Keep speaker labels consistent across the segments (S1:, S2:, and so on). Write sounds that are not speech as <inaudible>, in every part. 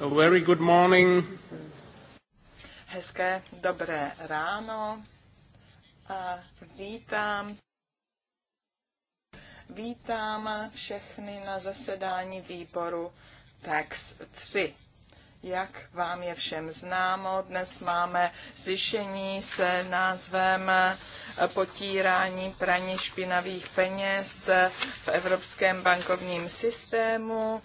S1: A very good morning.
S2: Hezké dobré ráno a vítám vítám všechny na zasedání výboru TAX 3. Jak vám je všem známo, dnes máme slyšení se názvem potírání praní špinavých peněz v evropském bankovním systému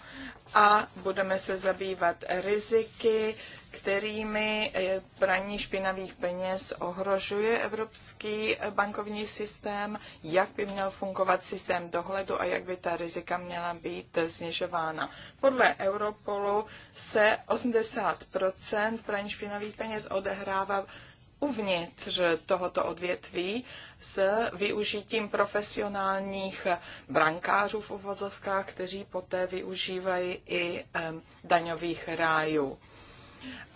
S2: a budeme se zabývat riziky kterými eh, praní špinavých peněz ohrožuje evropský eh, bankovní systém, jak by měl fungovat systém dohledu a jak by ta rizika měla být eh, snižována. Podle Europolu se 80 praní špinavých peněz odehrává uvnitř tohoto odvětví s využitím profesionálních brankářů v uvozovkách, kteří poté využívají i daňových rájů.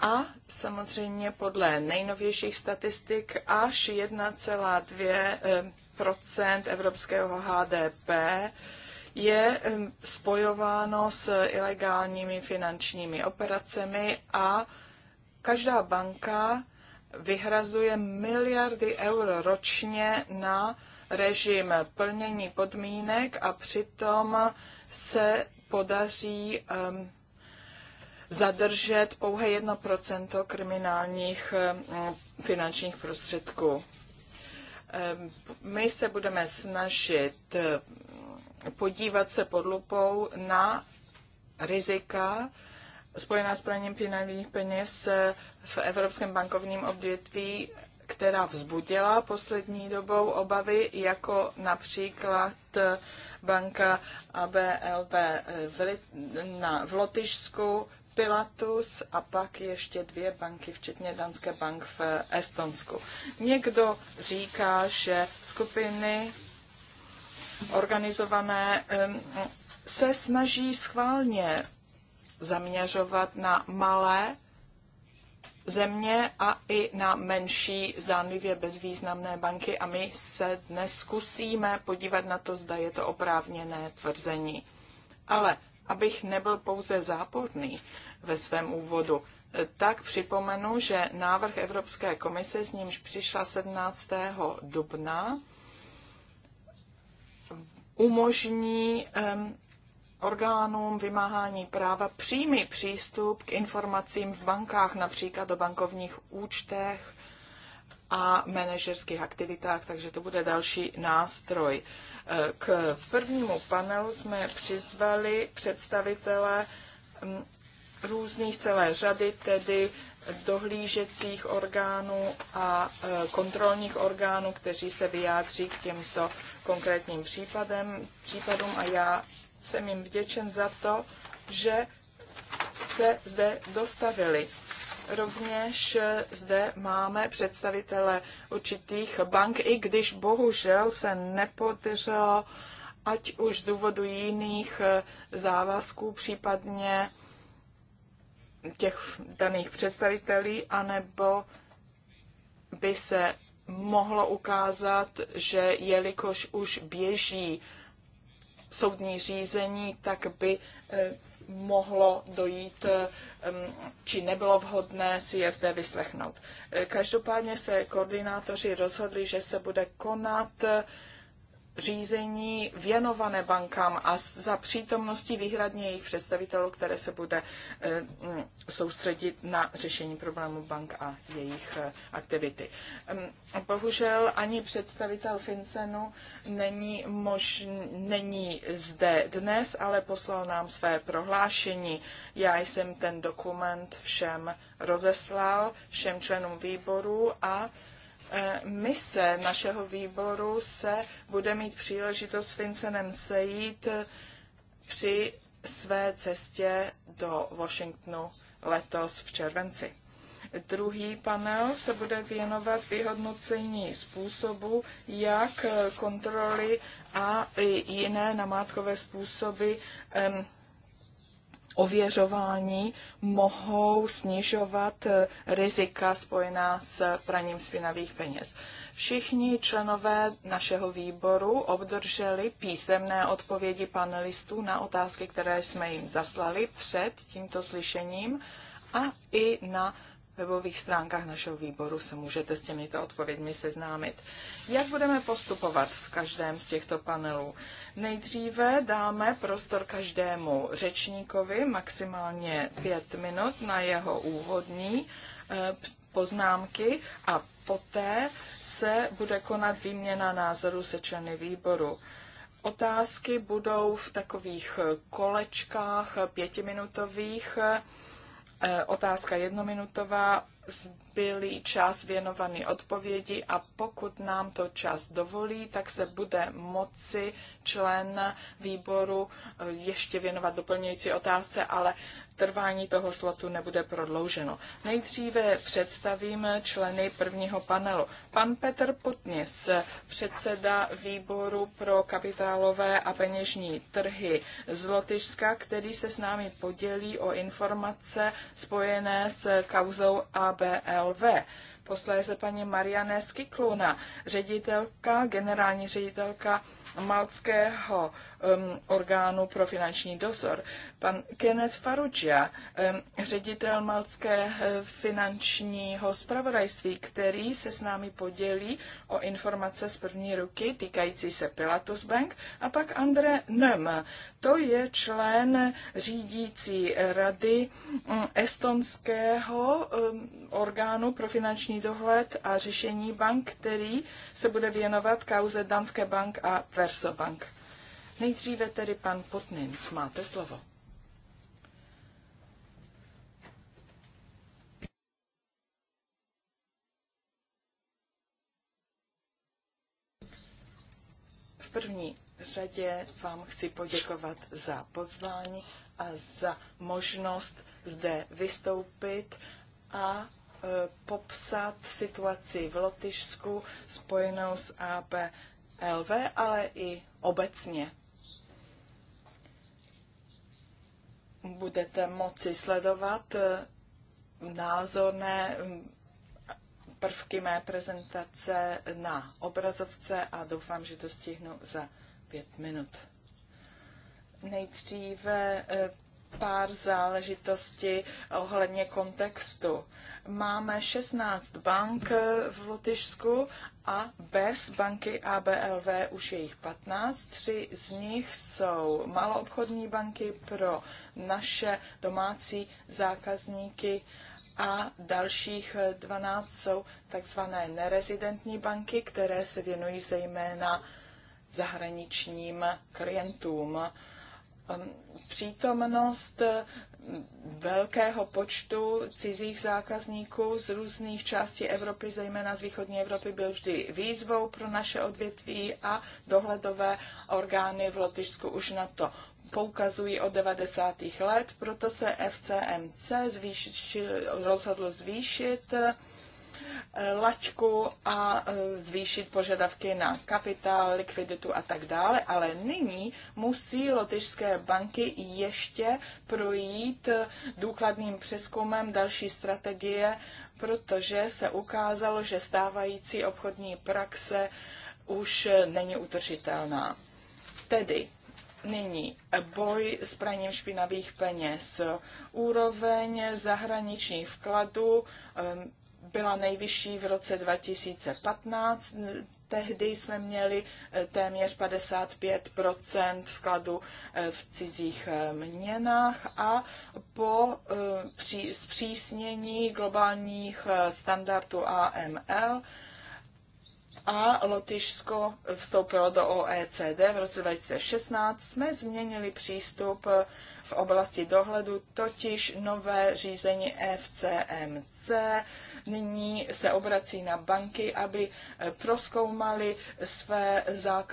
S2: A samozřejmě podle nejnovějších statistik až 1,2 eh, evropského HDP je eh, spojováno s ilegálními finančními operacemi a každá banka vyhrazuje miliardy eur ročně na režim plnění podmínek a přitom se podaří um, zadržet pouhé 1% kriminálních eh, finančních prostředků. Eh, my se budeme snažit eh, podívat se pod lupou na rizika spojená s praním finančních peněz v evropském bankovním odvětví, která vzbudila poslední dobou obavy, jako například banka ABLV v, na, v Lotyšsku, Pilatus a pak ještě dvě banky, včetně Danské bank v Estonsku. Někdo říká, že skupiny organizované se snaží schválně zaměřovat na malé země a i na menší, zdánlivě bezvýznamné banky a my se dnes zkusíme podívat na to, zda je to oprávněné tvrzení. Ale Abych nebyl pouze záporný ve svém úvodu, tak připomenu, že návrh Evropské komise, s nímž přišla 17. dubna, umožní orgánům vymáhání práva přímý přístup k informacím v bankách, například o bankovních účtech a manažerských aktivitách, takže to bude další nástroj. K prvnímu panelu jsme přizvali představitele mm, různých celé řady, tedy dohlížecích orgánů a e, kontrolních orgánů, kteří se vyjádří k těmto konkrétním případem, případům a já jsem jim vděčen za to, že se zde dostavili. Rovněž eh, zde máme představitele určitých bank, i když bohužel se nepodařilo, ať už z důvodu jiných eh, závazků, případně těch daných představitelí, anebo by se mohlo ukázat, že jelikož už běží soudní řízení, tak by eh, mohlo dojít, či nebylo vhodné si je zde vyslechnout. E, každopádně se koordinátoři rozhodli, že se bude konat řízení věnované bankám a za přítomnosti výhradně jejich představitelů, které se bude eh, mm, soustředit na řešení problému bank a jejich eh, aktivity. Bohužel ani představitel FinCENu není, mož, není zde dnes, ale poslal nám své prohlášení. Já jsem ten dokument všem rozeslal, všem členům výboru a E, mise našeho výboru se bude mít příležitost s Vincenem sejít při své cestě do Washingtonu letos v červenci. Druhý panel se bude věnovat vyhodnocení způsobu, jak kontroly a i jiné namátkové způsoby um, ověřování mohou snižovat eh, rizika spojená s praním spinavých peněz. Všichni členové našeho výboru obdrželi písemné odpovědi panelistů na otázky, které jsme jim zaslali před tímto slyšením a i na webových stránkách našeho výboru se můžete s těmito odpověďmi seznámit. Jak budeme postupovat v každém z těchto panelů? Nejdříve dáme prostor každému řečníkovi maximálně pět minut na jeho úvodní eh, poznámky a poté se bude konat výměna názoru se členy výboru. Otázky budou v takových kolečkách pětiminutových, eh, Eh, otázka jednominutová, zbylý čas věnovaný odpovědi a pokud nám to čas dovolí, tak se bude moci člen výboru eh, ještě věnovat doplňující otázce, ale trvání toho slotu nebude prodlouženo. Nejdříve představím členy prvního panelu. Pan Petr Putnis, předseda výboru pro kapitálové a peněžní trhy z Lotyšska, který se s námi podělí o informace spojené s kauzou ABLV posléze paní Marianne Skikluna, ředitelka, generální ředitelka Malckého um, orgánu pro finanční dozor. Pan Kenneth Farugia, um, ředitel Malské eh, finančního zpravodajství, který se s námi podělí o informace z první ruky týkající se Pilatus Bank, a pak Andre Nem, to je člen řídící rady mm, estonského um, orgánu pro finanční dohled a řešení bank, který se bude věnovat kauze Danske bank a Verso Bank. Nejdříve tedy pan Potnins, máte slovo. V první řadě vám chci poděkovat za pozvání a za možnost zde vystoupit a e, popsat situaci v Lotyšsku spojenou s LV, ale i obecně budete moci sledovat eh, názorné mm, prvky mé prezentace na obrazovce a doufám, že to stihnu za pět minut. Nejdříve eh, pár záležitostí ohledně kontextu. Máme 16 bank v Lotyšsku a bez banky ABLV už je jich 15. Tři z nich jsou maloobchodní banky pro naše domácí zákazníky a dalších 12 jsou takzvané nerezidentní banky, které se věnují zejména zahraničním klientům Um, přítomnost velkého počtu cizích zákazníků z různých částí Evropy, zejména z východní Evropy, byl vždy výzvou pro naše odvětví a dohledové orgány v Lotyšsku už na to poukazují od 90. let, proto se FCMC zvýšil, rozhodl zvýšit laťku a e, zvýšit požadavky na kapitál, likviditu a tak dále, ale nyní musí lotyšské banky ještě projít e, důkladným přeskumem další strategie, protože se ukázalo, že stávající obchodní praxe už není utržitelná. Tedy Nyní boj s praním špinavých peněz, úroveň zahraničních vkladů, byla nejvyšší v roce 2015. Tehdy jsme měli eh, téměř 55 vkladu eh, v cizích eh, měnách a po zpřísnění globálních standardů AML a Lotyšsko vstoupilo do OECD v roce 2016, jsme změnili přístup v oblasti dohledu, totiž nové řízení FCMC. Nyní se obrací na banky, aby eh, proskoumali své,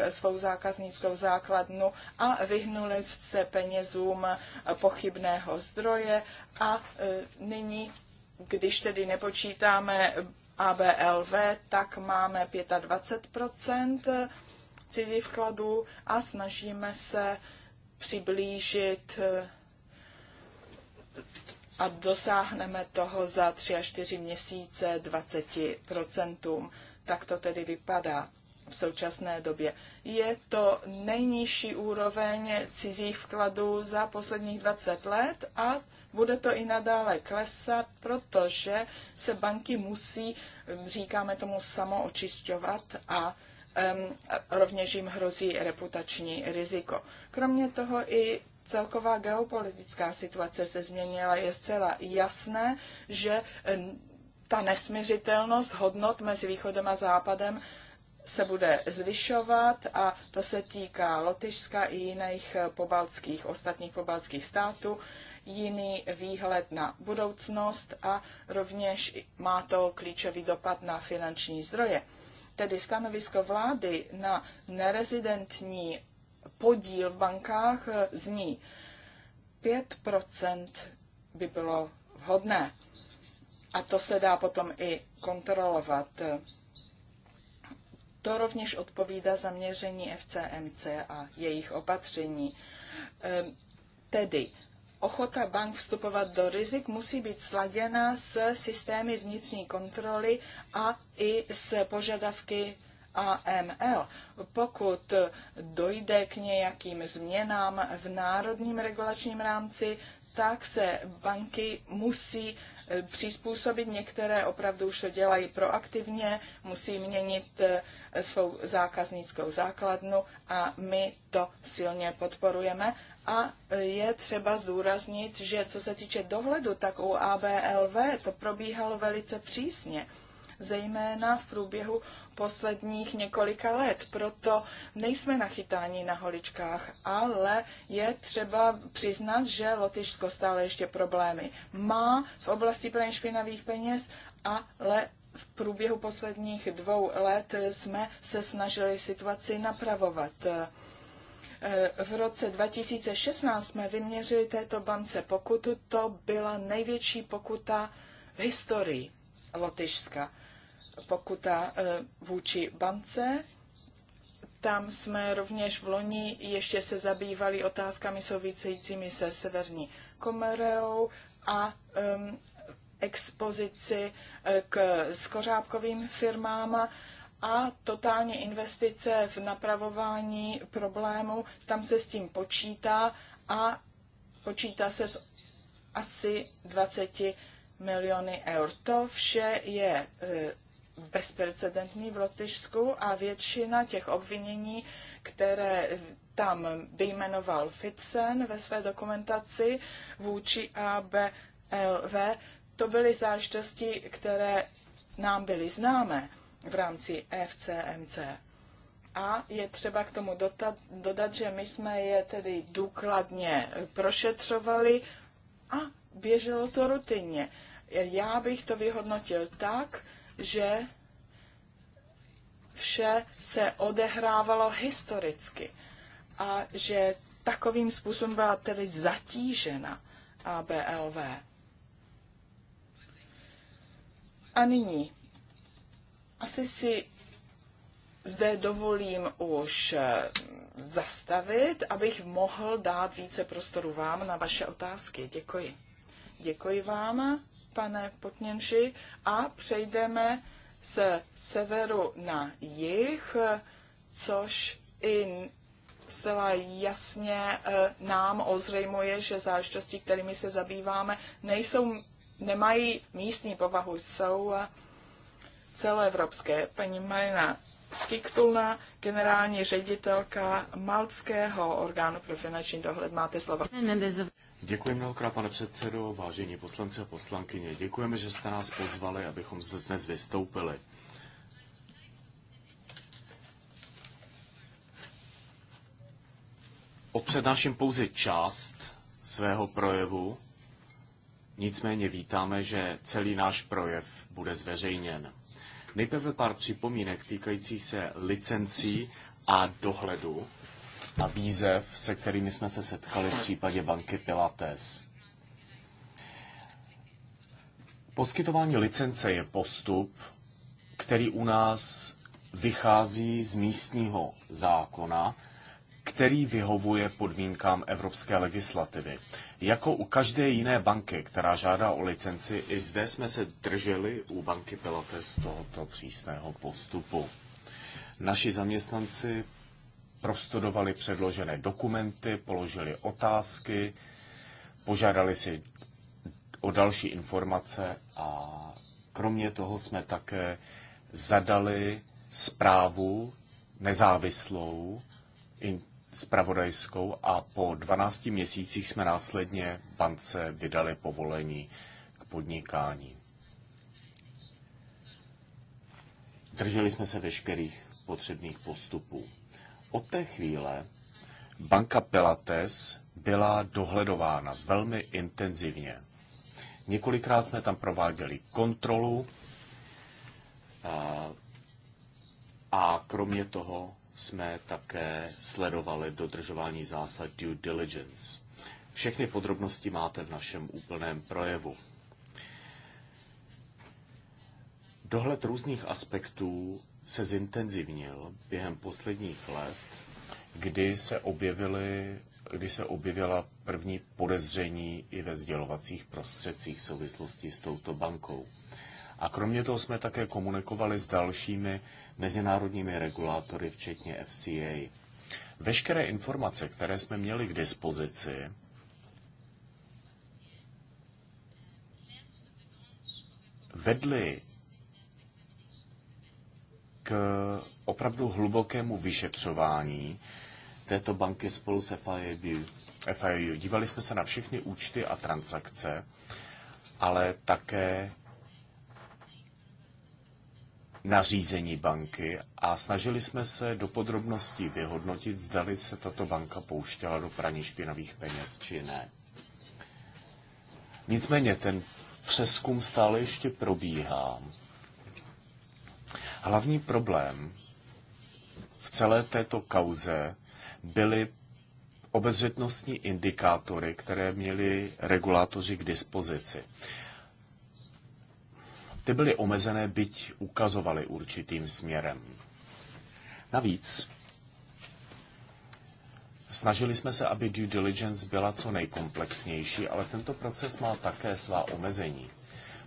S2: svou zákaznickou základnu a vyhnuli se penězům eh, pochybného zdroje. A eh, nyní, když tedy nepočítáme ABLV, tak máme 25 cizí vkladů a snažíme se přiblížit eh, a dosáhneme toho za 3 až 4 měsíce 20%. Tak to tedy vypadá v současné době. Je to nejnižší úroveň cizích vkladů za posledních 20 let a bude to i nadále klesat, protože se banky musí, říkáme tomu, samoočišťovat a Ehm, rovněž jim hrozí reputační riziko. Kromě toho i celková geopolitická situace se změnila. Je zcela jasné, že ehm, ta nesměřitelnost hodnot mezi východem a západem se bude zvyšovat a to se týká Lotyšska i jiných eh, pobaltských, ostatních pobaltských států, jiný výhled na budoucnost a rovněž má to klíčový dopad na finanční zdroje tedy stanovisko vlády na nerezidentní podíl v bankách eh, zní 5 by bylo vhodné. A to se dá potom i kontrolovat. To rovněž odpovídá zaměření FCMC a jejich opatření. Ehm, tedy ochota bank vstupovat do rizik musí být sladěna s systémy vnitřní kontroly a i s požadavky AML. Pokud dojde k nějakým změnám v národním regulačním rámci, tak se banky musí eh, přizpůsobit. Některé opravdu už to dělají proaktivně, musí měnit eh, svou zákaznickou základnu a my to silně podporujeme. A je třeba zdůraznit, že co se týče dohledu, tak u ABLV to probíhalo velice přísně, zejména v průběhu posledních několika let. Proto nejsme nachytáni na holičkách, ale je třeba přiznat, že Lotyšsko stále ještě problémy má v oblasti praní špinavých peněz, ale v průběhu posledních dvou let jsme se snažili situaci napravovat. Eh, v roce 2016 jsme vyměřili této bance pokutu, to byla největší pokuta v historii Lotyšska. Pokuta eh, vůči bance, tam jsme rovněž v loni ještě se zabývali otázkami souvisejícími se Severní Komereou a um, expozici eh, k skořápkovým firmám a totálně investice v napravování problému, tam se s tím počítá a počítá se s asi 20 miliony eur. To vše je e, bezprecedentní v Lotyšsku a většina těch obvinění, které tam vyjmenoval Fitsen ve své dokumentaci vůči ABLV, to byly záležitosti, které nám byly známé v rámci FCMC. A je třeba k tomu dotat, dodat, že my jsme je tedy důkladně prošetřovali a běželo to rutinně. Já bych to vyhodnotil tak, že vše se odehrávalo historicky a že takovým způsobem byla tedy zatížena ABLV. A nyní asi si zde dovolím už eh, zastavit, abych mohl dát více prostoru vám na vaše otázky. Děkuji. Děkuji vám, pane Potněnši, a přejdeme se severu na jih, což i zcela jasně eh, nám ozřejmuje, že záležitosti, kterými se zabýváme, nejsou, nemají místní povahu, jsou eh, celoevropské. Paní Marina Skiktulna, generální ředitelka Malckého orgánu pro finanční dohled. Máte slovo.
S1: Děkuji mnohokrát, pane předsedo, vážení poslanci a poslankyně. Děkujeme, že jste nás pozvali, abychom zde dnes vystoupili. Opřednáším pouze část svého projevu, nicméně vítáme, že celý náš projev bude zveřejněn. Nejprve pár připomínek týkající se licencí a dohledu a výzev, se kterými jsme se setkali v případě banky Pilates. Poskytování licence je postup, který u nás vychází z místního zákona, který vyhovuje podmínkám evropské legislativy. Jako u každé jiné banky, která žádá o licenci, i zde jsme se drželi u banky Pilates tohoto přísného postupu. Naši zaměstnanci prostudovali předložené dokumenty, položili otázky, požádali si o další informace a kromě toho jsme také zadali zprávu nezávislou spravodajskou a po 12 měsících jsme následně bance vydali povolení k podnikání. Drželi jsme se veškerých potřebných postupů. Od té chvíle banka Pilates byla dohledována velmi intenzivně. Několikrát jsme tam prováděli kontrolu a, a kromě toho jsme také sledovali dodržování zásad due diligence. Všechny podrobnosti máte v našem úplném projevu. Dohled různých aspektů se zintenzivnil během posledních let, kdy se, objevily, kdy se objevila první podezření i ve sdělovacích prostředcích v souvislosti s touto bankou. A kromě toho jsme také komunikovali s dalšími mezinárodními regulátory, včetně FCA. Veškeré informace, které jsme měli k dispozici, vedly k opravdu hlubokému vyšetřování této banky spolu s FIU. FIU. Dívali jsme se na všechny účty a transakce, ale také nařízení banky a snažili jsme se do podrobností vyhodnotit, zdali se tato banka pouštěla do praní špinavých peněz či ne. Nicméně ten přeskum stále ještě probíhá. Hlavní problém v celé této kauze byly obezřetnostní indikátory, které měli regulátoři k dispozici ty byly omezené, byť ukazovaly určitým směrem. Navíc Snažili jsme se, aby due diligence byla co nejkomplexnější, ale tento proces má také svá omezení,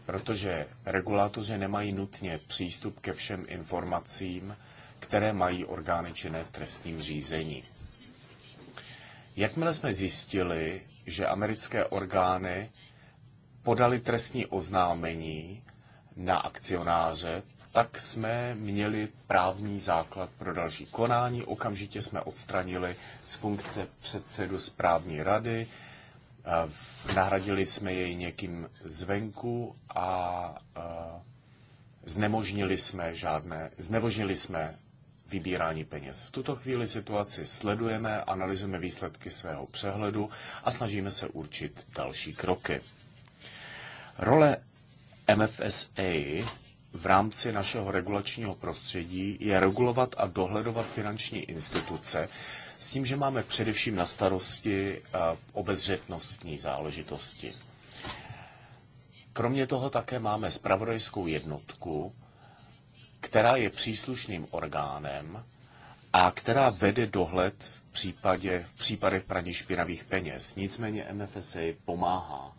S1: protože regulátoři nemají nutně přístup ke všem informacím, které mají orgány činné v trestním řízení. Jakmile jsme zjistili, že americké orgány podali trestní oznámení na akcionáře, tak jsme měli právní základ pro další konání. Okamžitě jsme odstranili z funkce předsedu správní rady, eh, nahradili jsme jej někým zvenku a eh, znemožnili jsme žádné, znemožnili jsme vybírání peněz. V tuto chvíli situaci sledujeme, analyzujeme výsledky svého přehledu a snažíme se určit další kroky. Role MFSA v rámci našeho regulačního prostředí je regulovat a dohledovat finanční instituce s tím, že máme především na starosti eh, obezřetnostní záležitosti. Kromě toho také máme spravodajskou jednotku, která je příslušným orgánem a která vede dohled v, případě, v případech praní špinavých peněz. Nicméně MFSA pomáhá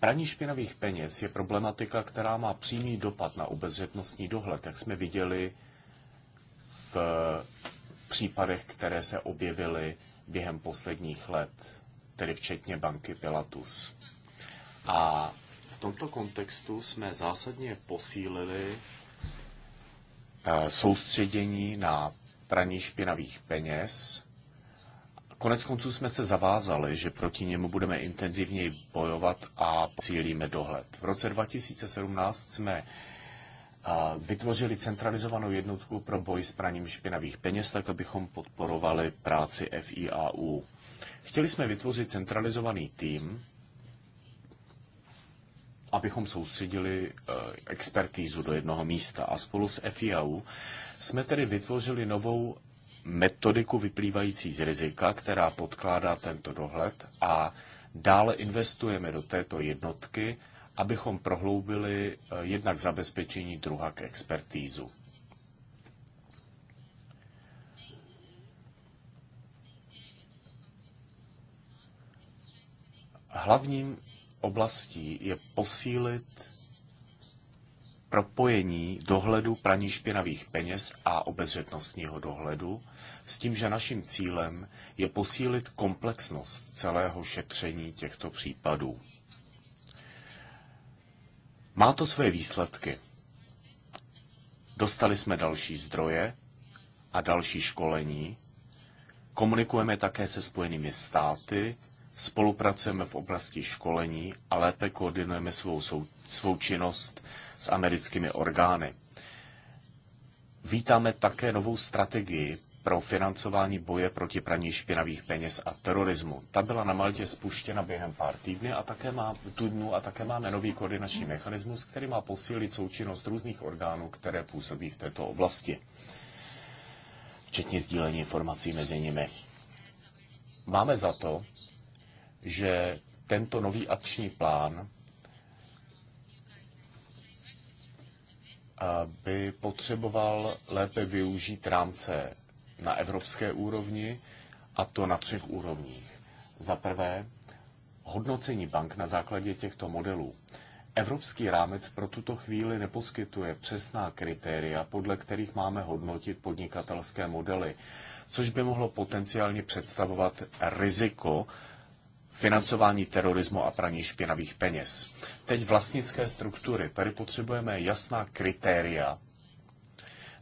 S1: Praní špinavých peněz je problematika, která má přímý dopad na obezřetnostní dohled, jak jsme viděli v případech, které se objevily během posledních let, tedy včetně banky Pilatus. A v tomto kontextu jsme zásadně posílili eh, soustředění na praní špinavých peněz Konec konců jsme se zavázali, že proti němu budeme intenzivněji bojovat a cílíme dohled. V roce 2017 jsme vytvořili centralizovanou jednotku pro boj s praním špinavých peněz, tak abychom podporovali práci FIAU. Chtěli jsme vytvořit centralizovaný tým, abychom soustředili e, expertízu do jednoho místa. A spolu s FIAU jsme tedy vytvořili novou metodiku vyplývající z rizika, která podkládá tento dohled a dále investujeme do této jednotky, abychom prohloubili eh, jednak zabezpečení druha k expertízu. Hlavním oblastí je posílit propojení dohledu praní špinavých peněz a obezřetnostního dohledu s tím, že naším cílem je posílit komplexnost celého šetření těchto případů. Má to své výsledky. Dostali jsme další zdroje a další školení. Komunikujeme také se Spojenými státy, spolupracujeme v oblasti školení a lépe koordinujeme svou, sou, svou činnost s americkými orgány. Vítáme také novou strategii pro financování boje proti praní špinavých peněz a terorismu. Ta byla na Maltě spuštěna během pár týdny a také má, dnů a také máme nový koordinační mechanismus, který má posílit součinnost různých orgánů, které působí v této oblasti, včetně sdílení informací mezi nimi. Máme za to, že tento nový akční plán by potřeboval lépe využít rámce na evropské úrovni a to na třech úrovních. Za prvé, hodnocení bank na základě těchto modelů. Evropský rámec pro tuto chvíli neposkytuje přesná kritéria, podle kterých máme hodnotit podnikatelské modely, což by mohlo potenciálně představovat riziko financování terorismu a praní špinavých peněz. Teď vlastnické struktury. Tady potřebujeme jasná kritéria,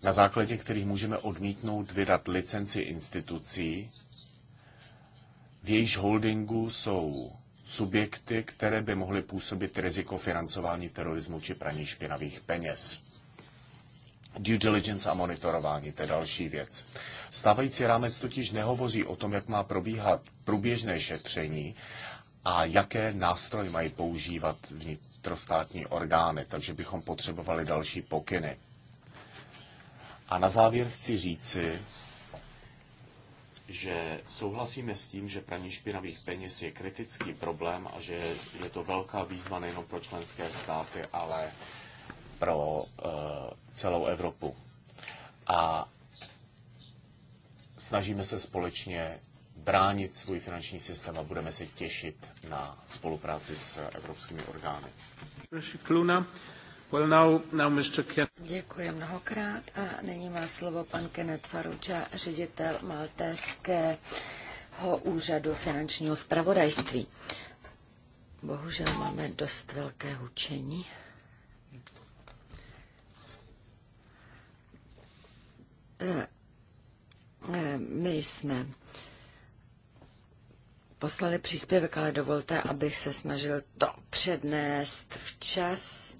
S1: na základě kterých můžeme odmítnout vydat licenci institucí, v jejíž holdingu jsou subjekty, které by mohly působit riziko financování terorismu či praní špinavých peněz. Due diligence a monitorování, to je další věc. Stávající rámec totiž nehovoří o tom, jak má probíhat průběžné šetření a jaké nástroje mají používat vnitrostátní orgány, takže bychom potřebovali další pokyny. A na závěr chci říci, že souhlasíme s tím, že praní špinavých peněz je kritický problém a že je to velká výzva nejen pro členské státy, ale pro eh, celou Evropu. A snažíme se společně bránit svůj finanční systém a budeme se těšit na spolupráci s evropskými orgány. Well, now, now
S3: Děkuji mnohokrát a nyní má slovo pan Kenneth Faruča, ředitel Maltéského úřadu finančního zpravodajství. Bohužel máme dost velké hučení. Eh, eh, my jsme poslali příspěvek, ale dovolte, abych se snažil to přednést včas.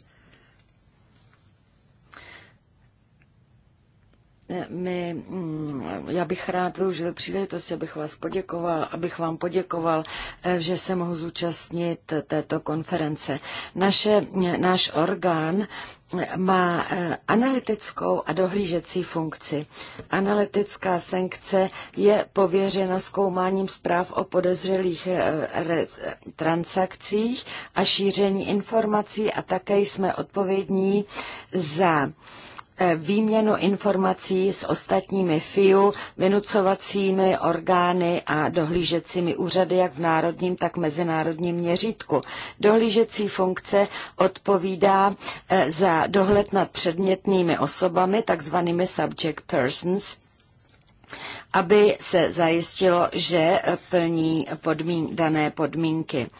S3: my, mm, já bych rád využil příležitosti, abych vás poděkoval, abych vám poděkoval, eh, že se mohu zúčastnit této konference. Naše, eh, náš orgán eh, má analytickou a dohlížecí funkci. Analytická sankce je pověřena zkoumáním zpráv o podezřelých transakcích a šíření informací a také jsme odpovědní za Eh, výměnu informací s ostatními FIU, vynucovacími orgány a dohlížecími úřady jak v národním, tak v mezinárodním měřítku. Dohlížecí funkce odpovídá eh, za dohled nad předmětnými osobami, takzvanými subject persons, aby se zajistilo, že eh, plní podmín, dané podmínky.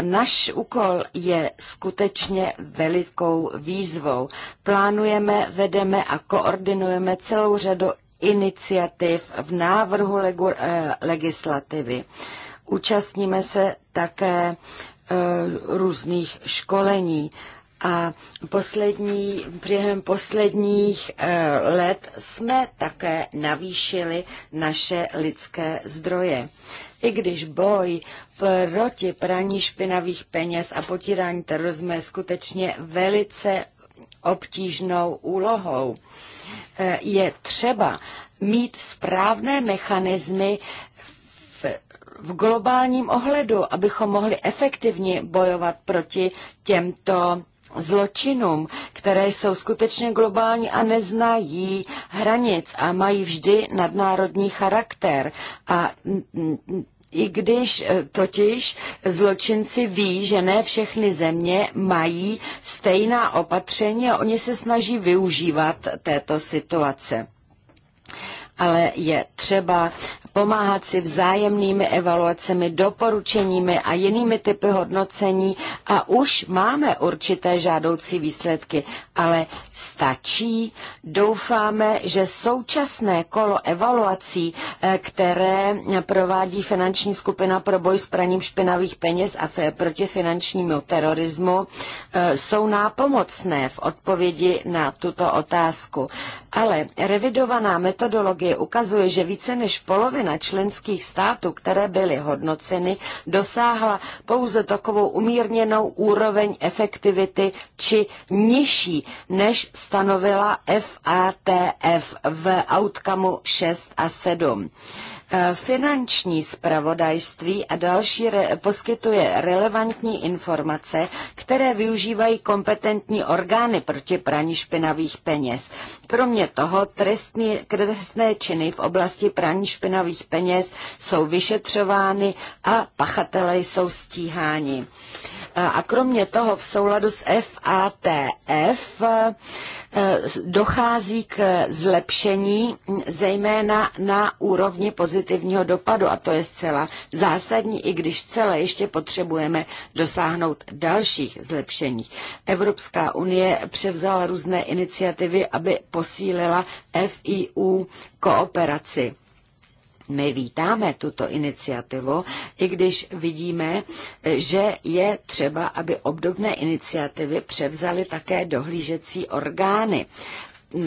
S3: Náš úkol je skutečně velikou výzvou. Plánujeme, vedeme a koordinujeme celou řadu iniciativ v návrhu eh, legislativy. Účastníme se také eh, různých školení. A poslední, během posledních eh, let jsme také navýšili naše lidské zdroje. I když boj proti praní špinavých peněz a potírání terorismu je skutečně velice obtížnou úlohou, eh, je třeba mít správné mechanismy v v globálním ohledu, abychom mohli efektivně bojovat proti těmto zločinům, které jsou skutečně globální a neznají hranic a mají vždy nadnárodní charakter. A i když e, totiž zločinci ví, že ne všechny země mají stejná opatření a oni se snaží využívat této situace ale je třeba pomáhat si vzájemnými evaluacemi, doporučeními a jinými typy hodnocení a už máme určité žádoucí výsledky, ale stačí. Doufáme, že současné kolo evaluací, eh, které provádí finanční skupina pro boj s praním špinavých peněz a proti finančnímu terorismu, eh, jsou nápomocné v odpovědi na tuto otázku. Ale revidovaná metodologie studie ukazuje, že více než polovina členských států, které byly hodnoceny, dosáhla pouze takovou umírněnou úroveň efektivity či nižší, než stanovila FATF v outcomeu 6 a 7. Eh, finanční zpravodajství a další re, poskytuje relevantní informace, které využívají kompetentní orgány proti praní špinavých peněz. Kromě toho trestní, trestné činy v oblasti praní špinavých peněz jsou vyšetřovány a pachatelé jsou stíháni. A kromě toho v souladu s FATF eh, dochází k zlepšení zejména na úrovni pozitivního dopadu a to je zcela zásadní, i když zcela ještě potřebujeme dosáhnout dalších zlepšení. Evropská unie převzala různé iniciativy, aby posílila FIU kooperaci my vítáme tuto iniciativu, i když vidíme, že je třeba, aby obdobné iniciativy převzaly také dohlížecí orgány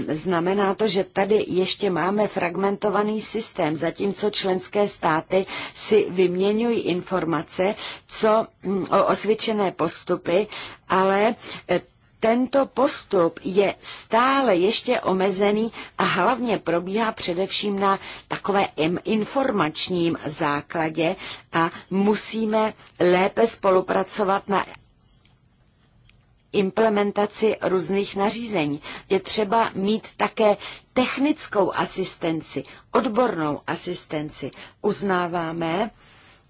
S3: znamená to, že tady ještě máme fragmentovaný systém, zatímco členské státy si vyměňují informace co, mm, o osvědčené postupy, ale eh, tento postup je stále ještě omezený a hlavně probíhá především na takové informačním základě a musíme lépe spolupracovat na implementaci různých nařízení. Je třeba mít také technickou asistenci, odbornou asistenci. Uznáváme,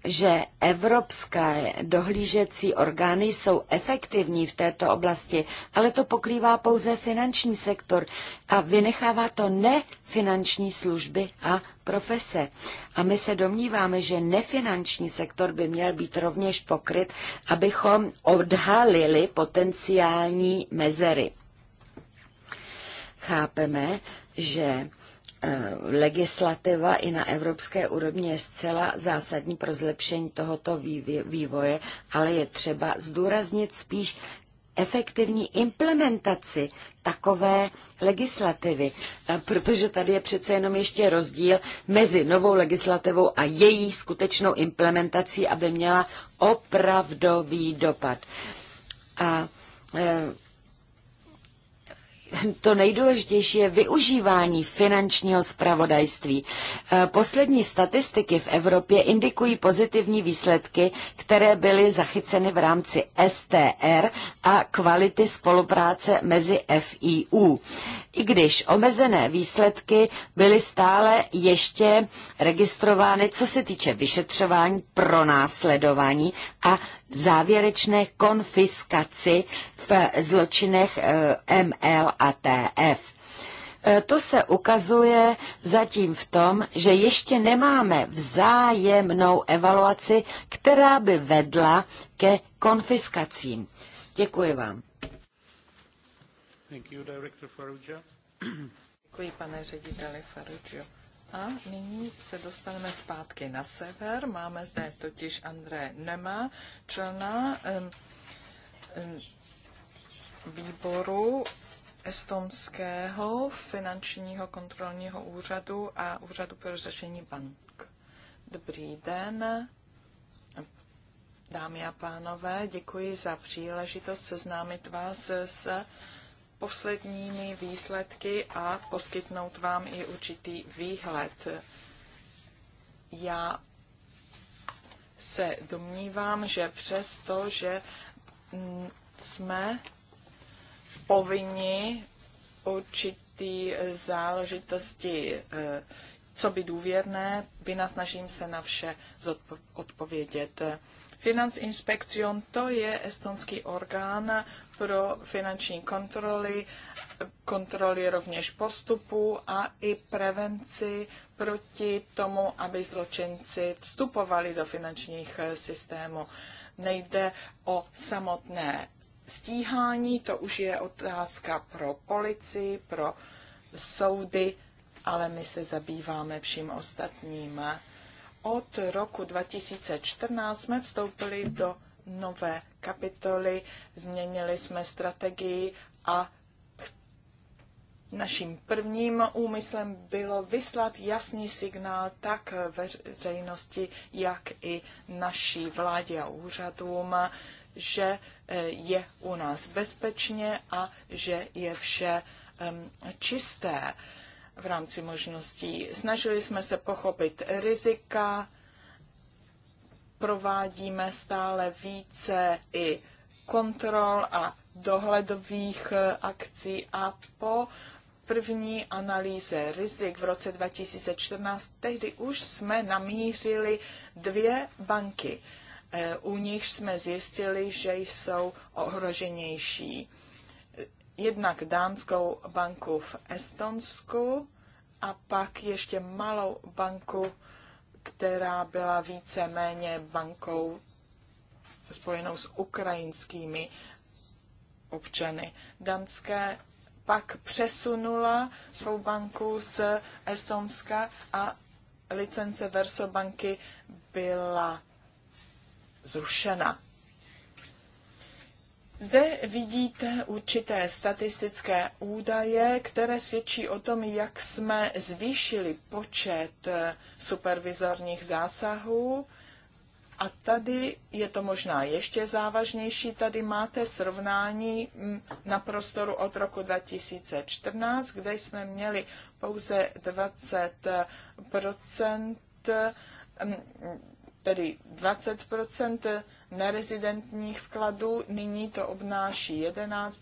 S3: že evropské dohlížecí orgány jsou efektivní v této oblasti, ale to pokrývá pouze finanční sektor a vynechává to nefinanční služby a profese. A my se domníváme, že nefinanční sektor by měl být rovněž pokryt, abychom odhalili potenciální mezery. Chápeme, že Eh, legislativa i na evropské úrovni je zcela zásadní pro zlepšení tohoto vývoje, ale je třeba zdůraznit spíš efektivní implementaci takové legislativy, eh, protože tady je přece jenom ještě rozdíl mezi novou legislativou a její skutečnou implementací, aby měla opravdový dopad. A eh, to nejdůležitější je využívání finančního spravodajství. E, poslední statistiky v Evropě indikují pozitivní výsledky, které byly zachyceny v rámci STR a kvality spolupráce mezi FIU. I když omezené výsledky byly stále ještě registrovány, co se týče vyšetřování, pronásledování a závěrečné konfiskaci v zločinech eh, ML a TF. Eh, to se ukazuje zatím v tom, že ještě nemáme vzájemnou evaluaci, která by vedla ke konfiskacím. Děkuji vám.
S2: Thank you, Děkuji, pane řediteli Farugio. A nyní se dostaneme zpátky na sever. Máme zde totiž André Nema, člena um, um, výboru estonského finančního kontrolního úřadu a úřadu pro řešení bank. Dobrý den, dámy a pánové, děkuji za příležitost seznámit vás s posledními výsledky a poskytnout vám i určitý výhled. Já se domnívám, že přesto, že jsme povinni určitý eh, záležitosti, eh, co by důvěrné, vynasnažím se na vše odpovědět. Finansinspekcion to je estonský orgán pro finanční kontroly, kontroly rovněž postupu a i prevenci proti tomu, aby zločinci vstupovali do finančních eh, systémů. Nejde o samotné stíhání, to už je otázka pro policii, pro soudy, ale my se zabýváme vším ostatním. Od roku 2014 jsme vstoupili do nové kapitoly, změnili jsme strategii a naším prvním úmyslem bylo vyslat jasný signál tak veřejnosti, jak i naší vládě a úřadům, že eh, je u nás bezpečně a že je vše ehm, čisté v rámci možností. Snažili jsme se pochopit rizika, provádíme stále více i kontrol a dohledových eh, akcí a po první analýze rizik v roce 2014, tehdy už jsme namířili dvě banky Eh, u nich jsme zjistili, že jsou ohroženější. Jednak Dánskou banku v Estonsku a pak ještě malou banku, která byla více-méně bankou spojenou s ukrajinskými občany. Danské pak přesunula svou banku z Estonska a licence Versobanky byla zrušena. Zde vidíte určité statistické údaje, které svědčí o tom, jak jsme zvýšili počet supervizorních zásahů. A tady je to možná ještě závažnější. Tady máte srovnání mm, na prostoru od roku 2014, kde jsme měli pouze 20 procent mm, tedy 20 nerezidentních vkladů, nyní to obnáší 11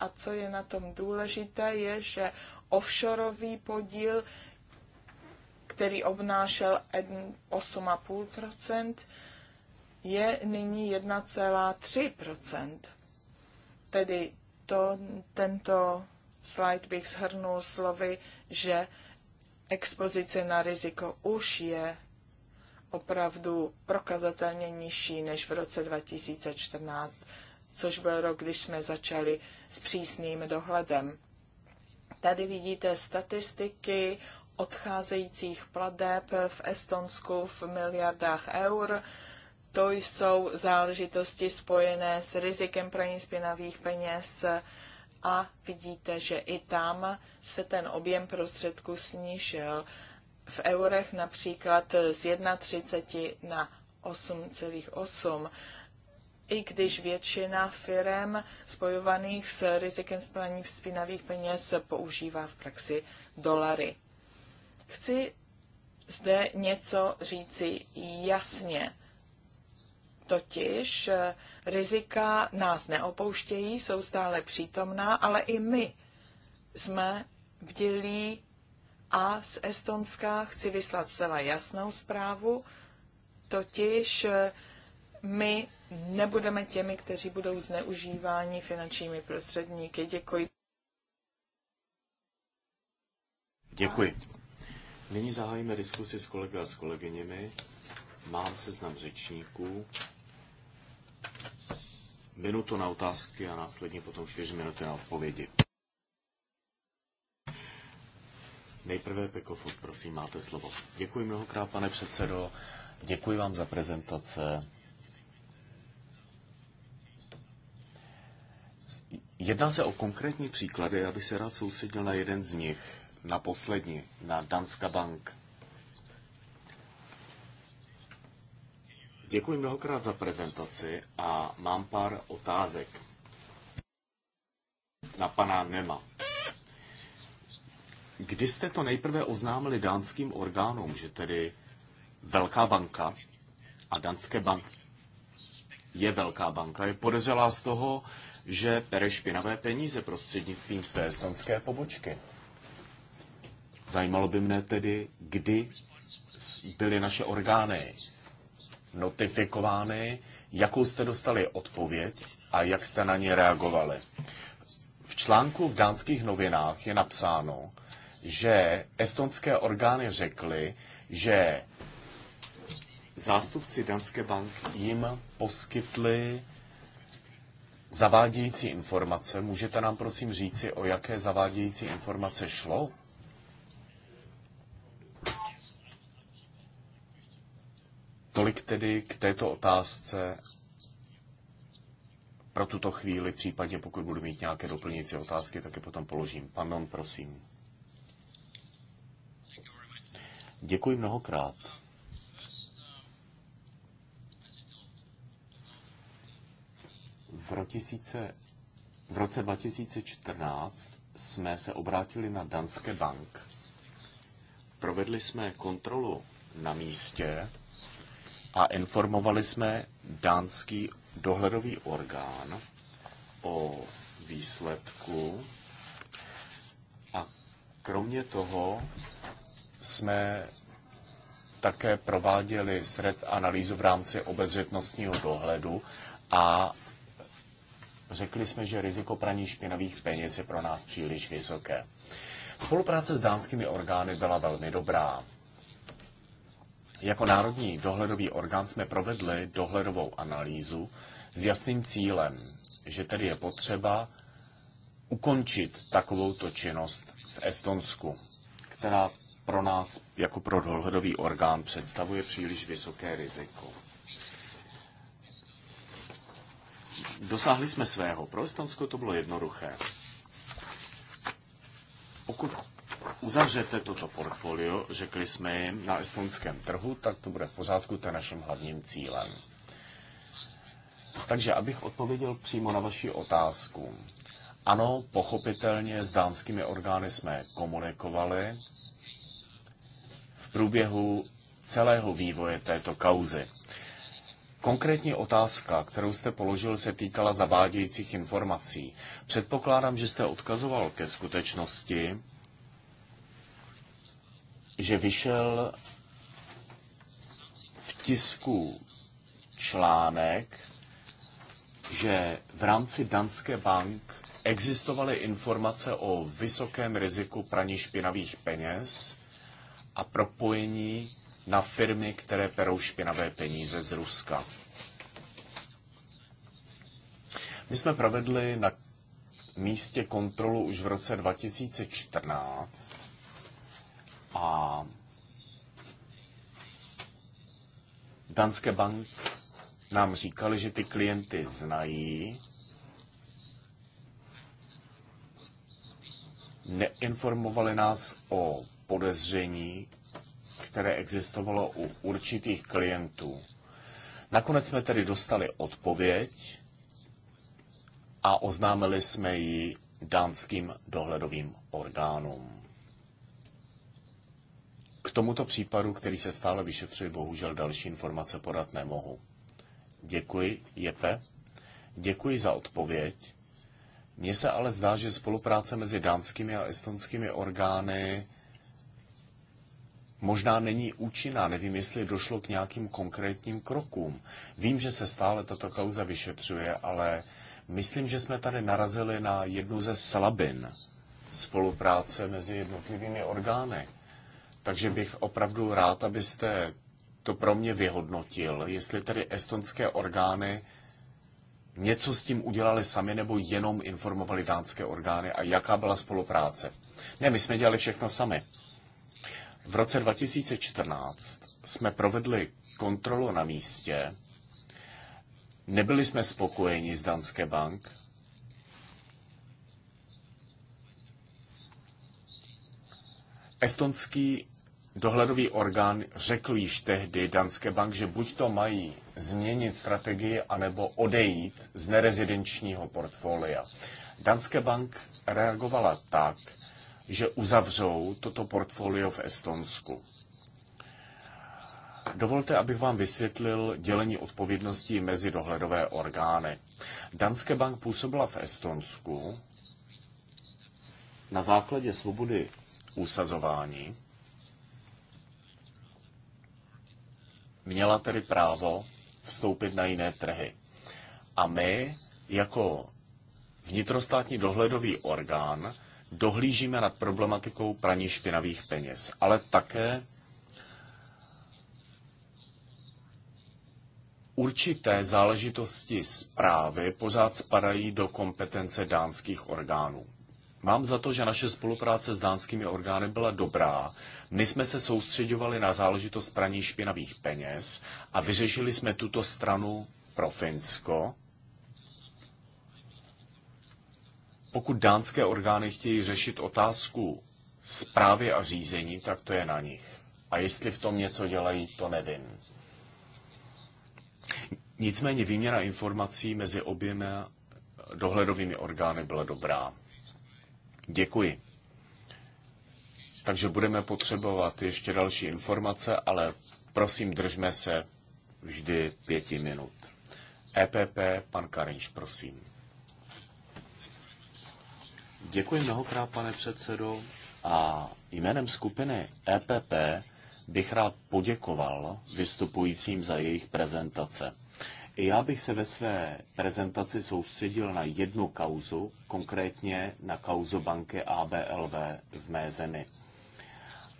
S2: a co je na tom důležité, je, že offshoreový podíl, který obnášel 8,5 je nyní 1,3 Tedy to, tento slide bych shrnul slovy, že expozice na riziko už je opravdu prokazatelně nižší než v roce 2014, což byl rok, když jsme začali s přísným dohledem. Tady vidíte statistiky odcházejících pladeb v Estonsku v miliardách eur. To jsou záležitosti spojené s rizikem praní spinavých peněz a vidíte, že i tam se ten objem prostředků snížil v eurech například z 1,30 na 8,8 i když většina firm spojovaných s rizikem splání spinavých peněz používá v praxi dolary. Chci zde něco říci jasně. Totiž eh, rizika nás neopouštějí, jsou stále přítomná, ale i my jsme bdělí a z Estonska chci vyslat zcela jasnou zprávu, totiž eh, my nebudeme těmi, kteří budou zneužíváni finančními prostředníky. Děkuji.
S1: Děkuji. Nyní zahájíme diskusi s kolegy a s kolegyněmi. Mám seznam řečníků. Minutu na otázky a následně potom čtyři minuty na odpovědi. Nejprve Pekofut, prosím, máte slovo. Děkuji mnohokrát, pane předsedo. Děkuji vám za prezentace. Jedná se o konkrétní příklady, já bych se rád soustředil na jeden z nich, na poslední, na Danska Bank. Děkuji mnohokrát za prezentaci a mám pár otázek na pana Nema. Kdy jste to nejprve oznámili dánským orgánům, že tedy velká banka a dánské bank je velká banka, je podezřelá z toho, že pere špinavé peníze prostřednictvím své dánské pobočky. Zajímalo by mne tedy, kdy byly naše orgány notifikovány, jakou jste dostali odpověď a jak jste na ně reagovali. V článku v dánských novinách je napsáno, že estonské orgány řekly, že zástupci Danské bank jim poskytli zavádějící informace. Můžete nám prosím říci, o jaké zavádějící informace šlo? Tolik tedy k této otázce pro tuto chvíli, případně pokud budu mít nějaké doplňující otázky, tak je potom položím. Pan Non, prosím. Děkuji mnohokrát. V, rotisíce, v roce 2014 jsme se obrátili na Danske Bank. Provedli jsme kontrolu na místě a informovali jsme dánský dohledový orgán o výsledku a kromě toho jsme také prováděli SRED analýzu v rámci obezřetnostního dohledu a řekli jsme, že riziko praní špinavých peněz je pro nás příliš vysoké. Spolupráce s dánskými orgány byla velmi dobrá. Jako národní dohledový orgán jsme provedli dohledovou analýzu s jasným cílem, že tedy je potřeba ukončit takovouto činnost v Estonsku, která pro nás jako pro dohledový orgán představuje příliš vysoké riziko. Dosáhli jsme svého. Pro Estonsko to bylo jednoduché. Pokud uzavřete toto portfolio, řekli jsme jim, na estonském trhu, tak to bude v pořádku, to je naším hlavním cílem. Takže abych odpověděl přímo na vaši otázku. Ano, pochopitelně s dánskými orgány jsme komunikovali, průběhu celého vývoje této kauzy. Konkrétní otázka, kterou jste položil, se týkala zavádějících informací. Předpokládám, že jste odkazoval ke skutečnosti, že vyšel v tisku článek, že v rámci danské Bank existovaly informace o vysokém riziku praní špinavých peněz a propojení na firmy, které perou špinavé peníze z Ruska. My jsme provedli na místě kontrolu už v roce 2014 a Danske Bank nám říkali, že ty klienty znají, neinformovali nás o podezření, které existovalo u určitých klientů. Nakonec jsme tedy dostali odpověď a oznámili jsme ji dánským dohledovým orgánům. K tomuto případu, který se stále vyšetřuje, bohužel další informace podat nemohu. Děkuji, Jepe. Děkuji za odpověď. Mně se ale zdá, že spolupráce mezi dánskými a estonskými orgány možná není účinná. Nevím, jestli došlo k nějakým konkrétním krokům. Vím, že se stále tato kauza vyšetřuje, ale myslím, že jsme tady narazili na jednu ze slabin spolupráce mezi jednotlivými orgány. Takže bych opravdu rád, abyste to pro mě vyhodnotil, jestli tedy estonské orgány něco s tím udělali sami nebo jenom informovali dánské orgány a jaká byla spolupráce. Ne, my jsme dělali všechno sami. V roce 2014 jsme provedli kontrolu na místě. Nebyli jsme spokojeni s Danské bank. Estonský dohledový orgán řekl již tehdy Danské bank, že buď to mají změnit strategii, anebo odejít z nerezidenčního portfolia. Danské bank reagovala tak, že uzavřou toto portfolio v Estonsku. Dovolte, abych vám vysvětlil dělení odpovědností mezi dohledové orgány. Danske Bank působila v Estonsku na základě svobody usazování. Měla tedy právo vstoupit na jiné trhy. A my, jako vnitrostátní dohledový orgán, dohlížíme nad problematikou praní špinavých peněz, ale také Určité záležitosti zprávy pořád spadají do kompetence dánských orgánů. Mám za to, že naše spolupráce s dánskými orgány byla dobrá. My jsme se soustředovali na záležitost praní špinavých peněz a vyřešili jsme tuto stranu pro Finsko Pokud dánské orgány chtějí řešit otázku zprávy a řízení, tak to je na nich. A jestli v tom něco dělají, to nevím. Nicméně výměna informací mezi oběma dohledovými orgány byla dobrá. Děkuji. Takže budeme potřebovat ještě další informace, ale prosím, držme se vždy pěti minut. EPP, pan Karinš, prosím. Děkuji mnohokrát, pane předsedo, a jménem skupiny EPP bych rád poděkoval vystupujícím za jejich prezentace. I já bych se ve své prezentaci soustředil na jednu kauzu, konkrétně na kauzu banky ABLV v mé zemi.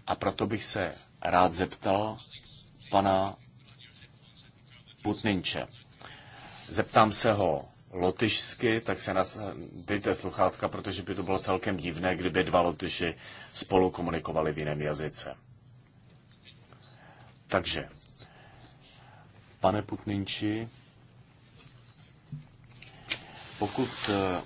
S1: A proto bych se rád zeptal pana Putninče. Zeptám se ho lotyšsky, tak se nás eh, dejte sluchátka, protože by to bylo celkem divné, kdyby dva lotyši spolu komunikovali v jiném jazyce. Takže, pane Putninči, pokud eh,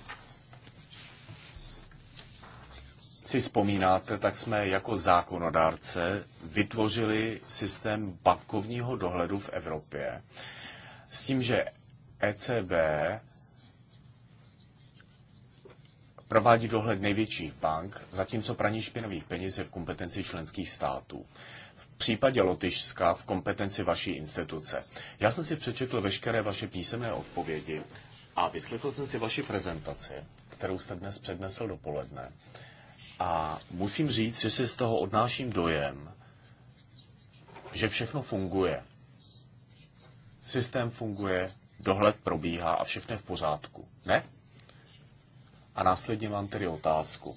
S1: si vzpomínáte, tak jsme jako zákonodárce vytvořili systém bankovního dohledu v Evropě s tím, že ECB provádí dohled největších bank, zatímco praní špinavých peněz je v kompetenci členských států. V případě Lotyšska v kompetenci vaší instituce. Já jsem si přečetl veškeré vaše písemné odpovědi a vyslechl jsem si vaši prezentaci, kterou jste dnes přednesl dopoledne. A musím říct, že si z toho odnáším dojem, že všechno funguje. Systém funguje, dohled probíhá a všechno je v pořádku. Ne? A následně mám tedy otázku.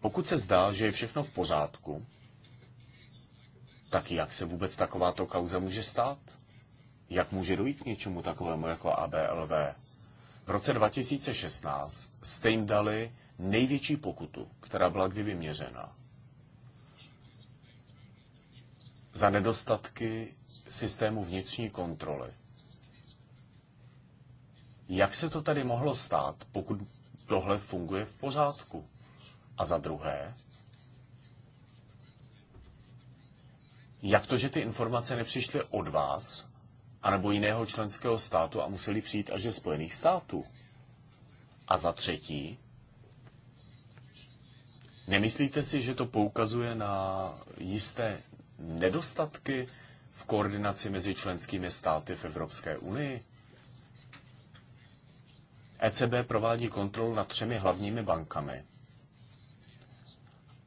S1: Pokud se zdá, že je všechno v pořádku, tak jak se vůbec takováto kauza může stát? Jak může dojít k něčemu takovému jako ABLV? V roce 2016 jste jim dali největší pokutu, která byla kdy vyměřena. Za nedostatky systému vnitřní kontroly. Jak se to tady mohlo stát, pokud tohle funguje v pořádku? A za druhé, jak to, že ty informace nepřišly od vás, anebo jiného členského státu a museli přijít až ze Spojených států? A za třetí, nemyslíte si, že to poukazuje na jisté nedostatky v koordinaci mezi členskými státy v Evropské unii? ECB provádí kontrolu nad třemi hlavními bankami.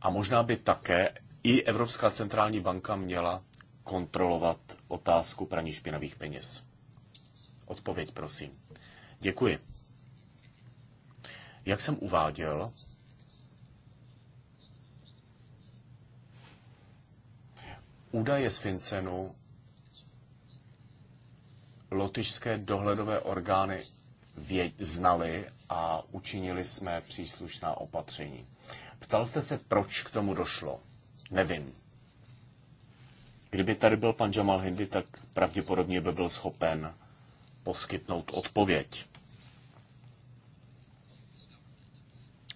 S1: A možná by také i Evropská centrální banka měla kontrolovat otázku praní špinavých peněz. Odpověď, prosím. Děkuji. Jak jsem uváděl, údaje z Fincenu lotyšské dohledové orgány věd, znali a učinili jsme příslušná opatření. Ptal jste se, proč k tomu došlo? Nevím. Kdyby tady byl pan Jamal Hindi, tak pravděpodobně by byl schopen poskytnout odpověď.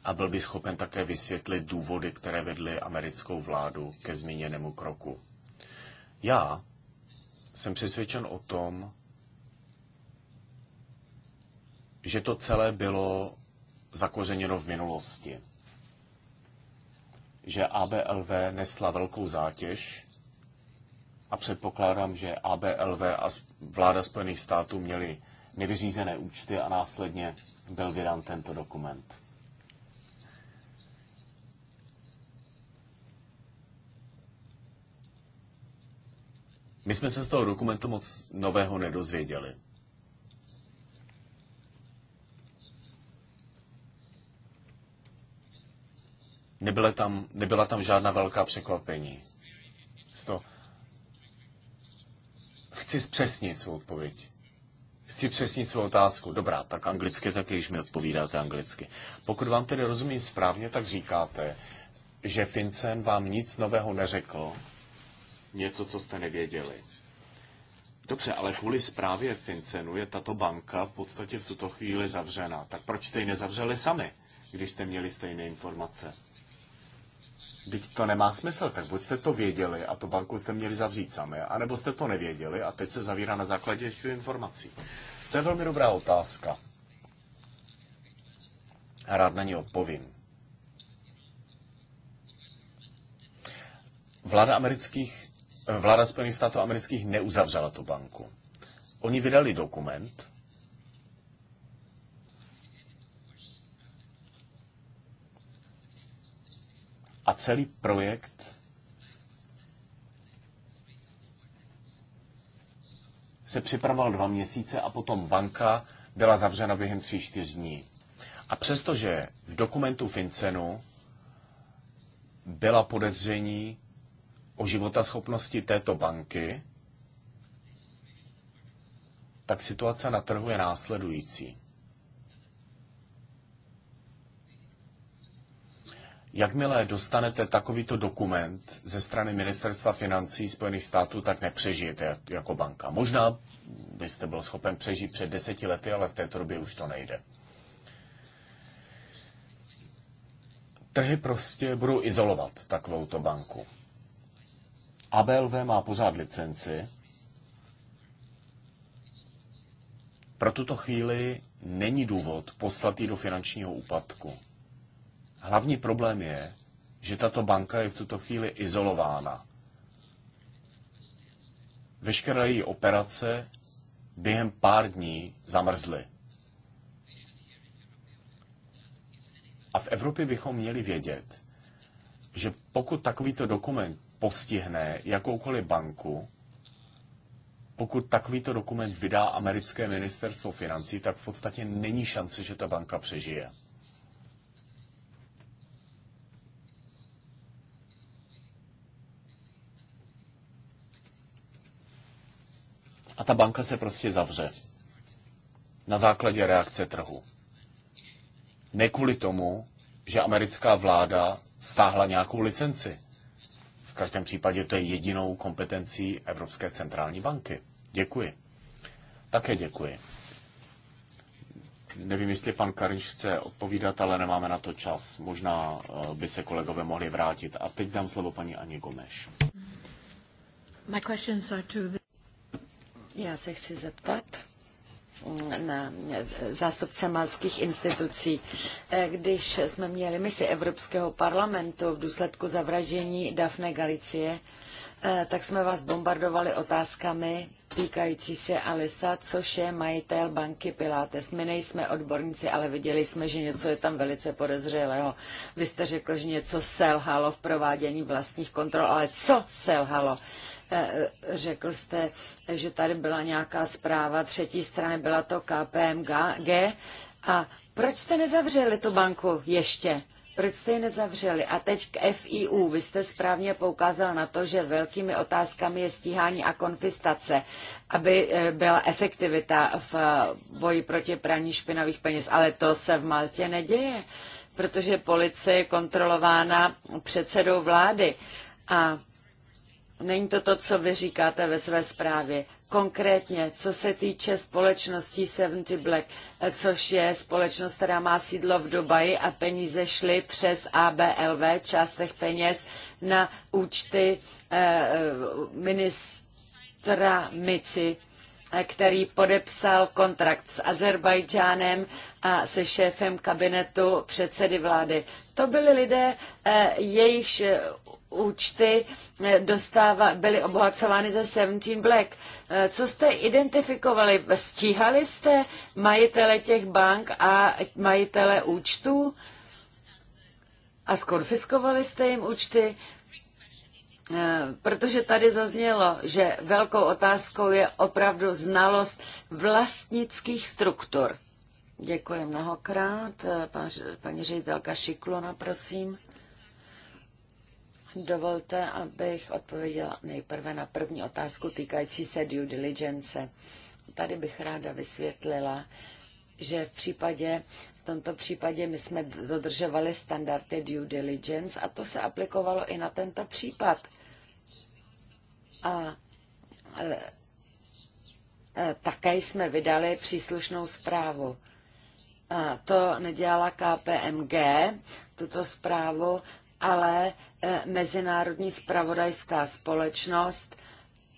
S1: A byl by schopen také vysvětlit důvody, které vedly americkou vládu ke zmíněnému kroku. Já jsem přesvědčen o tom, že to celé bylo zakořeněno v minulosti. Že ABLV nesla velkou zátěž a předpokládám, že ABLV a vláda Spojených států měli nevyřízené účty a následně byl vydán tento dokument. My jsme se z toho dokumentu moc nového nedozvěděli. Nebyla tam, nebyla tam žádná velká překvapení. Sto. Chci zpřesnit svou odpověď. Chci přesnit svou otázku. Dobrá, tak anglicky taky, když mi odpovídáte anglicky. Pokud vám tedy rozumím správně, tak říkáte, že Fincen vám nic nového neřekl, něco, co jste nevěděli. Dobře, ale kvůli zprávě Fincenu je tato banka v podstatě v tuto chvíli zavřena. Tak proč jste ji nezavřeli sami, když jste měli stejné informace? Byť to nemá smysl, tak buď jste to věděli a to banku jste měli zavřít sami, anebo jste to nevěděli a teď se zavírá na základě těch informací. To je velmi dobrá otázka. A rád na ní odpovím. Vláda amerických, eh, vláda Spojených států amerických neuzavřela tu banku. Oni vydali dokument, A celý projekt se připravoval dva měsíce a potom banka byla zavřena během tří, čtyř dní. A přestože v dokumentu Fincenu byla podezření o životaschopnosti této banky, tak situace na trhu je následující. Jakmile dostanete takovýto dokument ze strany Ministerstva financí Spojených států, tak nepřežijete jako banka. Možná byste byl schopen přežít před deseti lety, ale v této době už to nejde. Trhy prostě budou izolovat takovouto banku. ABLV má pořád licenci. Pro tuto chvíli není důvod poslat ji do finančního úpadku. Hlavní problém je, že tato banka je v tuto chvíli izolována. Veškeré její operace během pár dní zamrzly. A v Evropě bychom měli vědět, že pokud takovýto dokument postihne jakoukoliv banku, pokud takovýto dokument vydá americké ministerstvo financí, tak v podstatě není šance, že ta banka přežije. a ta banka se prostě zavře na základě reakce trhu. Ne kvůli tomu, že americká vláda stáhla nějakou licenci. V každém případě to je jedinou kompetencí Evropské centrální banky. Děkuji. Také děkuji. Nevím, jestli pan Karinš chce odpovídat, ale nemáme na to čas. Možná eh, by se kolegové mohli vrátit. A teď dám slovo paní Ani Gomeš.
S3: My questions are to the... Já se chci zeptat mm, na eh, zástupce malských institucí. Eh, když jsme měli misi Evropského parlamentu v důsledku zavraždění Dafne Galicie, Eh, tak jsme vás bombardovali otázkami týkající se Alisa, což je majitel banky Pilates. My nejsme odborníci, ale viděli jsme, že něco je tam velice podezřelého. Vy jste řekl, že něco selhalo v provádění vlastních kontrol, ale co selhalo? Eh, eh, řekl jste, že tady byla nějaká zpráva třetí strany, byla to KPMG. A proč jste nezavřeli tu banku ještě? Proč jste ji nezavřeli? A teď k FIU. Vy jste správně poukázal na to, že velkými otázkami je stíhání a konfistace, aby eh, byla efektivita v eh, boji proti praní špinavých peněz. Ale to se v Maltě neděje, protože policie je kontrolována předsedou vlády. A není to to, co vy říkáte ve své zprávě. Konkrétně, co se týče společnosti 70 Black, což je společnost, která má sídlo v Dubaji a peníze šly přes ABLV, část těch peněz, na účty eh, eh, ministra Mici eh, který podepsal kontrakt s Azerbajdžánem a se šéfem kabinetu předsedy vlády. To byli lidé, jejichž účty eh, dostává, byly obohacovány ze 17 Black. Eh, co jste identifikovali? Stíhali jste majitele těch bank a majitele účtů? A skonfiskovali jste jim účty? Eh, protože tady zaznělo, že velkou otázkou je opravdu znalost vlastnických struktur. Děkuji mnohokrát. Paní ředitelka Šiklona, prosím. Dovolte, abych odpověděla nejprve na první otázku týkající se due diligence. Tady bych ráda vysvětlila, že v případě v tomto případě my jsme dodržovali standardy due diligence a to se aplikovalo i na tento případ. A e, e, také jsme vydali příslušnou zprávu. A to nedělala KPMG, tuto zprávu ale eh, mezinárodní spravodajská společnost,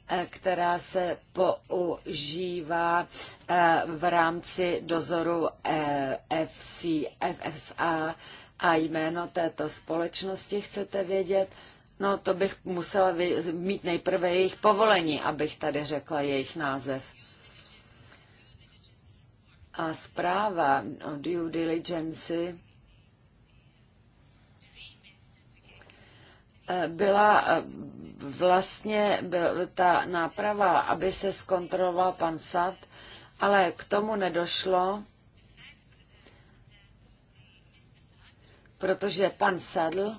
S3: eh, která se používá eh, v rámci dozoru FC, FSA a jméno této společnosti chcete vědět? No to bych musela mít nejprve jejich povolení, abych tady řekla jejich název. A zpráva o due diligence Eh, byla eh, vlastně byl ta náprava, aby se zkontroloval pan Sad, ale k tomu nedošlo, protože pan Sadl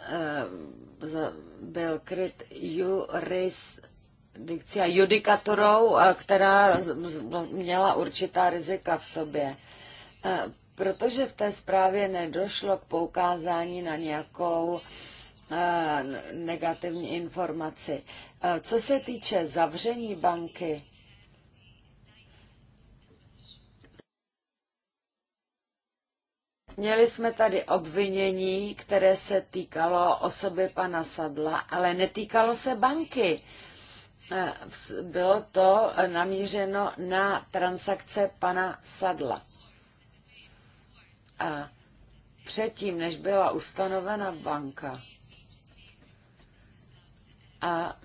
S3: eh, byl kryt juris dikcia judikaturou, která měla určitá rizika v sobě. Protože v té zprávě nedošlo k poukázání na nějakou eh, negativní informaci. Eh, co se týče zavření banky, Měli jsme tady obvinění, které se týkalo osoby pana Sadla, ale netýkalo se banky. Eh, bylo to namířeno na transakce pana Sadla. A předtím, než byla ustanovena banka, a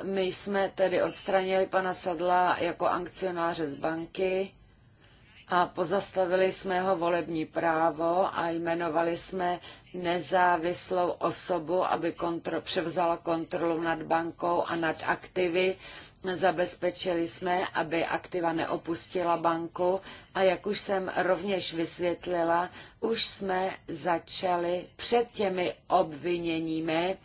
S3: e, my jsme tedy odstranili pana Sadla jako akcionáře z banky a pozastavili jsme jeho volební právo a jmenovali jsme nezávislou osobu, aby kontro, převzala kontrolu nad bankou a nad aktivy Zabezpečili jsme, aby aktiva neopustila banku a jak už jsem rovněž vysvětlila, už jsme začali před těmi obviněními,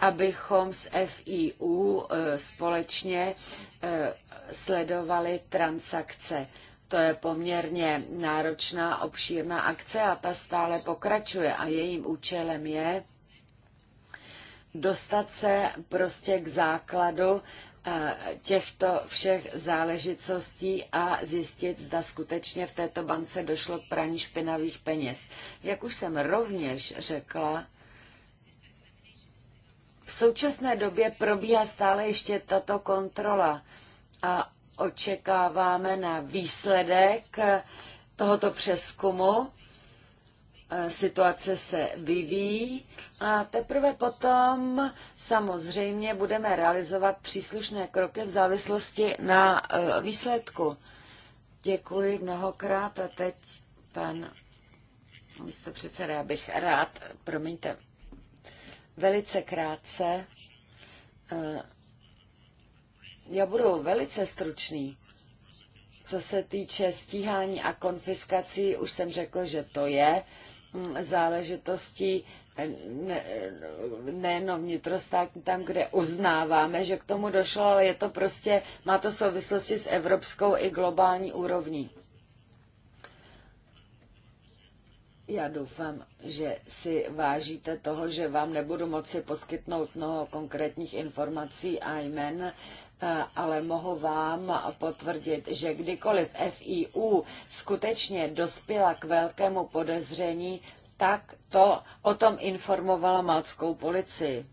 S3: abychom s FIU e, společně e, sledovali transakce. To je poměrně náročná, obšírná akce a ta stále pokračuje a jejím účelem je dostat se prostě k základu Eh, těchto všech záležitostí a zjistit, zda skutečně v této bance došlo k praní špinavých peněz. Jak už jsem rovněž řekla, v současné době probíhá stále ještě tato kontrola a očekáváme na výsledek tohoto přeskumu. Eh, situace se vyvíjí a teprve potom samozřejmě budeme realizovat příslušné kroky v závislosti na e, výsledku. Děkuji mnohokrát a teď pan místo předseda, já bych rád, promiňte, velice krátce, e, já budu velice stručný. Co se týče stíhání a konfiskací, už jsem řekl, že to je mm, záležitostí nejenom vnitrostátní, tam, kde uznáváme, že k tomu došlo, ale je to prostě, má to souvislosti s evropskou i globální úrovní. Já doufám, že si vážíte toho, že vám nebudu moci poskytnout mnoho konkrétních informací a jmen, ale mohu vám potvrdit, že kdykoliv FIU skutečně dospěla k velkému podezření, tak to o tom informovala malckou policii.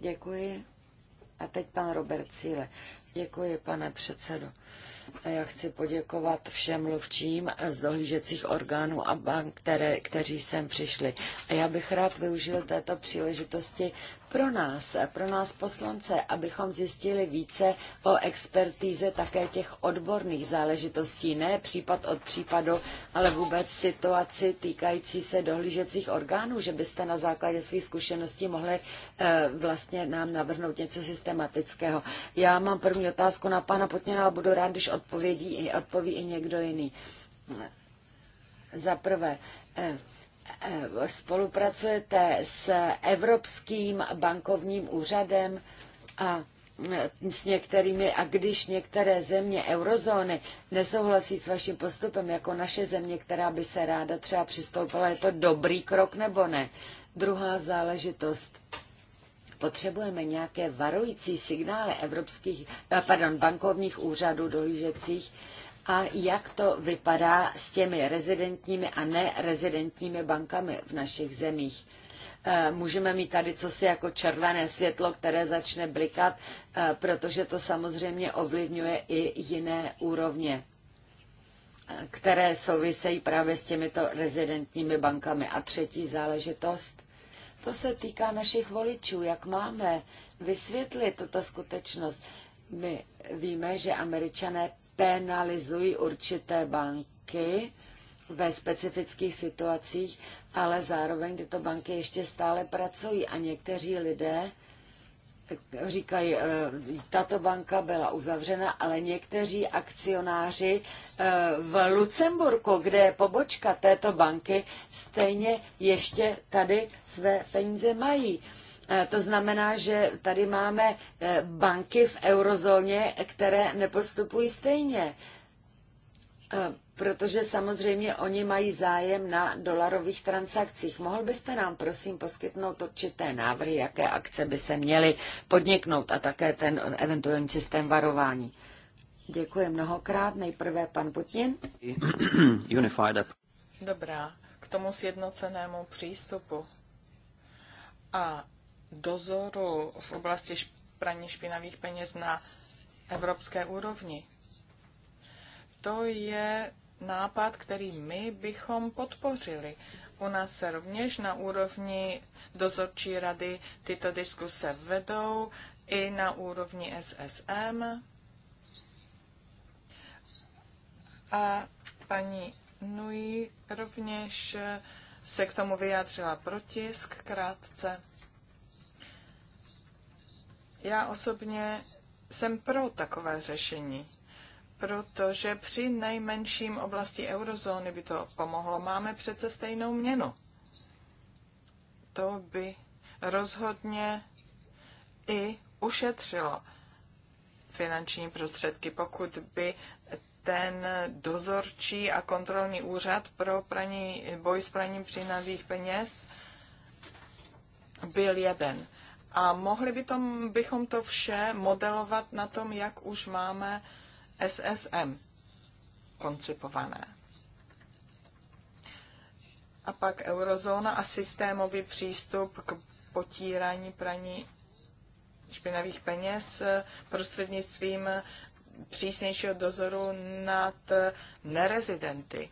S3: Děkuji. A teď pan Robert Cíle. Děkuji, pane předsedo. A já chci poděkovat všem mluvčím z dohlížecích orgánů a bank, které, kteří sem přišli. A já bych rád využil této příležitosti pro nás, pro nás poslance, abychom zjistili více o expertíze také těch odborných záležitostí, ne případ od případu, ale vůbec situaci týkající se dohlížecích orgánů, že byste na základě svých zkušeností mohli e, vlastně nám navrhnout něco systematického. Já mám první otázku na pana Potněna, ale budu rád, když odpovědí odpoví i někdo jiný. Za prvé, eh, eh, spolupracujete s Evropským bankovním úřadem a eh, s některými a když některé země eurozóny nesouhlasí s vaším postupem, jako naše země, která by se ráda třeba přistoupila, je to dobrý krok nebo ne? Druhá záležitost Potřebujeme nějaké varující signály evropských, eh, pardon, bankovních úřadů dohlížecích, a jak to vypadá s těmi rezidentními a nerezidentními bankami v našich zemích? Eh, můžeme mít tady cosi jako červené světlo, které začne blikat, eh, protože to samozřejmě ovlivňuje i jiné úrovně, které souvisejí právě s těmito rezidentními bankami. A třetí záležitost to se týká našich voličů, jak máme vysvětlit tuto skutečnost. My víme, že američané penalizují určité banky ve specifických situacích, ale zároveň tyto banky ještě stále pracují a někteří lidé říkají, eh, tato banka byla uzavřena, ale někteří akcionáři eh, v Lucemburku, kde je pobočka této banky, stejně ještě tady své peníze mají. Eh, to znamená, že tady máme banky v eurozóně, které nepostupují stejně protože samozřejmě oni mají zájem na dolarových transakcích. Mohl byste nám prosím poskytnout určité návrhy, jaké akce by se měly podniknout a také ten eventuální systém varování? Děkuji mnohokrát. Nejprve pan Putin.
S2: <clears throat> Dobrá, k tomu sjednocenému přístupu a dozoru v oblasti praní špinavých peněz na evropské úrovni. To je nápad, který my bychom podpořili. U nás se rovněž na úrovni dozorčí rady tyto diskuse vedou i na úrovni SSM. A paní Nui rovněž se k tomu vyjádřila protisk krátce. Já osobně jsem pro takové řešení protože při nejmenším oblasti eurozóny by to pomohlo. Máme přece stejnou měnu. To by rozhodně i ušetřilo finanční prostředky, pokud by ten dozorčí a kontrolní úřad pro praní, boj s praním přinavých peněz byl jeden. A mohli by tom, bychom to vše modelovat na tom, jak už máme uh, SSM koncipované. A pak eurozóna a systémový přístup k potírání praní špinavých peněz eh, prostřednictvím přísnějšího dozoru nad eh, nerezidenty.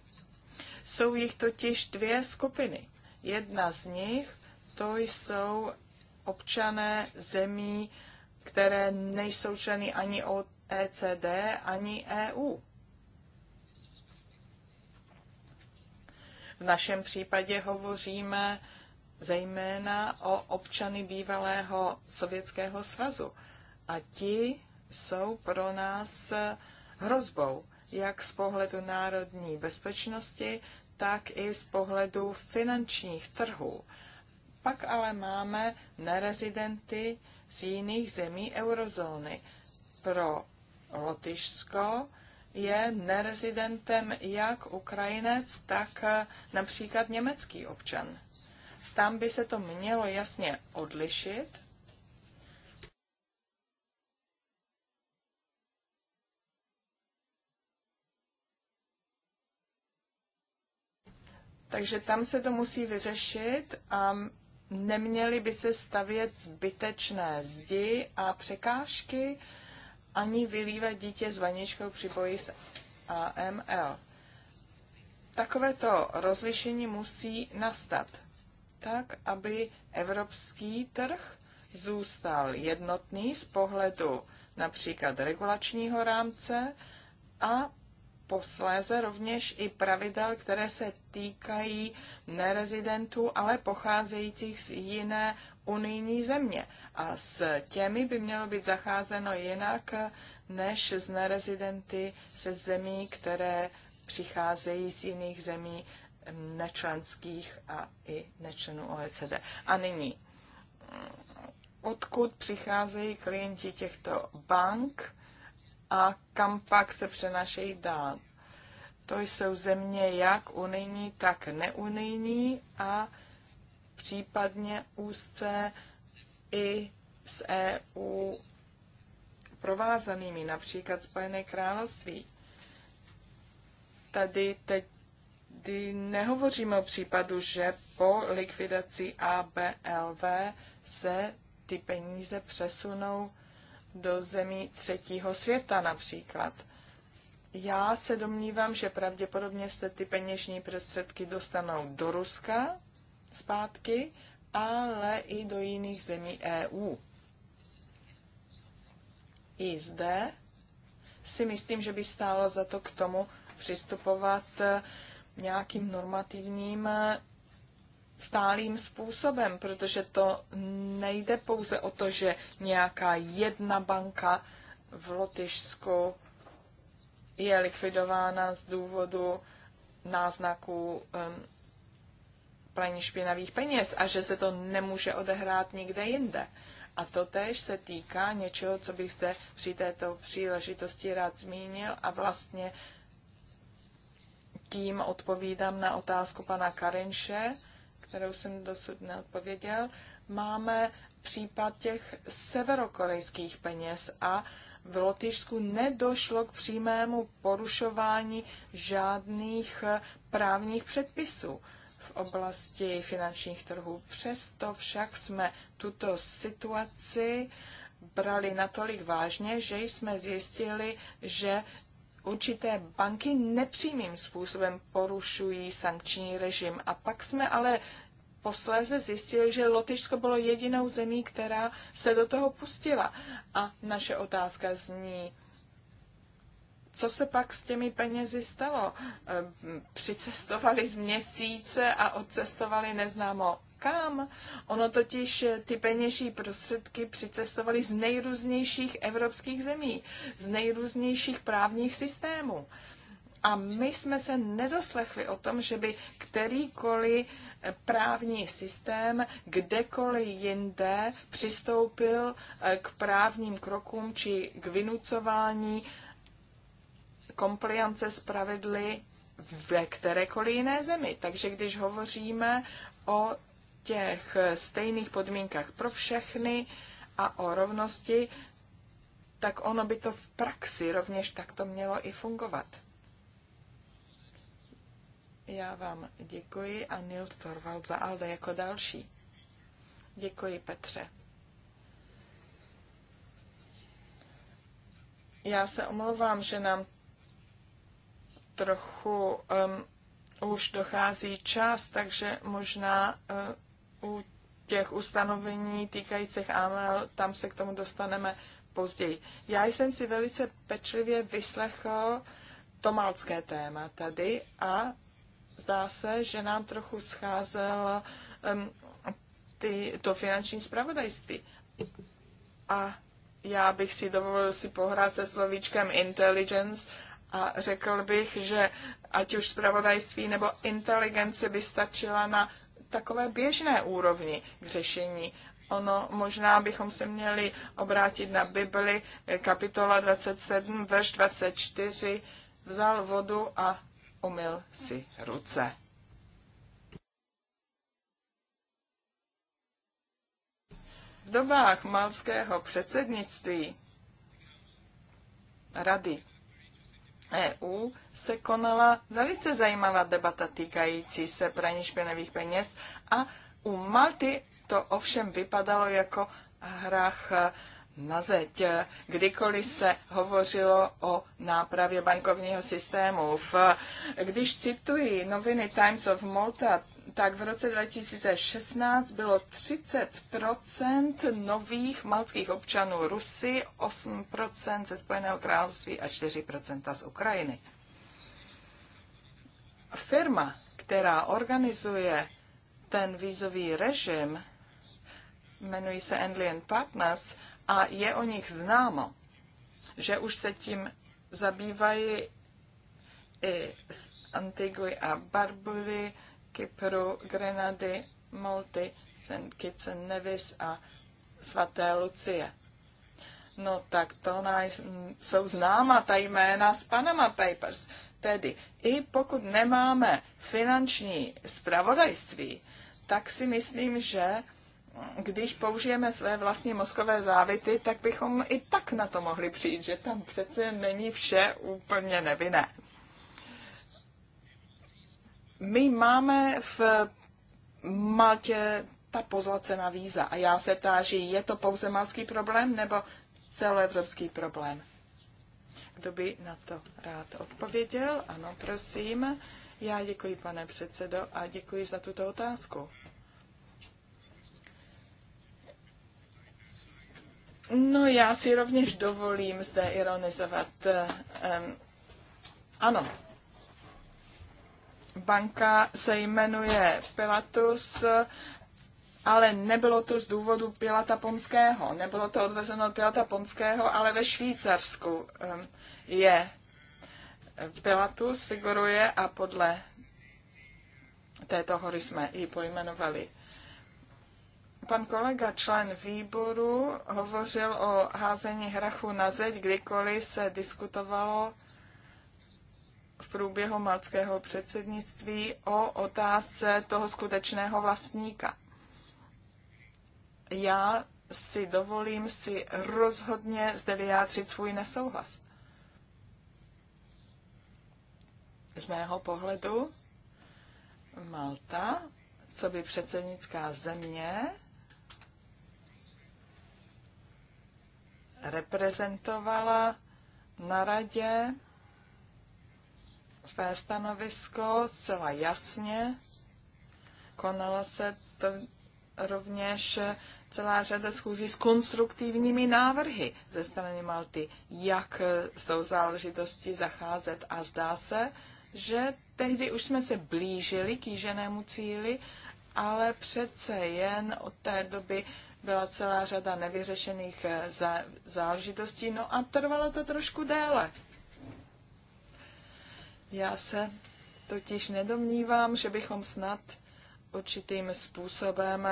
S2: Jsou jich totiž dvě skupiny. Jedna z nich to jsou občané zemí, které nejsou členy ani od ECD ani EU. V našem případě hovoříme zejména o občany bývalého Sovětského svazu. A ti jsou pro nás hrozbou, jak z pohledu národní bezpečnosti, tak i z pohledu finančních trhů. Pak ale máme nerezidenty z jiných zemí eurozóny. Pro Lotyšsko je nerezidentem jak Ukrajinec, tak eh, například německý občan. Tam by se to mělo jasně odlišit. Takže tam se to musí vyřešit a neměly by se stavět zbytečné zdi a překážky, ani vylívat dítě s vaničkou připojí s AML. Takovéto rozlišení musí nastat tak, aby evropský trh zůstal jednotný z pohledu například regulačního rámce a posléze rovněž i pravidel, které se týkají nerezidentů, ale pocházejících z jiné unijní země. A s těmi by mělo být zacházeno jinak než s nerezidenty se zemí, které přicházejí z jiných zemí nečlenských a i nečlenů OECD. A nyní, odkud přicházejí klienti těchto bank a kam pak se přenašejí dál? To jsou země jak unijní, tak neunijní a případně úzce i s EU provázanými, například Spojené království. Tady teď kdy nehovoříme o případu, že po likvidaci ABLV se ty peníze přesunou do zemí třetího světa například. Já se domnívám, že pravděpodobně se ty peněžní prostředky dostanou do Ruska, zpátky, ale i do jiných zemí EU. I zde si myslím, že by stálo za to k tomu přistupovat eh, nějakým normativním eh, stálým způsobem, protože to nejde pouze o to, že nějaká jedna banka v Lotyšsku je likvidována z důvodu náznaků um, praní špinavých peněz a že se to nemůže odehrát nikde jinde. A to tež se týká něčeho, co bych zde při této příležitosti rád zmínil a vlastně tím odpovídám na otázku pana Karinše, kterou jsem dosud neodpověděl. Máme případ těch severokorejských peněz a v Lotyšsku nedošlo k přímému porušování žádných právních předpisů v oblasti finančních trhů. Přesto však jsme tuto situaci brali natolik vážně, že jsme zjistili, že určité banky nepřímým způsobem porušují sankční režim. A pak jsme ale posléze zjistili, že Lotyšsko bylo jedinou zemí, která se do toho pustila. A naše otázka zní, co se pak s těmi penězi stalo? Ehm, přicestovali z měsíce a odcestovali neznámo kam. Ono totiž eh, ty peněžní prostředky přicestovaly z nejrůznějších evropských zemí, z nejrůznějších právních systémů. A my jsme se nedoslechli o tom, že by kterýkoliv eh, právní systém kdekoliv jinde přistoupil eh, k právním krokům či k vynucování kompliance s pravidly ve kterékoliv jiné zemi. Takže když hovoříme o těch stejných podmínkách pro všechny a o rovnosti, tak ono by to v praxi rovněž takto mělo i fungovat. Já vám děkuji a Nils Torvald za Alde jako další. Děkuji, Petře. Já se omlouvám, že nám trochu um, už dochází čas, takže možná uh, u těch ustanovení týkajících AML, tam se k tomu dostaneme později. Já jsem si velice pečlivě vyslechl malcké téma tady a zdá se, že nám trochu scházel um, ty, to finanční spravodajství. A já bych si dovolil si pohrát se slovíčkem intelligence, a řekl bych, že ať už zpravodajství nebo inteligence by stačila na takové běžné úrovni k řešení. Ono možná bychom se měli obrátit na Bibli, kapitola 27, verš 24, vzal vodu a umyl si ruce. V dobách malského předsednictví rady EU se konala velice zajímavá debata týkající se praní špinavých peněz a u Malty to ovšem vypadalo jako hrách na zeď. Kdykoliv se hovořilo o nápravě bankovního systému. V, když cituji noviny Times of Malta, tak v roce 2016 bylo 30 nových maltských občanů Rusy, 8 ze Spojeného království a 4 z Ukrajiny. Firma, která organizuje ten vízový režim, jmenují se Endlian Partners a je o nich známo, že už se tím zabývají i Antigui a Barbudy, Kypru, Grenady, Malty, St. Kitts and Nevis a svaté Lucie. No tak to nás, jsou známa ta jména z Panama Papers. Tedy i pokud nemáme finanční spravodajství, tak si myslím, že když použijeme své vlastní mozkové závity, tak bychom i tak na to mohli přijít, že tam přece není vše úplně nevinné. My máme v Maltě ta pozlacená víza a já se táži, je to pouze maltský problém nebo celoevropský problém? Kdo by na to rád odpověděl? Ano, prosím. Já děkuji, pane předsedo, a děkuji za tuto otázku. No, já si rovněž dovolím zde ironizovat. Um, ano, banka se jmenuje Pilatus, ale nebylo to z důvodu Pilata Ponského. Nebylo to odvezeno od Pilata Ponského, ale ve Švýcarsku ehm, je Pilatus, figuruje a podle této hory jsme ji pojmenovali. Pan kolega, člen výboru, hovořil o házení hrachu na zeď, kdykoliv se diskutovalo v průběhu malckého předsednictví o otázce toho skutečného vlastníka. Já si dovolím si rozhodně zde vyjádřit svůj nesouhlas. Z mého pohledu Malta, co by předsednická země, reprezentovala na radě své stanovisko zcela jasně. Konala se to rovněž celá řada schůzí s konstruktivními návrhy ze strany Malty, jak s tou záležitostí zacházet. A zdá se, že tehdy už jsme se blížili k jíženému cíli, ale přece jen od té doby byla celá řada nevyřešených eh, záležitostí, no a trvalo to trošku déle, já se totiž nedomnívám, že bychom snad určitým způsobem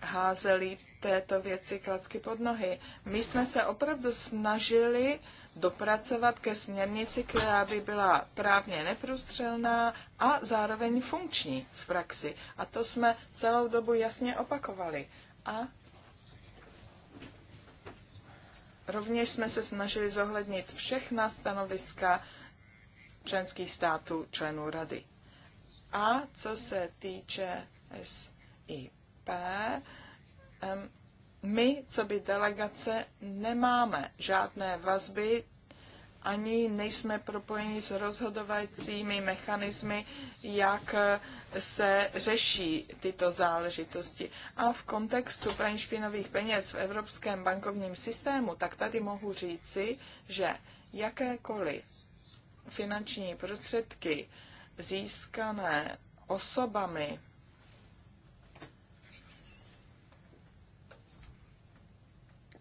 S2: házeli této věci klacky pod nohy. My jsme se opravdu snažili dopracovat ke směrnici, která by byla právně neprůstřelná a zároveň funkční v praxi. A to jsme celou dobu jasně opakovali. A rovněž jsme se snažili zohlednit všechna stanoviska členských států členů rady. A co se týče SIP, my, co by delegace, nemáme žádné vazby, ani nejsme propojeni s rozhodovacími mechanismy, jak se řeší tyto záležitosti. A v kontextu praní špinových peněz v evropském bankovním systému, tak tady mohu říci, že jakékoliv finanční prostředky získané osobami,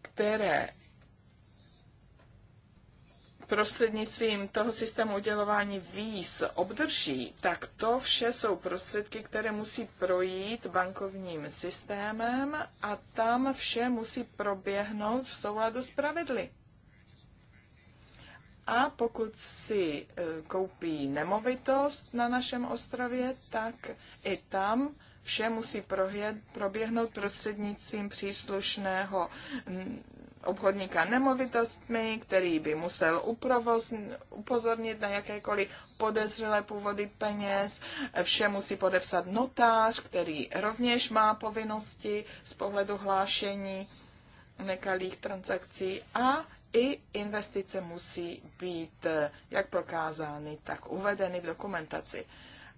S2: které prostřednictvím toho systému udělování víz obdrží, tak to vše jsou prostředky, které musí projít bankovním systémem a tam vše musí proběhnout v souladu s pravidly. A pokud si e, koupí nemovitost na našem ostrově, tak i tam vše musí prohěd, proběhnout prostřednictvím příslušného obchodníka nemovitostmi, který by musel uprovoz, upozornit na jakékoliv podezřelé původy peněz. Vše musí podepsat notář, který rovněž má povinnosti z pohledu hlášení nekalých transakcí a i investice musí být eh, jak prokázány, tak uvedeny v dokumentaci.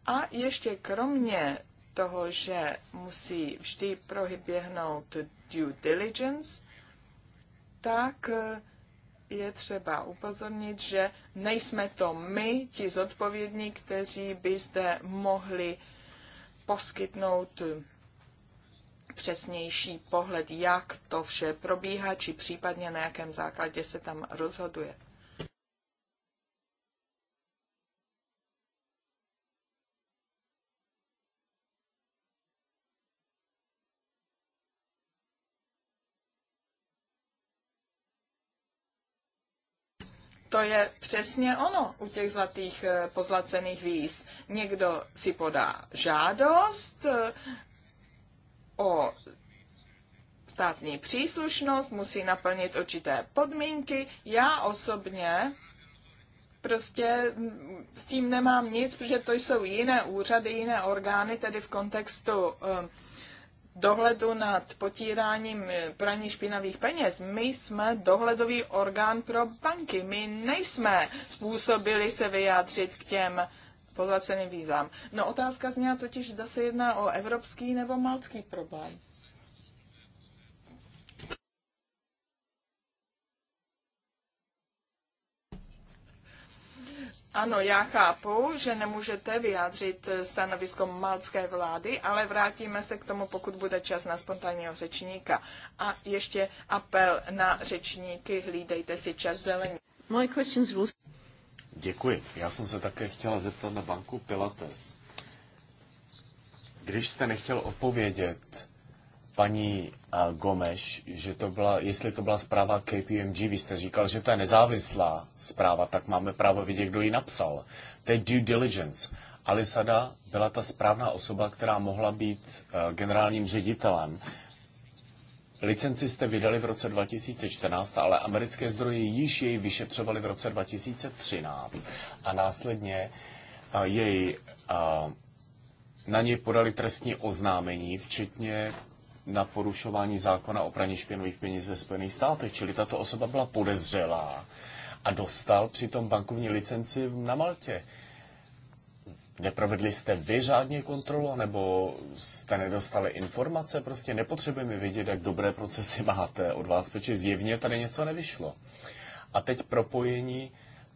S2: A ještě kromě toho, že musí vždy prohyběhnout due diligence, tak eh, je třeba upozornit, že nejsme to my, ti zodpovědní, kteří by zde mohli poskytnout přesnější pohled, jak to vše probíhá, či případně na jakém základě se tam rozhoduje. to je přesně ono u těch zlatých eh, pozlacených víz. Někdo si podá žádost, o státní příslušnost, musí naplnit určité podmínky. Já osobně prostě s tím nemám nic, protože to jsou jiné úřady, jiné orgány, tedy v kontextu eh, dohledu nad potíráním praní špinavých peněz. My jsme dohledový orgán pro banky. My nejsme způsobili se vyjádřit k těm pozvaceným význam. No otázka zněla totiž, zda se jedná o evropský nebo maltský problém. Ano, já chápu, že nemůžete vyjádřit stanovisko malcké vlády, ale vrátíme se k tomu, pokud bude čas na spontánního řečníka. A ještě apel na řečníky, hlídejte si čas zelení.
S1: Děkuji. Já jsem se také chtěla zeptat na banku Pilates. Když jste nechtěl odpovědět paní eh, Gomeš, že to byla, jestli to byla zpráva KPMG, vy jste říkal, že to je nezávislá zpráva, tak máme právo vidět, kdo ji napsal. To je due diligence. Alisada byla ta správná osoba, která mohla být eh, generálním ředitelem Licenci jste vydali v roce 2014, ale americké zdroje již jej vyšetřovaly v roce 2013 a následně jej na něj podali trestní oznámení, včetně na porušování zákona o praní špinových peněz ve Spojených státech. Čili tato osoba byla podezřelá a dostal přitom bankovní licenci na Maltě. Neprovedli jste vy žádně kontrolu, nebo jste nedostali informace? Prostě nepotřebujeme vědět, jak dobré procesy <laughs> máte od vás, protože zjevně tady něco nevyšlo. A teď propojení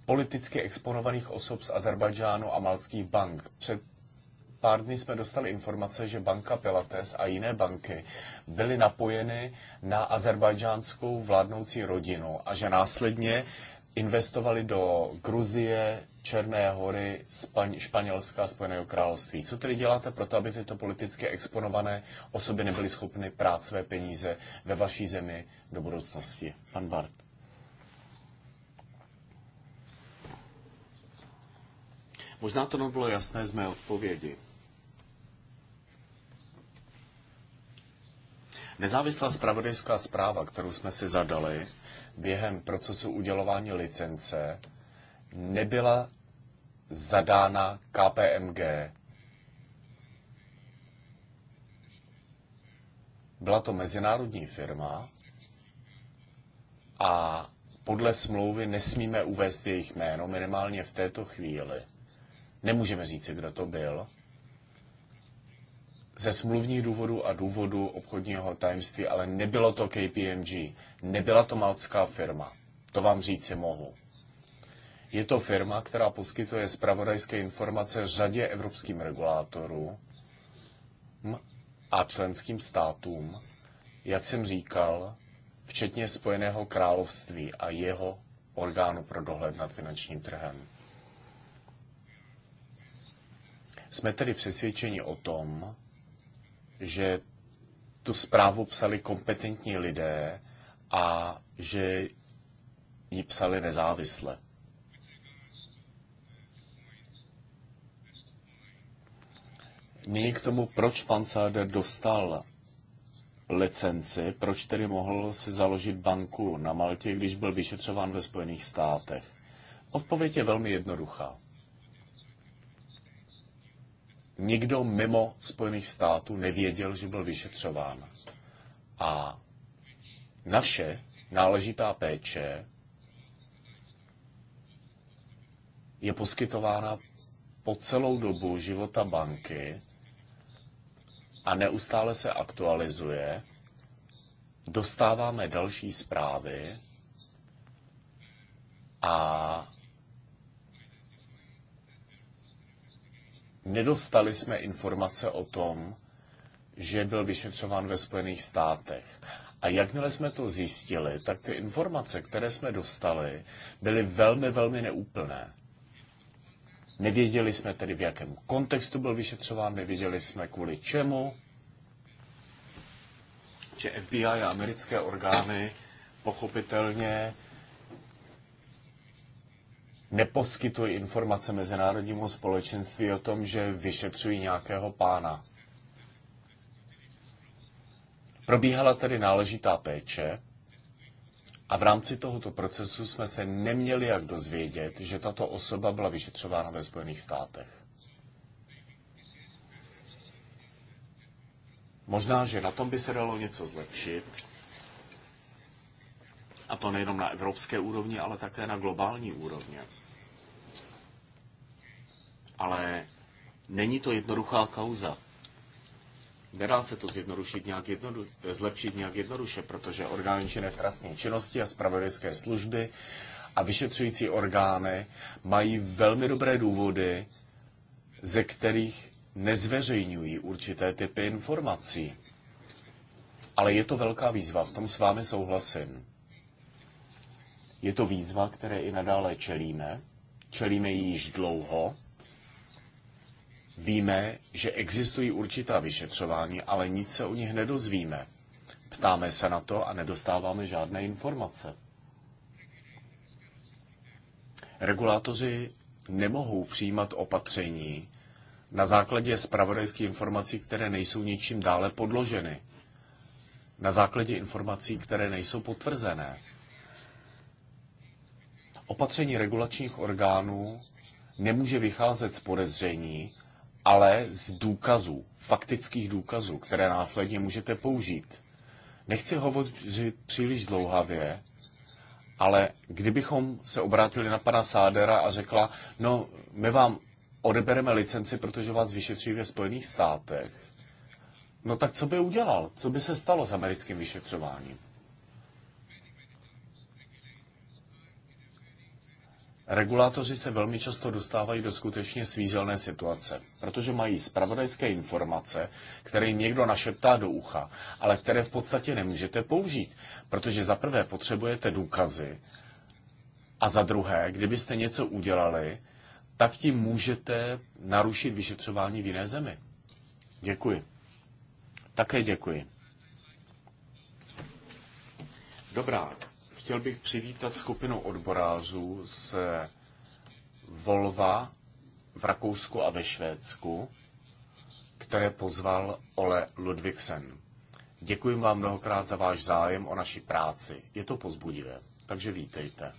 S1: politicky exponovaných osob z Azerbajdžánu a malských bank. Před pár dny jsme dostali informace, že banka Pilates a jiné banky byly napojeny na azerbajdžánskou vládnoucí rodinu a že následně investovali do Gruzie, Černé hory, Spaň, Španělska Spojeného království. Co tedy děláte pro to, aby tyto politicky exponované osoby nebyly schopny prát své peníze ve vaší zemi do budoucnosti? Pan Bart. Možná to nebylo jasné z mé odpovědi. Nezávislá spravodajská zpráva, kterou jsme si zadali během procesu udělování licence, nebyla zadána KPMG. Byla to mezinárodní firma a podle smlouvy nesmíme uvést jejich jméno, minimálně v této chvíli. Nemůžeme říci, kdo to byl. Ze smluvních důvodů a důvodu obchodního tajemství, ale nebylo to KPMG, nebyla to malcká firma. To vám říci mohu. Je to firma, která poskytuje zpravodajské informace řadě evropským regulátorům a členským státům, jak jsem říkal, včetně Spojeného království a jeho orgánu pro dohled nad finančním trhem. Jsme tedy přesvědčeni o tom, že tu zprávu psali kompetentní lidé a že ji psali nezávisle. Nyní k tomu, proč pan Sáder dostal licenci, proč tedy mohl si založit banku na Maltě, když byl vyšetřován ve Spojených státech. Odpověď je velmi jednoduchá. Nikdo mimo Spojených států nevěděl, že byl vyšetřován. A naše náležitá péče je poskytována po celou dobu života banky a neustále se aktualizuje. Dostáváme další zprávy a nedostali jsme informace o tom, že byl vyšetřován ve Spojených státech. A jakmile jsme to zjistili, tak ty informace, které jsme dostali, byly velmi, velmi neúplné. Nevěděli jsme tedy, v jakém kontextu byl vyšetřován, nevěděli jsme kvůli čemu, že FBI a americké orgány pochopitelně neposkytují informace mezinárodnímu společenství o tom, že vyšetřují nějakého pána. Probíhala tedy náležitá péče a v rámci tohoto procesu jsme se neměli jak dozvědět, že tato osoba byla vyšetřována ve Spojených státech. Možná, že na tom by se dalo něco zlepšit, a to nejenom na evropské úrovni, ale také na globální úrovně. Ale není to jednoduchá kauza. Nedá se to zjednodušit nějak jednodu, zlepšit nějak jednoduše, protože orgány činné v trestní činnosti a spravodajské služby a vyšetřující orgány mají velmi dobré důvody, ze kterých nezveřejňují určité typy informací. Ale je to velká výzva, v tom s vámi souhlasím. Je to výzva, které i nadále čelíme. Čelíme ji již dlouho Víme, že existují určitá vyšetřování, ale nic se o nich nedozvíme. Ptáme se na to a nedostáváme žádné informace. Regulátoři nemohou přijímat opatření na základě zpravodajských informací, které nejsou ničím dále podloženy. Na základě informací, které nejsou potvrzené. Opatření regulačních orgánů nemůže vycházet z podezření, ale z důkazů, faktických důkazů, které následně můžete použít. Nechci hovořit příliš dlouhavě, ale kdybychom se obrátili na pana Sádera a řekla, no, my vám odebereme licenci, protože vás vyšetří ve Spojených státech, no tak co by udělal? Co by se stalo s americkým vyšetřováním? Regulátoři se velmi často dostávají do skutečně svízelné situace, protože mají spravodajské informace, které jim někdo našeptá do ucha, ale které v podstatě nemůžete použít, protože za prvé potřebujete důkazy a za druhé, kdybyste něco udělali, tak tím můžete narušit vyšetřování v jiné zemi. Děkuji. Také děkuji. Dobrá, Chtěl bych přivítat skupinu odborářů z Volva v Rakousku a ve Švédsku, které pozval Ole Ludvigsen. Děkuji vám mnohokrát za váš zájem o naší práci. Je to pozbudivé, takže vítejte.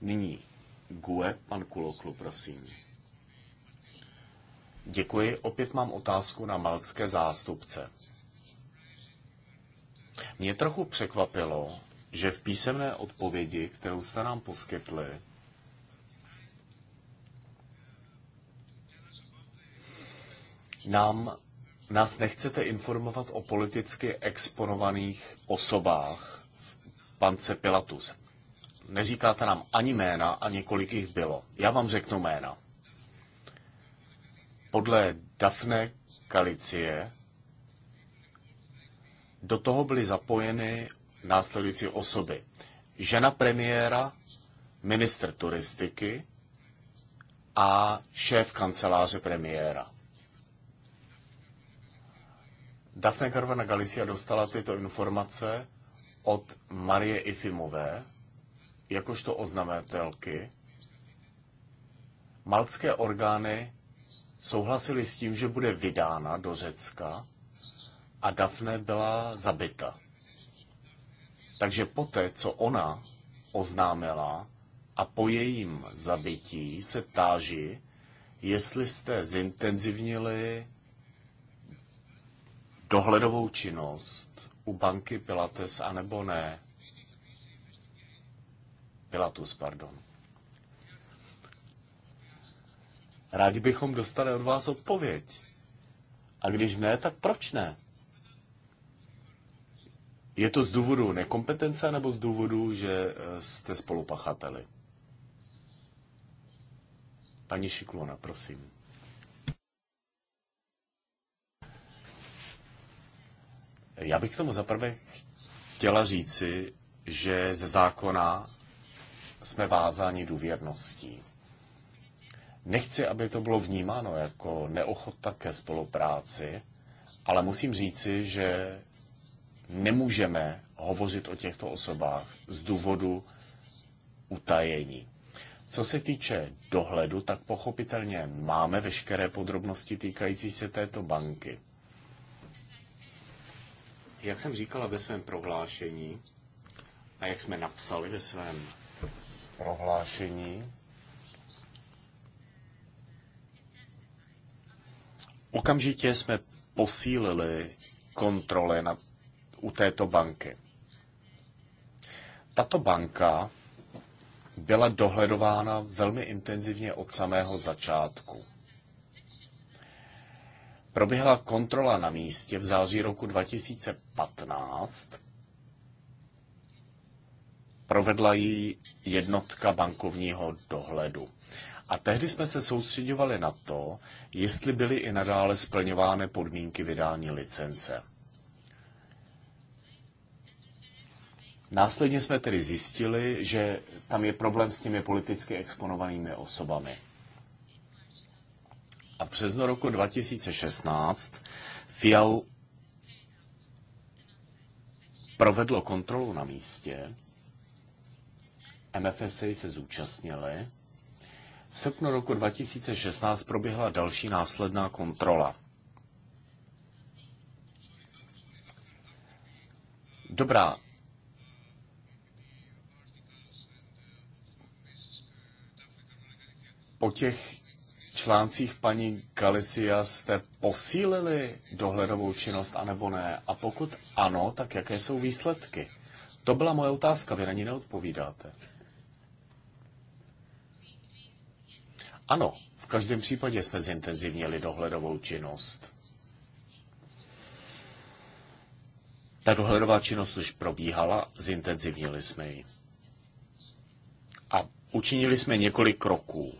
S1: Nyní GUE, pan Kuloklu, prosím. Děkuji, opět mám otázku na malcké zástupce. Mě trochu překvapilo, že v písemné odpovědi, kterou jste nám poskytli, nám, nás nechcete informovat o politicky exponovaných osobách pance Pilatus. Neříkáte nám ani jména, ani kolik jich bylo. Já vám řeknu jména. Podle Dafne Kalicie do toho byly zapojeny následující osoby. Žena premiéra, ministr turistiky a šéf kanceláře premiéra. Daphne Caruana Galicia dostala tyto informace od Marie Ifimové, jakožto oznamatelky. Malcké orgány souhlasili s tím, že bude vydána do Řecka a Dafne byla zabita. Takže poté, co ona oznámila a po jejím zabití se táží, jestli jste zintenzivnili dohledovou činnost u banky Pilates anebo ne. Pilatus, pardon. Rádi bychom dostali od vás odpověď. A když ne, tak proč ne? Je to z důvodu nekompetence nebo z důvodu, že eh, jste spolupachateli? Pani Šiklona, prosím. Já bych k tomu zaprvé chtěla říci, že ze zákona jsme vázáni důvěrností. Nechci, aby to bylo vnímáno jako neochota ke spolupráci, ale musím říci, že nemůžeme hovořit o těchto osobách z důvodu utajení. Co se týče dohledu, tak pochopitelně máme veškeré podrobnosti týkající se této banky. Jak jsem říkala ve svém prohlášení a jak jsme napsali ve svém prohlášení, okamžitě jsme posílili kontrole nad u této banky. Tato banka byla dohledována velmi intenzivně od samého začátku. Proběhla kontrola na místě v září roku 2015. Provedla ji jednotka bankovního dohledu. A tehdy jsme se soustředovali na to, jestli byly i nadále splňovány podmínky vydání licence. Následně jsme tedy zjistili, že tam je problém s těmi politicky exponovanými osobami. A v březnu roku 2016 Fial provedlo kontrolu na místě, MFSA se zúčastnili. V srpnu roku 2016 proběhla další následná kontrola. Dobrá, po těch článcích paní Galicia jste posílili dohledovou činnost, anebo ne? A pokud ano, tak jaké jsou výsledky? To byla moje otázka, vy na ní neodpovídáte. Ano, v každém případě jsme zintenzivnili dohledovou činnost. Ta dohledová činnost už probíhala, zintenzivnili jsme ji. A učinili jsme několik kroků.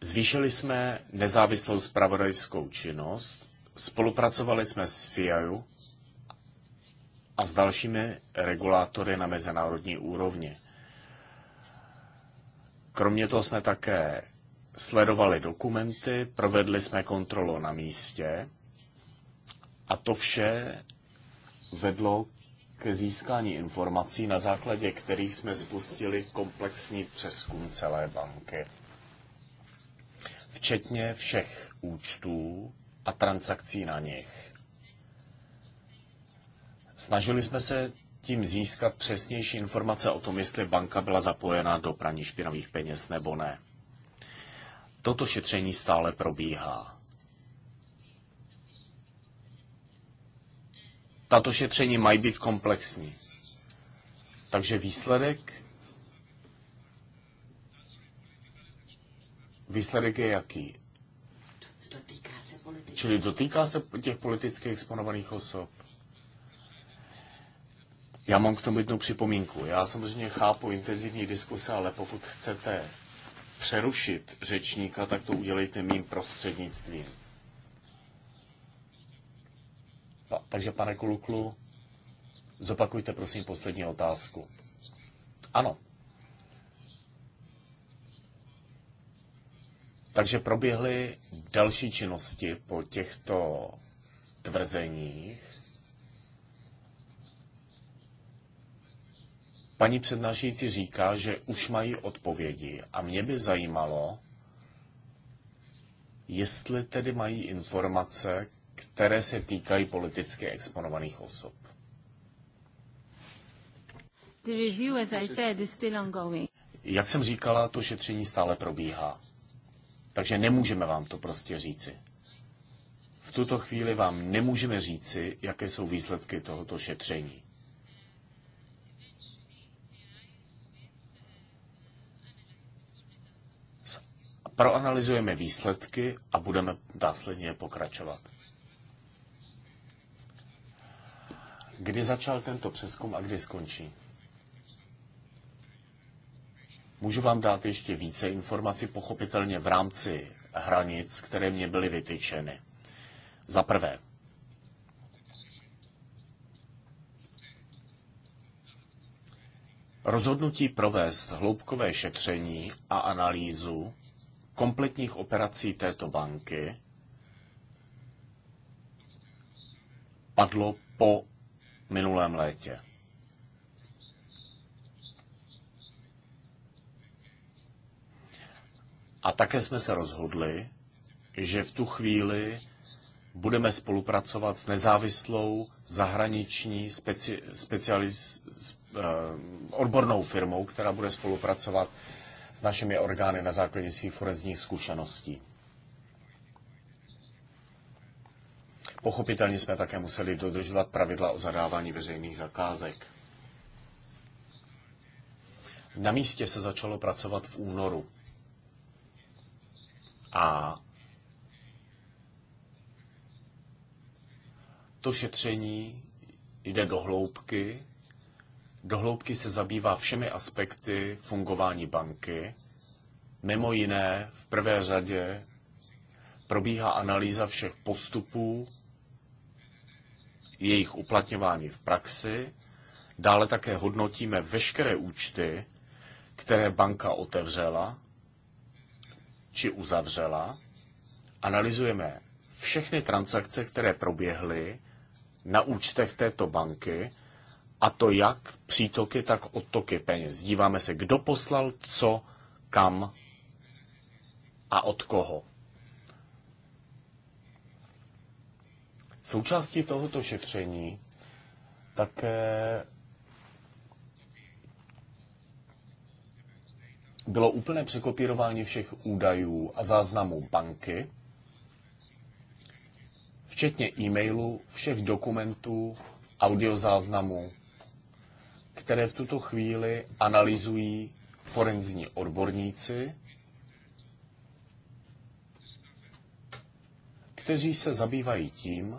S1: Zvýšili jsme nezávislou spravodajskou činnost, spolupracovali jsme s FIAU a s dalšími regulátory na mezinárodní úrovni. Kromě toho jsme také sledovali dokumenty, provedli jsme kontrolu na místě a to vše vedlo k získání informací, na základě kterých jsme spustili komplexní přeskum celé banky včetně všech účtů a transakcí na nich. Snažili jsme se tím získat přesnější informace o tom, jestli banka byla zapojena do praní špinavých peněz nebo ne. Toto šetření stále probíhá. Tato šetření mají být komplexní. Takže výsledek Výsledek je jaký? Dotýká se Čili dotýká se těch politicky exponovaných osob. Já mám k tomu jednu připomínku. Já samozřejmě chápu intenzivní diskuse, ale pokud chcete přerušit řečníka, tak to udělejte mým prostřednictvím. Pa, takže, pane Kuluklu, zopakujte prosím poslední otázku. Ano, Takže proběhly další činnosti po těchto tvrzeních. Paní přednášející říká, že už mají odpovědi a mě by zajímalo, jestli tedy mají informace, které se týkají politicky exponovaných osob. Jak jsem říkala, to šetření stále probíhá. Takže nemůžeme vám to prostě říci. V tuto chvíli vám nemůžeme říci, jaké jsou výsledky tohoto šetření. Proanalizujeme výsledky a budeme následně pokračovat. Kdy začal tento přeskum a kdy skončí? Můžu vám dát ještě více informací, pochopitelně v rámci hranic, které mě byly vytyčeny. Za prvé, rozhodnutí provést hloubkové šetření a analýzu kompletních operací této banky padlo po minulém létě. A také jsme se rozhodli, že v tu chvíli budeme spolupracovat s nezávislou zahraniční speci, specializ, eh, odbornou firmou, která bude spolupracovat s našimi orgány na základě svých forenzních zkušeností. Pochopitelně jsme také museli dodržovat pravidla o zadávání veřejných zakázek. Na místě se začalo pracovat v únoru. A to šetření jde do hloubky. Do hloubky se zabývá všemi aspekty fungování banky. Mimo jiné, v prvé řadě probíhá analýza všech postupů, jejich uplatňování v praxi. Dále také hodnotíme veškeré účty, které banka otevřela či uzavřela, analyzujeme všechny transakce, které proběhly na účtech této banky, a to jak přítoky, tak odtoky peněz. Díváme se, kdo poslal co, kam a od koho. Součástí tohoto šetření také bylo úplné překopírování všech údajů a záznamů banky, včetně e-mailu, všech dokumentů, audiozáznamů, které v tuto chvíli analyzují forenzní odborníci, kteří se zabývají tím,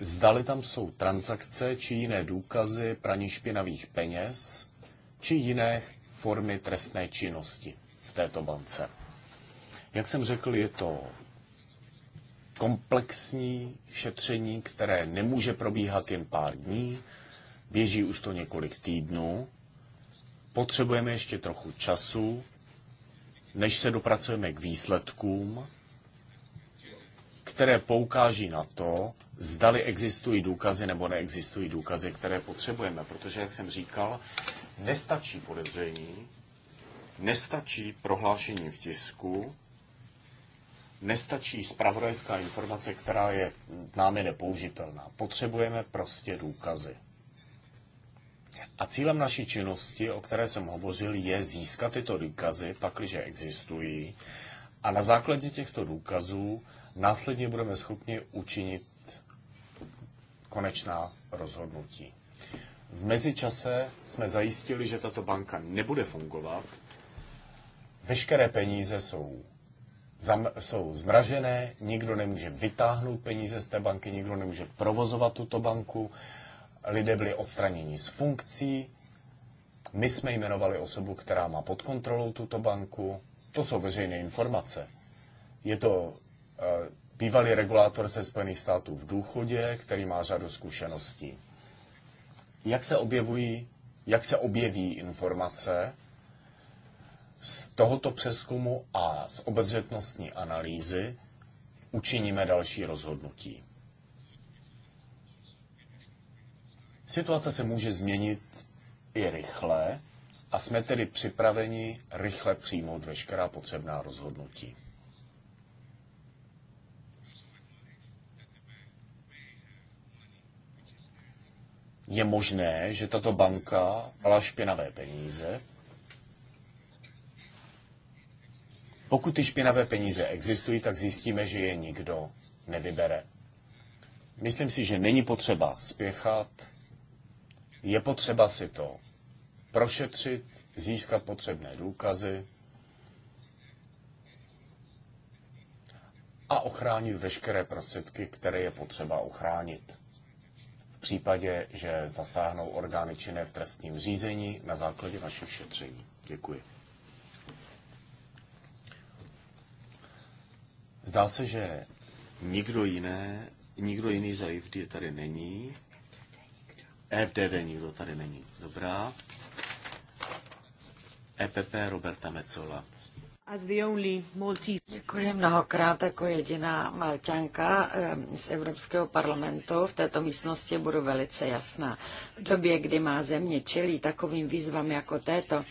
S1: zdali tam jsou transakce či jiné důkazy praní špinavých peněz, či jiné formy trestné činnosti v této bance. Jak jsem řekl, je to komplexní šetření, které nemůže probíhat jen pár dní, běží už to několik týdnů. Potřebujeme ještě trochu času, než se dopracujeme k výsledkům, které poukáží na to, zdali existují důkazy nebo neexistují důkazy, které potřebujeme. Protože, jak jsem říkal, nestačí podezření, nestačí prohlášení v tisku, nestačí spravodajská informace, která je námi nepoužitelná. Potřebujeme prostě důkazy. A cílem naší činnosti, o které jsem hovořil, je získat tyto důkazy, pakliže existují, a na základě těchto důkazů následně budeme schopni učinit konečná rozhodnutí. V mezičase jsme zajistili, že tato banka nebude fungovat. Veškeré peníze jsou, zam, jsou zmražené, nikdo nemůže vytáhnout peníze z té banky, nikdo nemůže provozovat tuto banku. Lidé byli odstraněni z funkcí. My jsme jmenovali osobu, která má pod kontrolou tuto banku. To jsou veřejné informace. Je to bývalý regulátor ze Spojených států v důchodě, který má řadu zkušeností. Jak se, objevují, jak se objeví informace z tohoto přeskumu a z obezřetnostní analýzy, učiníme další rozhodnutí. Situace se může změnit i rychle a jsme tedy připraveni rychle přijmout veškerá potřebná rozhodnutí. je možné, že tato banka dala špinavé peníze. Pokud ty špinavé peníze existují, tak zjistíme, že je nikdo nevybere. Myslím si, že není potřeba spěchat, je potřeba si to prošetřit, získat potřebné důkazy a ochránit veškeré prostředky, které je potřeba ochránit případě, že zasáhnou orgány činné v trestním řízení na základě vašich šetření. Děkuji. Zdá se, že nikdo, jiné, nikdo jiný za IFD tady není. FDD nikdo tady není. Dobrá. EPP Roberta Mecola.
S3: Děkuji mnohokrát jako jediná Malťanka eh, z Evropského parlamentu. V této místnosti budu velice jasná. V době, kdy má země čelí takovým výzvám jako této,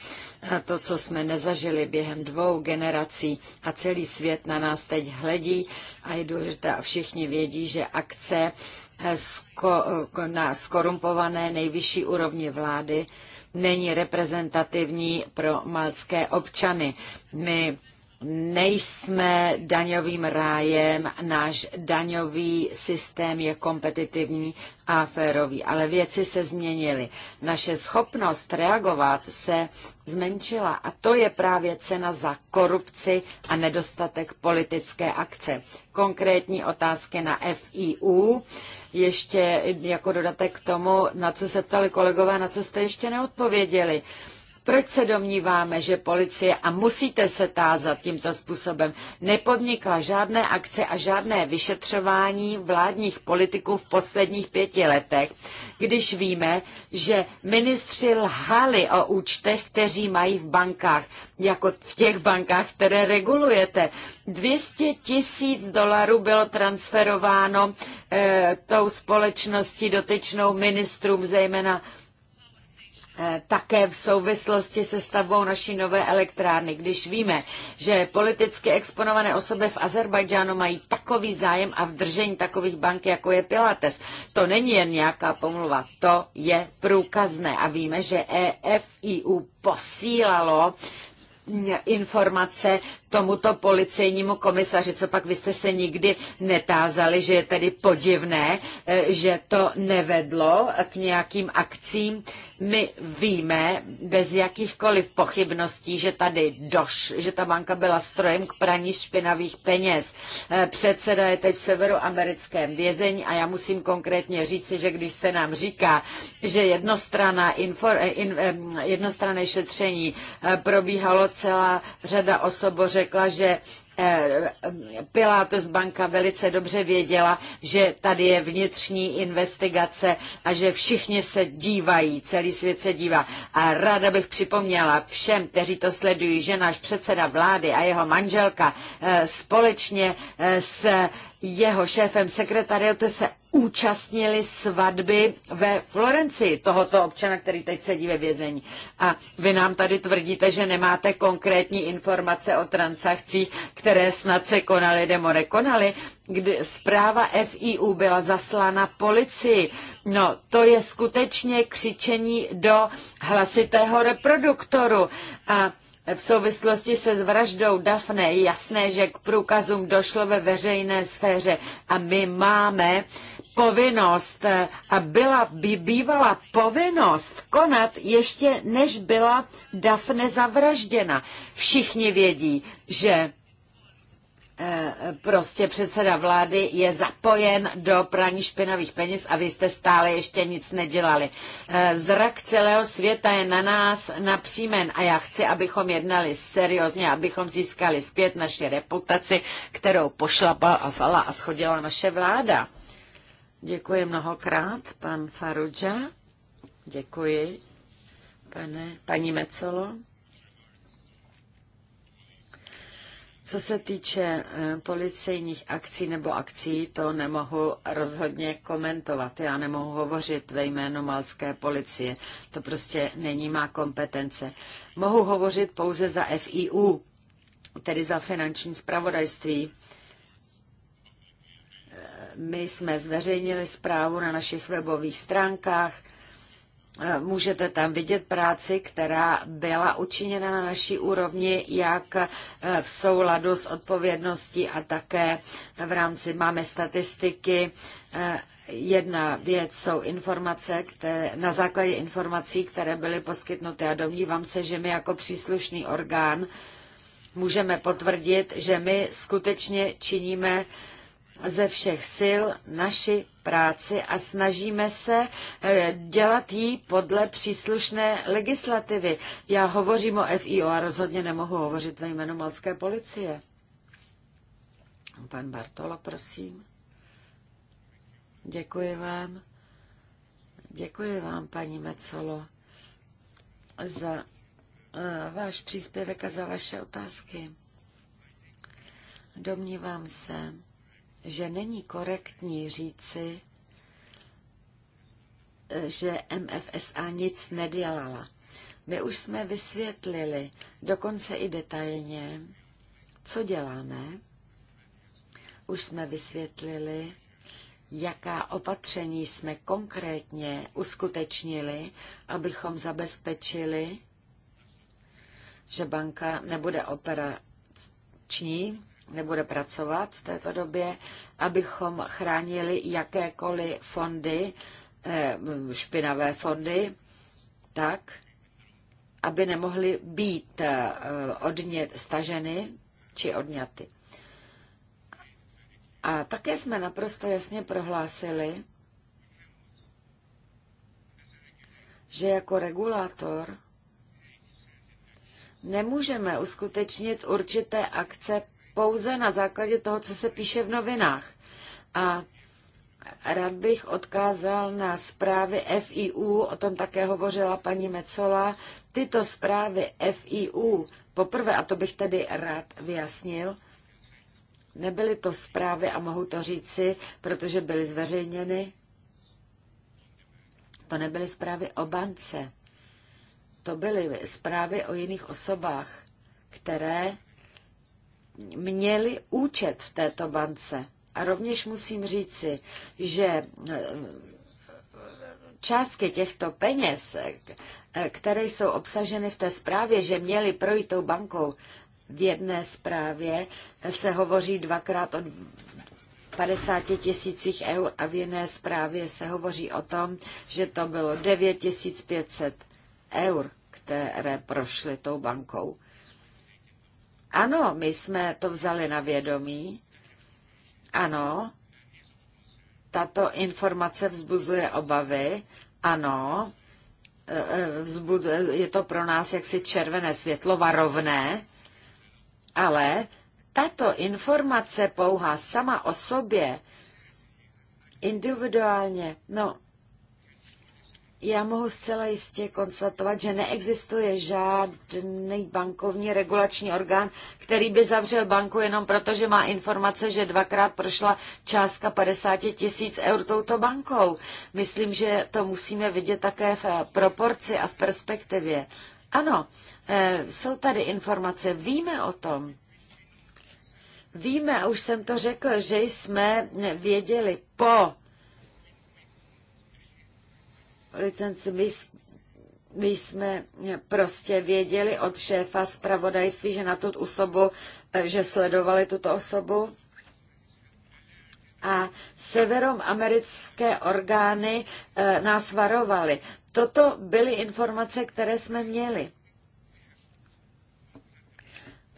S3: to, co jsme nezažili během dvou generací a celý svět na nás teď hledí a je důležité a všichni vědí, že akce eh, eh, na skorumpované nejvyšší úrovni vlády není reprezentativní pro malské občany. My nejsme daňovým rájem, náš daňový systém je kompetitivní a férový, ale věci se změnily. Naše schopnost reagovat se zmenšila a to je právě cena za korupci a nedostatek politické akce. Konkrétní otázky na FIU, ještě jako dodatek k tomu, na co se ptali kolegové, na co jste ještě neodpověděli. Proč se domníváme, že policie, a musíte se tázat tímto způsobem, nepodnikla žádné akce a žádné vyšetřování vládních politiků v posledních pěti letech, když víme, že ministři lhali o účtech, kteří mají v bankách, jako v těch bankách, které regulujete. 200 tisíc dolarů bylo transferováno e, tou společností dotyčnou ministrům, zejména Eh, také v souvislosti se stavbou naší nové elektrárny. Když víme, že politicky exponované osoby v Azerbajdžánu mají takový zájem a vdržení takových bank, jako je Pilates, to není jen nějaká pomluva, to je průkazné. A víme, že EFIU posílalo informace tomuto policejnímu komisaři, co pak vy jste se nikdy netázali, že je tedy podivné, eh, že to nevedlo k nějakým akcím. My víme bez jakýchkoliv pochybností, že tady doš, že ta banka byla strojem k praní špinavých peněz. Eh, předseda je teď v severoamerickém vězení a já musím konkrétně říci, že když se nám říká, že jednostrana infor, eh, in, jednostrané šetření probíhalo celá řada osoboře řekla, že eh, Pilátus banka velice dobře věděla, že tady je vnitřní investigace a že všichni se dívají, celý svět se dívá. A ráda bych připomněla všem, kteří to sledují, že náš předseda vlády a jeho manželka eh, společně eh, s jeho šéfem sekretariatu se účastnili svatby ve Florencii tohoto občana, který teď sedí ve vězení. A vy nám tady tvrdíte, že nemáte konkrétní informace o transakcích, které snad se konaly demo nekonaly. Kdy zpráva FIU byla zaslána policii. No, to je skutečně křičení do hlasitého reproduktoru. A v souvislosti se s vraždou Dafne je jasné, že k průkazům došlo ve veřejné sféře a my máme povinnost a byla by bývala povinnost konat ještě než byla Dafne zavražděna. Všichni vědí, že prostě předseda vlády je zapojen do praní špinavých peněz a vy jste stále ještě nic nedělali. Eh, zrak celého světa je na nás napřímen a já chci, abychom jednali seriózně, abychom získali zpět naši reputaci, kterou pošlapala a schodila naše vláda. Děkuji mnohokrát, pan Faruja. Děkuji, pane, paní Mecolo. Co se týče eh, policejních akcí nebo akcí, to nemohu rozhodně komentovat. Já nemohu hovořit ve jménu malské policie. To prostě není má kompetence. Mohu hovořit pouze za FIU, tedy za finanční spravodajství. Eh, my jsme zveřejnili zprávu na našich webových stránkách Eh, můžete tam vidět práci, která byla učiněna na naší úrovni, jak eh, v souladu s odpovědností a také v rámci máme statistiky. Eh, jedna věc jsou informace, které, na základě informací, které byly poskytnuty a domnívám se, že my jako příslušný orgán můžeme potvrdit, že my skutečně činíme ze všech sil naši práci a snažíme se eh, dělat ji podle příslušné legislativy. Já hovořím o FIO a rozhodně nemohu hovořit ve jménu malské policie. Pan Bartola, prosím. Děkuji vám. Děkuji vám, paní Mecolo, za eh, váš příspěvek a za vaše otázky. Domnívám se, že není korektní říci, že MFSA nic nedělala. My už jsme vysvětlili, dokonce i detailně, co děláme. Už jsme vysvětlili, jaká opatření jsme konkrétně uskutečnili, abychom zabezpečili, že banka nebude operační, nebude pracovat v této době, abychom chránili jakékoliv fondy, eh, špinavé fondy, tak, aby nemohly být eh, odnět, staženy či odňaty. A také jsme naprosto jasně prohlásili, že jako regulátor nemůžeme uskutečnit určité akce pouze na základě toho, co se píše v novinách. A rád bych odkázal na zprávy FIU, o tom také hovořila paní Mecola. Tyto zprávy FIU, poprvé, a to bych tedy rád vyjasnil, nebyly to zprávy, a mohu to říci, protože byly zveřejněny, to nebyly zprávy o bance. To byly zprávy o jiných osobách, které měli účet v této bance. A rovněž musím říci, že eh, částky těchto peněz, eh, které jsou obsaženy v té zprávě, že měly projít tou bankou, v jedné zprávě se hovoří dvakrát o 50 tisících eur a v jiné zprávě se hovoří o tom, že to bylo 9500 eur, které prošly tou bankou. Ano, my jsme to vzali na vědomí. Ano, tato informace vzbuzuje obavy. Ano, e, e, je to pro nás jaksi červené světlo, varovné, ale tato informace pouhá sama o sobě, individuálně, no, já mohu zcela jistě konstatovat, že neexistuje žádný bankovní regulační orgán, který by zavřel banku jenom proto, že má informace, že dvakrát prošla částka 50 tisíc eur touto bankou. Myslím, že to musíme vidět také v eh, proporci a v perspektivě. Ano, eh, jsou tady informace, víme o tom. Víme, a už jsem to řekl, že jsme věděli po licenci. My, my jsme prostě věděli od šéfa zpravodajství, že na tu osobu, eh, že sledovali tuto osobu. A severoamerické orgány eh, nás varovaly. Toto byly informace, které jsme měli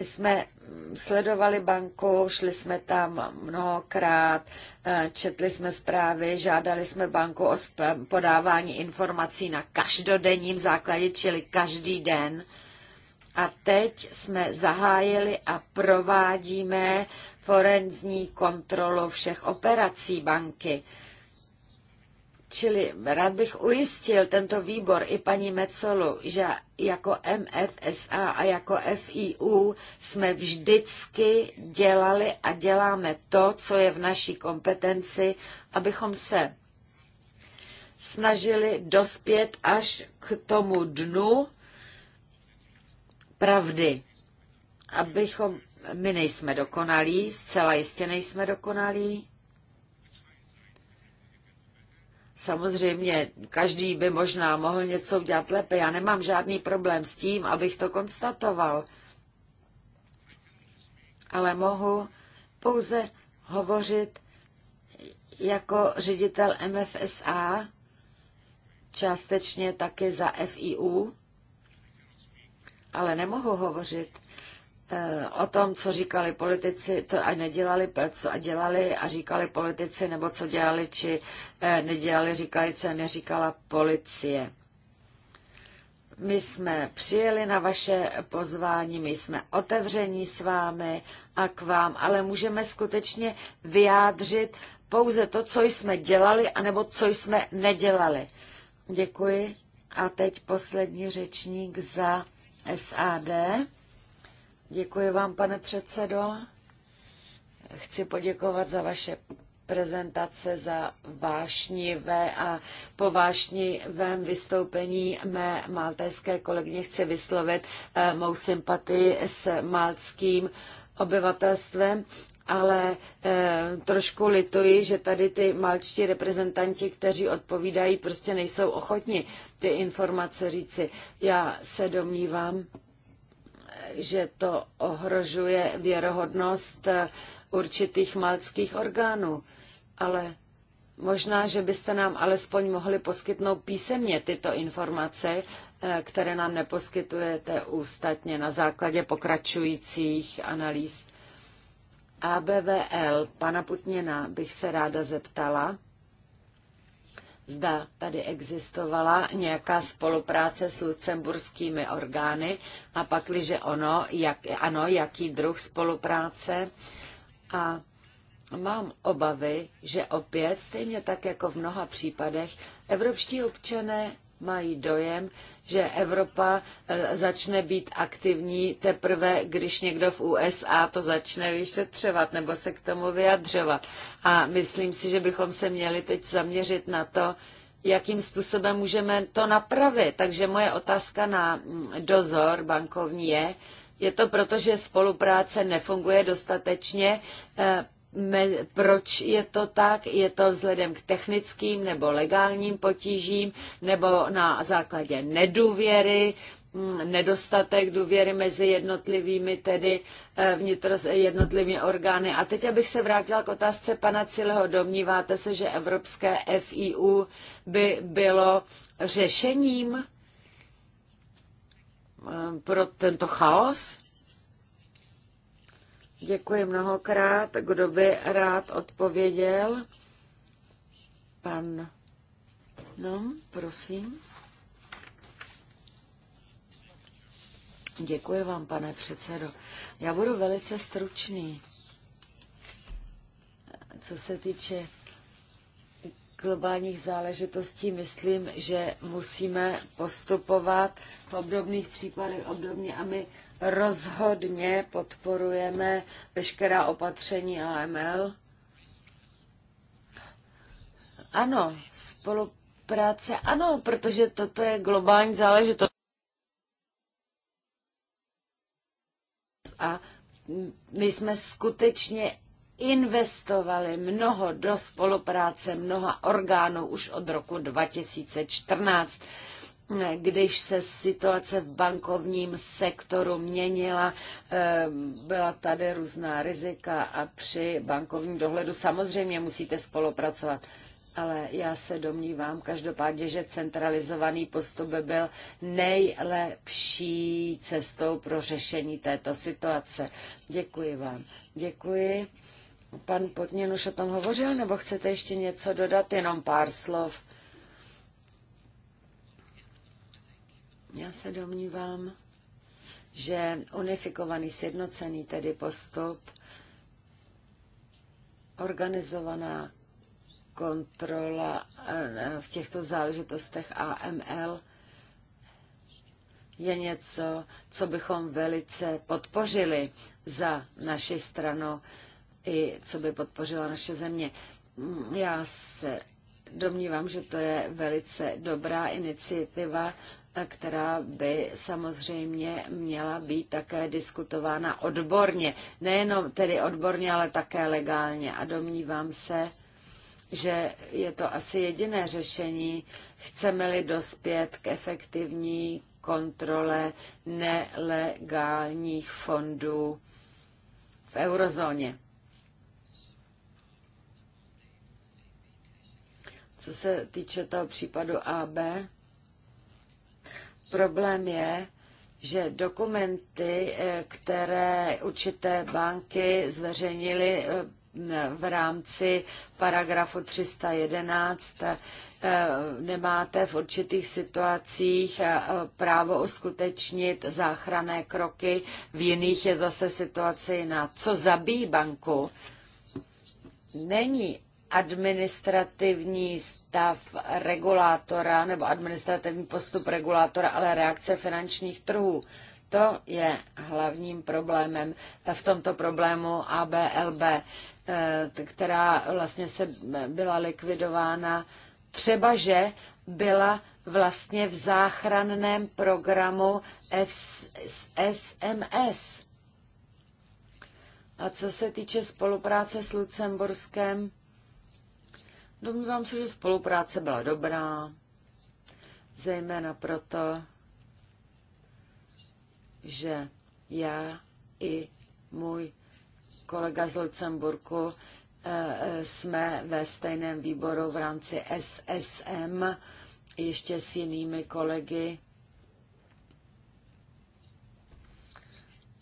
S3: jsme sledovali banku, šli jsme tam mnohokrát, eh, četli jsme zprávy, žádali jsme banku o podávání informací na každodenním základě, čili každý den. A teď jsme zahájili a provádíme forenzní kontrolu všech operací banky. Čili rád bych ujistil tento výbor i paní Mecolu, že jako MFSA a jako FIU jsme vždycky dělali a děláme to, co je v naší kompetenci, abychom se snažili dospět až k tomu dnu pravdy, abychom my nejsme dokonalí, zcela jistě nejsme dokonalí, Samozřejmě každý by možná mohl něco udělat lépe. Já nemám žádný problém s tím, abych to konstatoval. Ale mohu pouze hovořit jako ředitel MFSA, částečně taky za FIU, ale nemohu hovořit o tom, co říkali politici, to a nedělali, co a dělali a říkali politici, nebo co dělali, či eh, nedělali, říkali, co neříkala policie. My jsme přijeli na vaše pozvání, my jsme otevření s vámi a k vám, ale můžeme skutečně vyjádřit pouze to, co jsme dělali, anebo co jsme nedělali. Děkuji. A teď poslední řečník za SAD. Děkuji vám, pane předsedo. Chci poděkovat za vaše prezentace za vášnivé a po vášnivém vystoupení mé maltéské kolegyně chci vyslovit eh, mou sympatii s maltským obyvatelstvem ale e, trošku lituji, že tady ty malčtí reprezentanti, kteří odpovídají, prostě nejsou ochotni ty informace říci. Já se domnívám, že to ohrožuje věrohodnost určitých malckých orgánů. Ale možná, že byste nám alespoň mohli poskytnout písemně tyto informace, eh, které nám neposkytujete ústatně na základě pokračujících analýz. ABVL pana Putněna bych se ráda zeptala zda tady existovala nějaká spolupráce s lucemburskými orgány a pakliže ono, jak, ano, jaký druh spolupráce. A mám obavy, že opět, stejně tak jako v mnoha případech, evropští občané mají dojem, že Evropa eh, začne být aktivní teprve, když někdo v USA to začne vyšetřovat nebo se k tomu vyjadřovat. A myslím si, že bychom se měli teď zaměřit na to, jakým způsobem můžeme to napravit. Takže moje otázka na mm, dozor bankovní je, je to proto, že spolupráce nefunguje dostatečně eh, proč je to tak? Je to vzhledem k technickým nebo legálním potížím nebo na základě nedůvěry, mm, nedostatek důvěry mezi jednotlivými tedy eh, vnitro, jednotlivými orgány. A teď, abych se vrátila k otázce pana Cileho. Domníváte se, že evropské FIU by bylo řešením eh, pro tento chaos? Děkuji mnohokrát. Kdo by rád odpověděl? Pan. No, prosím. Děkuji vám, pane předsedo. Já budu velice stručný. Co se týče globálních záležitostí, myslím, že musíme postupovat v obdobných případech obdobně a my rozhodně podporujeme veškerá opatření AML. Ano, spolupráce, ano, protože toto je globální záležitost. A my jsme skutečně investovali mnoho do spolupráce mnoha orgánů už od roku 2014 když se situace v bankovním sektoru měnila, ehm, byla tady různá rizika a při bankovním dohledu samozřejmě musíte spolupracovat. Ale já se domnívám každopádně, že centralizovaný postup by byl nejlepší cestou pro řešení této situace. Děkuji vám. Děkuji. Pan Potněn už o tom hovořil, nebo chcete ještě něco dodat? Jenom pár slov. Já se domnívám, že unifikovaný, sjednocený tedy postup, organizovaná kontrola eh, v těchto záležitostech AML je něco, co bychom velice podpořili za naši stranu i co by podpořila naše země. Já se domnívám, že to je velice dobrá iniciativa která by samozřejmě měla být také diskutována odborně. Nejenom tedy odborně, ale také legálně. A domnívám se, že je to asi jediné řešení, chceme-li dospět k efektivní kontrole nelegálních fondů v eurozóně. Co se týče toho případu AB, Problém je, že dokumenty, eh, které určité banky zveřejnily eh, v rámci paragrafu 311, eh, nemáte v určitých situacích právo uskutečnit záchranné kroky, v jiných je zase situace jiná. Co zabíjí banku, není administrativní stav regulátora nebo administrativní postup regulátora, ale reakce finančních trhů. To je hlavním problémem v tomto problému ABLB, eh, která vlastně se byla likvidována, třeba že byla vlastně v záchranném programu SMS. A co se týče spolupráce s Lucemburskem, Domnívám se, že spolupráce byla dobrá, zejména proto, že já i můj kolega z Lucemburku eh, eh, jsme ve stejném výboru v rámci SSM ještě s jinými kolegy.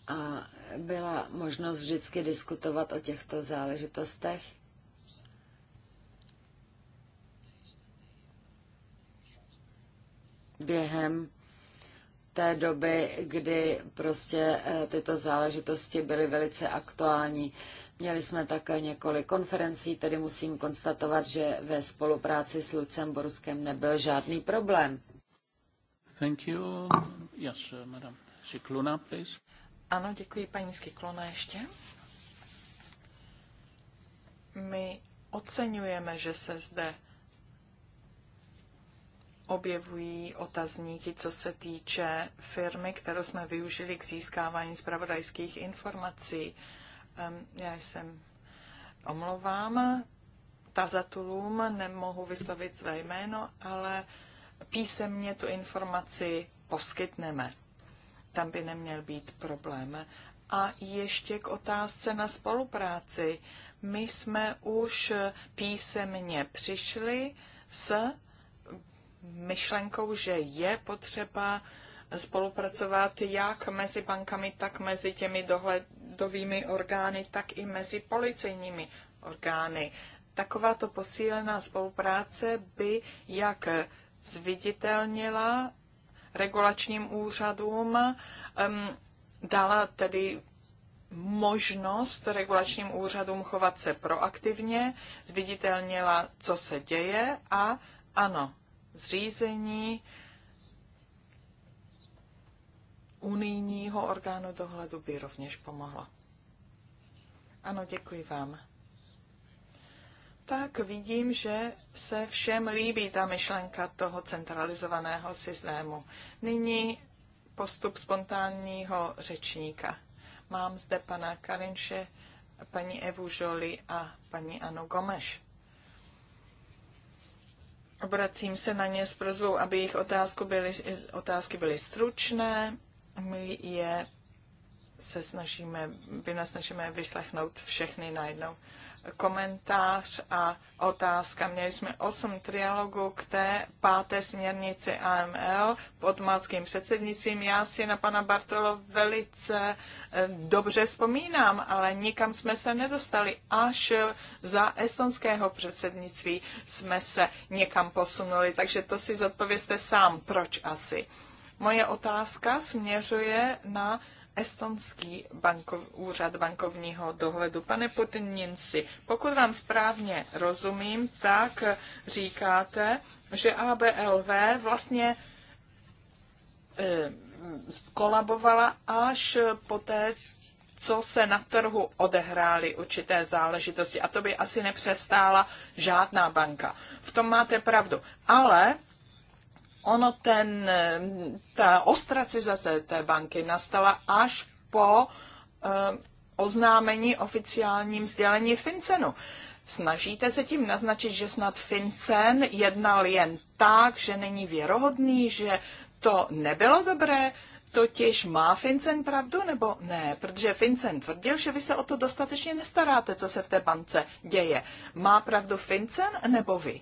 S3: A byla možnost vždycky diskutovat o těchto záležitostech. během té doby, kdy prostě eh, tyto záležitosti byly velice aktuální. Měli jsme také několik konferencí, tedy musím konstatovat, že ve spolupráci s Lucemburskem nebyl žádný problém.
S2: Thank you. Yes, uh, madam. Cicluna, please. Ano, děkuji paní Skiklona ještě. My oceňujeme, že se zde objevují otazníky, co se týče firmy, kterou jsme využili k získávání zpravodajských informací. Já jsem omlouvám tazatulům, nemohu vyslovit své jméno, ale písemně tu informaci poskytneme. Tam by neměl být problém. A ještě k otázce na spolupráci. My jsme už písemně přišli s myšlenkou, že je potřeba spolupracovat jak mezi bankami, tak mezi těmi dohledovými orgány, tak i mezi policejními orgány. Takováto posílená spolupráce by jak zviditelnila regulačním úřadům, dala tedy možnost regulačním úřadům chovat se proaktivně, zviditelnila, co se děje a ano, zřízení unijního orgánu dohledu by rovněž pomohlo. Ano, děkuji vám. Tak vidím, že se všem líbí ta myšlenka toho centralizovaného systému. Nyní postup spontánního řečníka. Mám zde pana Karinše, paní Evu Žoli a paní Anu Gomeš. Obracím se na ně s prozbou, aby jejich otázky byly, otázky byly stručné. My je se snažíme, vy snažíme vyslechnout všechny najednou komentář a otázka. Měli jsme osm trialogů k té páté směrnici AML pod malckým předsednictvím. Já si na pana Bartolo velice eh, dobře vzpomínám, ale nikam jsme se nedostali. Až za estonského předsednictví jsme se někam posunuli, takže to si zodpovězte sám, proč asi. Moje otázka směřuje na Estonský banko, úřad bankovního dohledu. Pane Putininci, pokud vám správně rozumím, tak říkáte, že ABLV vlastně eh, kolabovala až po té, co se na trhu odehrály určité záležitosti. A to by asi nepřestála žádná banka. V tom máte pravdu. Ale ono ten, ta ostracizace té banky nastala až po eh, oznámení oficiálním sdělení Fincenu. Snažíte se tím naznačit, že snad Fincen jednal jen tak, že není věrohodný, že to nebylo dobré, totiž má Fincen pravdu nebo ne? Protože Fincen tvrdil, že vy se o to dostatečně nestaráte, co se v té bance děje. Má pravdu Fincen nebo vy?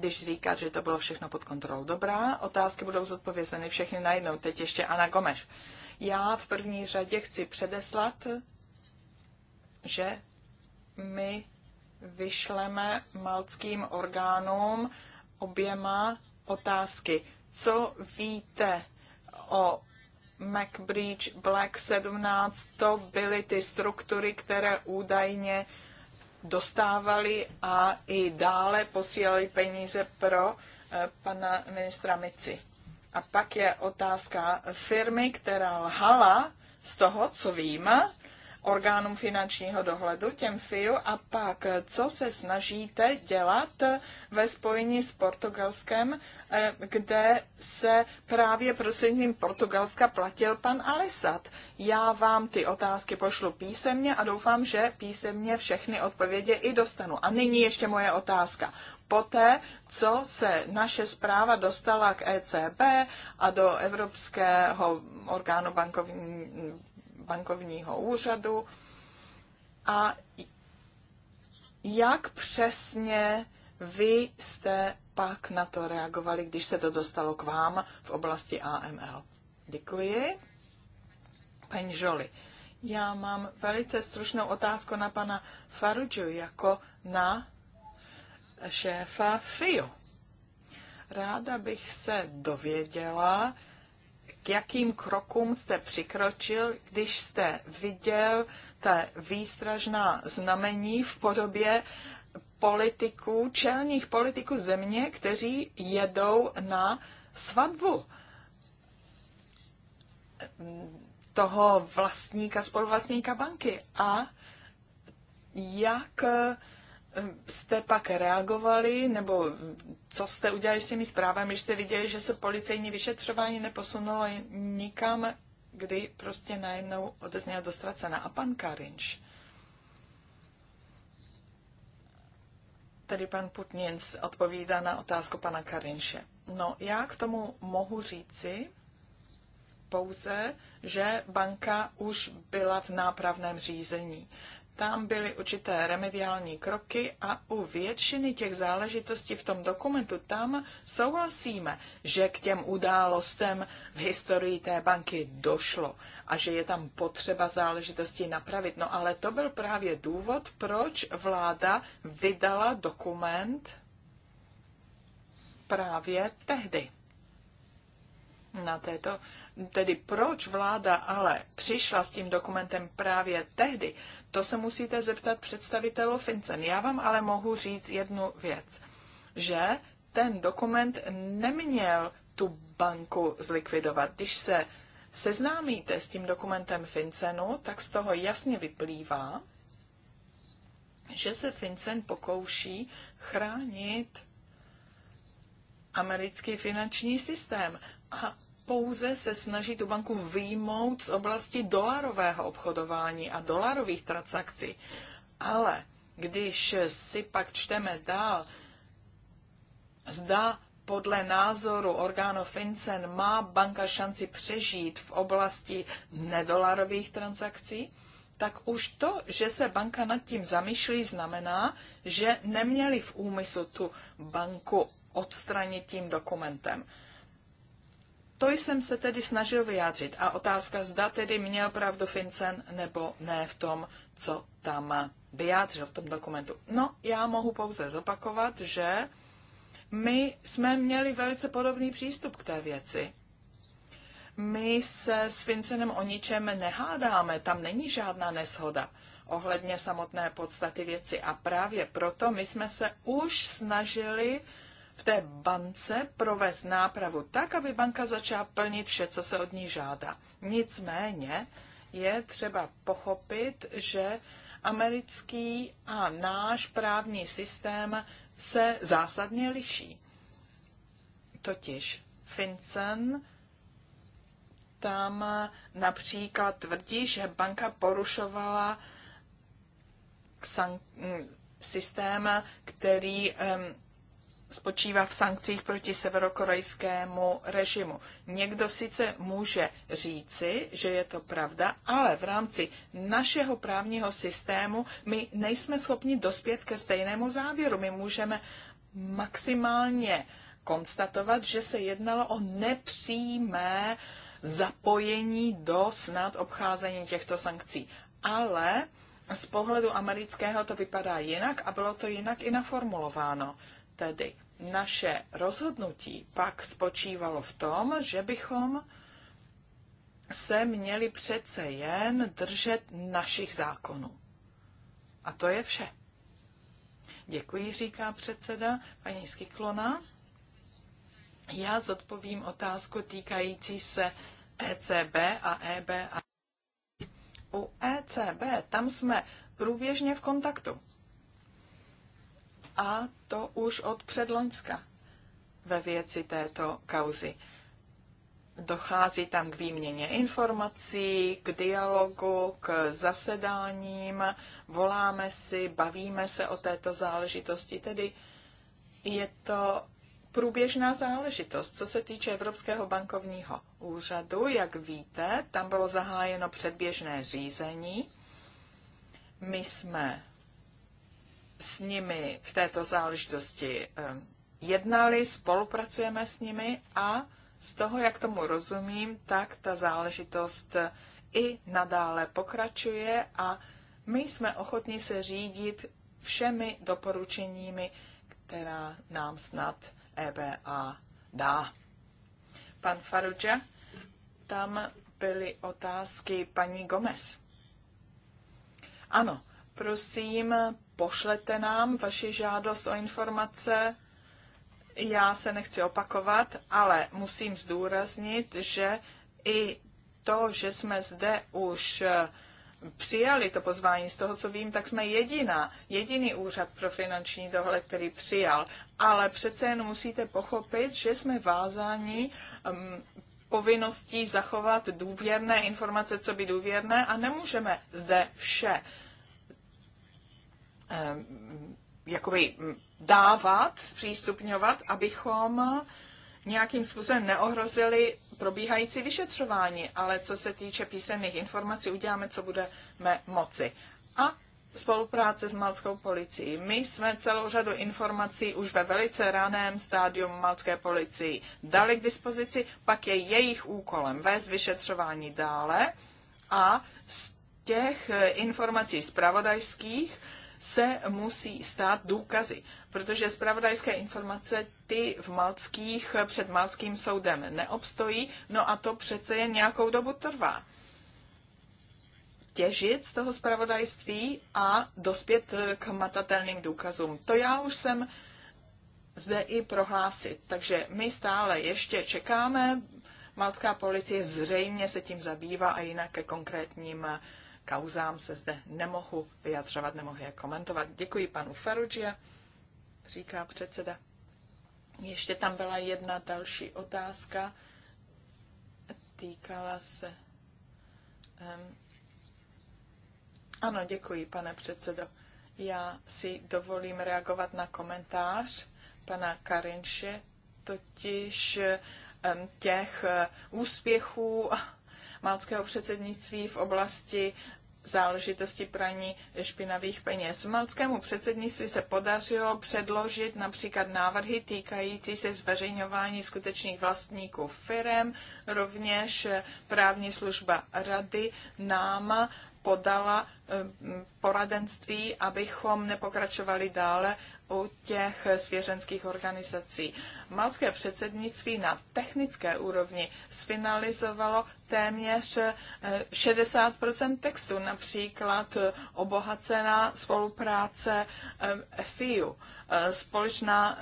S2: když říkat, že to bylo všechno pod kontrolou. Dobrá, otázky budou zodpovězeny všechny najednou. Teď ještě Ana Gomeš. Já v první řadě chci předeslat, že my vyšleme malckým orgánům oběma otázky. Co víte o MacBreach Black 17? To byly ty struktury, které údajně dostávali a i dále posílali peníze pro eh, pana ministra Mici. A pak je otázka firmy, která lhala z toho, co vím, orgánům finančního dohledu, těm FIU, a pak, co se snažíte dělat ve spojení s Portugalskem, eh, kde se právě prostřednictvím Portugalska platil pan Alisat. Já vám ty otázky pošlu písemně a doufám, že písemně všechny odpovědi i dostanu. A nyní ještě moje otázka. Poté, co se naše zpráva dostala k ECB a do Evropského orgánu bankovní, bankovního úřadu a jak přesně vy jste pak na to reagovali, když se to dostalo k vám v oblasti AML? Děkuji. Paní Žoli, já mám velice stručnou otázku na pana Faruju jako na šéfa FIO. Ráda bych se dověděla, jakým krokům jste přikročil, když jste viděl ta výstražná znamení v podobě politiků, čelních politiků země, kteří jedou na svatbu toho vlastníka, spoluvlastníka banky. A jak jste pak reagovali, nebo co jste udělali s těmi zprávami, že jste viděli, že se policejní vyšetřování neposunulo nikam, kdy prostě najednou odezněla dostracena. A pan Karinč, tedy pan Putnins odpovídá na otázku pana Karinše. No, já k tomu mohu říci pouze, že banka už byla v nápravném řízení. Tam byly určité remediální kroky a u většiny těch záležitostí v tom dokumentu tam souhlasíme, že k těm událostem v historii té banky došlo a že je tam potřeba záležitosti napravit. No ale to byl právě důvod, proč vláda vydala dokument právě tehdy na této. Tedy proč vláda ale přišla s tím dokumentem právě tehdy, to se musíte zeptat představitelů FinCEN. Já vám ale mohu říct jednu věc, že ten dokument neměl tu banku zlikvidovat. Když se seznámíte s tím dokumentem FinCENu, tak z toho jasně vyplývá, že se FinCEN pokouší chránit americký finanční systém. A pouze se snaží tu banku výjmout z oblasti dolarového obchodování a dolarových transakcí. Ale když si pak čteme dál, zda podle názoru orgánu FinCEN má banka šanci přežít v oblasti nedolarových transakcí, tak už to, že se banka nad tím zamýšlí, znamená, že neměli v úmyslu tu banku odstranit tím dokumentem. To jsem se tedy snažil vyjádřit. A otázka, zda tedy měl pravdu Fincen nebo ne v tom, co tam vyjádřil v tom dokumentu. No, já mohu pouze zopakovat, že my jsme měli velice podobný přístup k té věci. My se s Fincenem o ničem nehádáme, tam není žádná neshoda ohledně samotné podstaty věci. A právě proto my jsme se už snažili v té bance provést nápravu tak, aby banka začala plnit vše, co se od ní žádá. Nicméně je třeba pochopit, že americký a náš právní systém se zásadně liší. Totiž FinCEN tam například tvrdí, že banka porušovala systém, který spočívá v sankcích proti severokorejskému režimu. Někdo sice může říci, že je to pravda, ale v rámci našeho právního systému my nejsme schopni dospět ke stejnému závěru. My můžeme maximálně konstatovat, že se jednalo o nepřímé zapojení do snad obcházení těchto sankcí. Ale z pohledu amerického to vypadá jinak a bylo to jinak i naformulováno. Tedy naše rozhodnutí pak spočívalo v tom, že bychom se měli přece jen držet našich zákonů. A to je vše. Děkuji, říká předseda paní Skiklona. Já zodpovím otázku týkající se ECB a EBA. U ECB tam jsme průběžně v kontaktu a to už od předloňska ve věci této kauzy. Dochází tam k výměně informací, k dialogu, k zasedáním, voláme si, bavíme se o této záležitosti. Tedy je to průběžná záležitost. Co se týče Evropského bankovního úřadu, jak víte, tam bylo zahájeno předběžné řízení. My jsme s nimi v této záležitosti eh, jednali, spolupracujeme s nimi a z toho, jak tomu rozumím, tak ta záležitost i nadále pokračuje a my jsme ochotni se řídit všemi doporučeními, která nám snad EBA dá. Pan Faruja, tam byly otázky paní Gomez. Ano, prosím, pošlete nám vaši žádost o informace. Já se nechci opakovat, ale musím zdůraznit, že i to, že jsme zde už eh, přijali to pozvání, z toho, co vím, tak jsme jediná, jediný úřad pro finanční dohled, který přijal. Ale přece jen musíte pochopit, že jsme vázáni um, povinností zachovat důvěrné informace, co by důvěrné a nemůžeme zde vše Eh, jakoby dávat, zpřístupňovat, abychom nějakým způsobem neohrozili probíhající vyšetřování, ale co se týče písemných informací, uděláme, co budeme moci. A spolupráce s malckou policií. My jsme celou řadu informací už ve velice raném stádiu malcké policii dali k dispozici, pak je jejich úkolem vést vyšetřování dále a z těch eh, informací zpravodajských se musí stát důkazy, protože zpravodajské informace ty v malckých, před malckým soudem neobstojí, no a to přece jen nějakou dobu trvá těžit z toho zpravodajství a dospět k matatelným důkazům. To já už jsem zde i prohlásit. Takže my stále ještě čekáme. Malská policie zřejmě se tím zabývá a jinak ke konkrétním kauzám se zde nemohu vyjadřovat, nemohu je komentovat. Děkuji panu Farugia, říká předseda. Ještě tam byla jedna další otázka. Týkala se. Um, ano, děkuji, pane předsedo. Já si dovolím reagovat na komentář pana Karinše, totiž um, těch uh, úspěchů malckého předsednictví v oblasti záležitosti praní špinavých peněz. Malckému předsednictví se podařilo předložit například návrhy týkající se zveřejňování skutečných vlastníků firem, rovněž právní služba rady náma podala eh, poradenství, abychom nepokračovali dále u těch svěřenských organizací. Malské předsednictví na technické úrovni sfinalizovalo téměř 60 eh, textu, například eh, obohacená spolupráce FIU, společná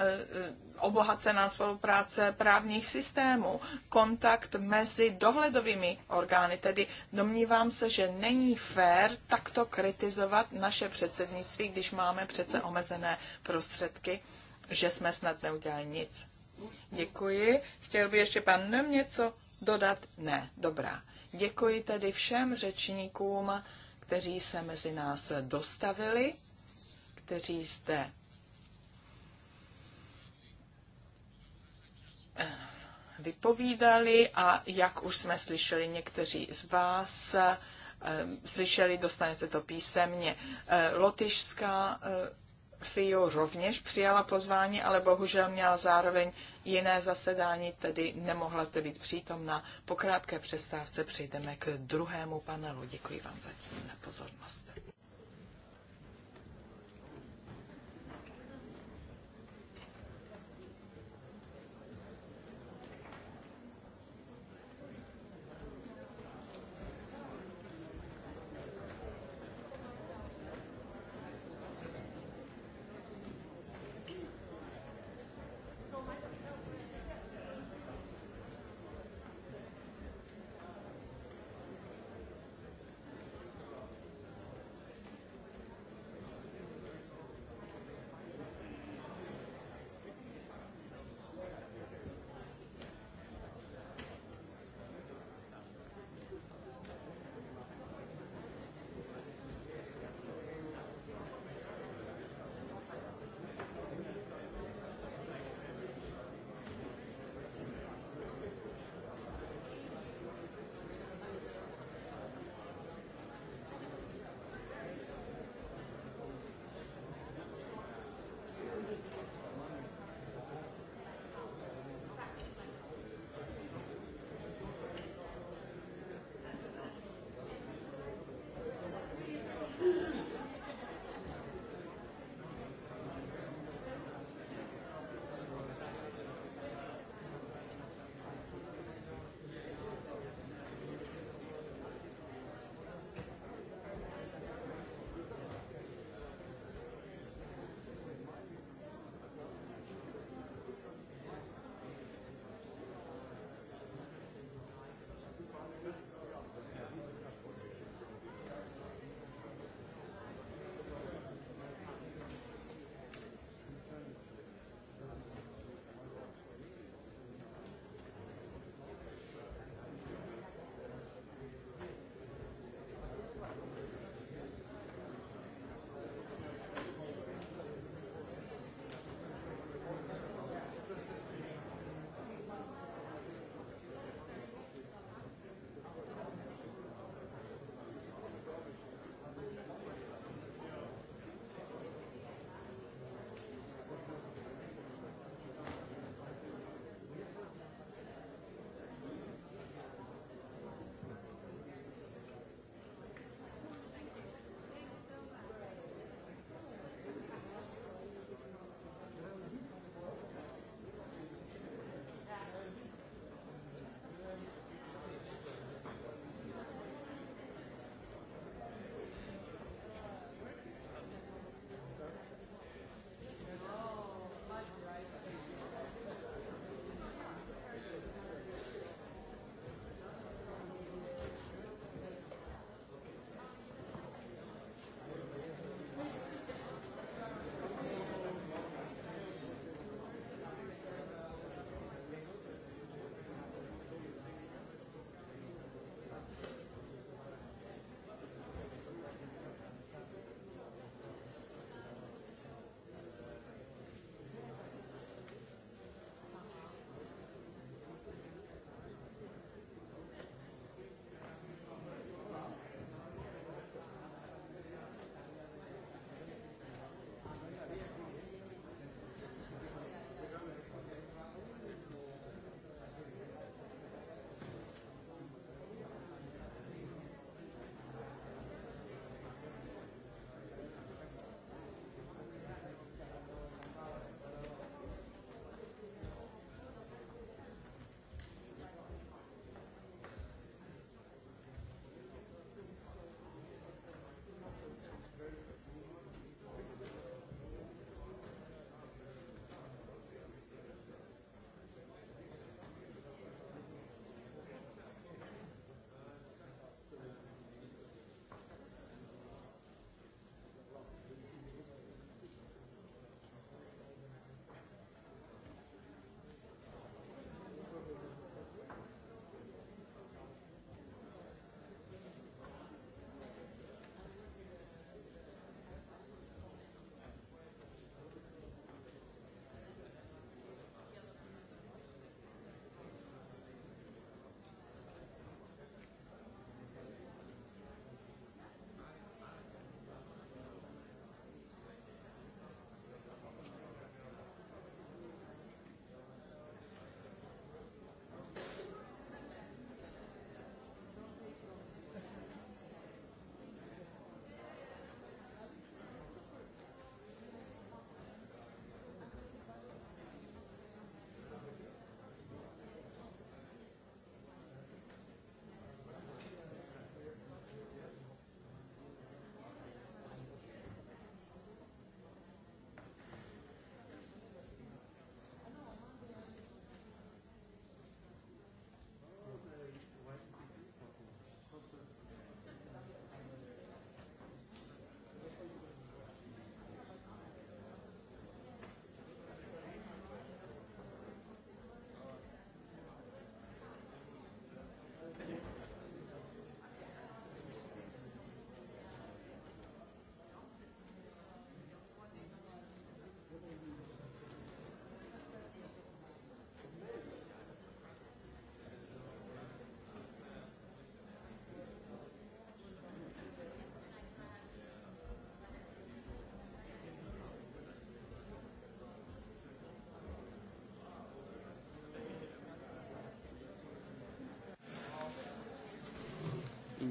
S2: obohacená spolupráce právních systémů, kontakt mezi dohledovými orgány. Tedy domnívám se, že není fér takto kritizovat naše předsednictví, když máme přece omezené prostředky, že jsme snad neudělali nic. Děkuji. Chtěl by ještě pan Nem něco dodat? Ne, dobrá. Děkuji tedy všem řečníkům, kteří se mezi nás dostavili, kteří zde vypovídali a jak už jsme slyšeli někteří z vás, eh, slyšeli, dostanete to písemně. Eh, lotyšská eh, FIO rovněž přijala pozvání, ale bohužel měla zároveň jiné zasedání, tedy nemohla zde být přítomna. Po krátké přestávce přejdeme k druhému panelu. Děkuji vám zatím na pozornost.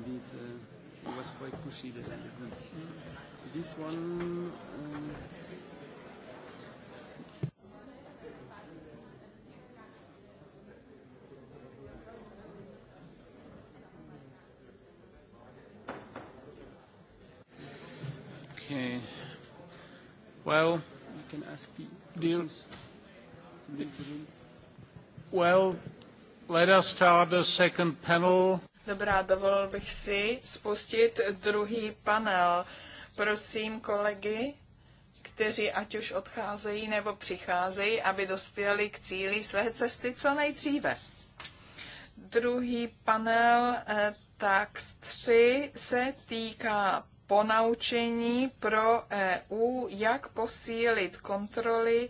S3: indeed. Uh, it was quite pushy that I didn't.
S1: This one. Um, Okay. Well, you can ask dear.
S2: Well, let us start the second panel. Dobrá, dovolil bych si spustit druhý panel. Prosím kolegy, kteří ať už odcházejí nebo přicházejí, aby dospěli k cíli své cesty co nejdříve. Druhý panel, eh, tak 3, se týká ponaučení pro EU, jak posílit kontroly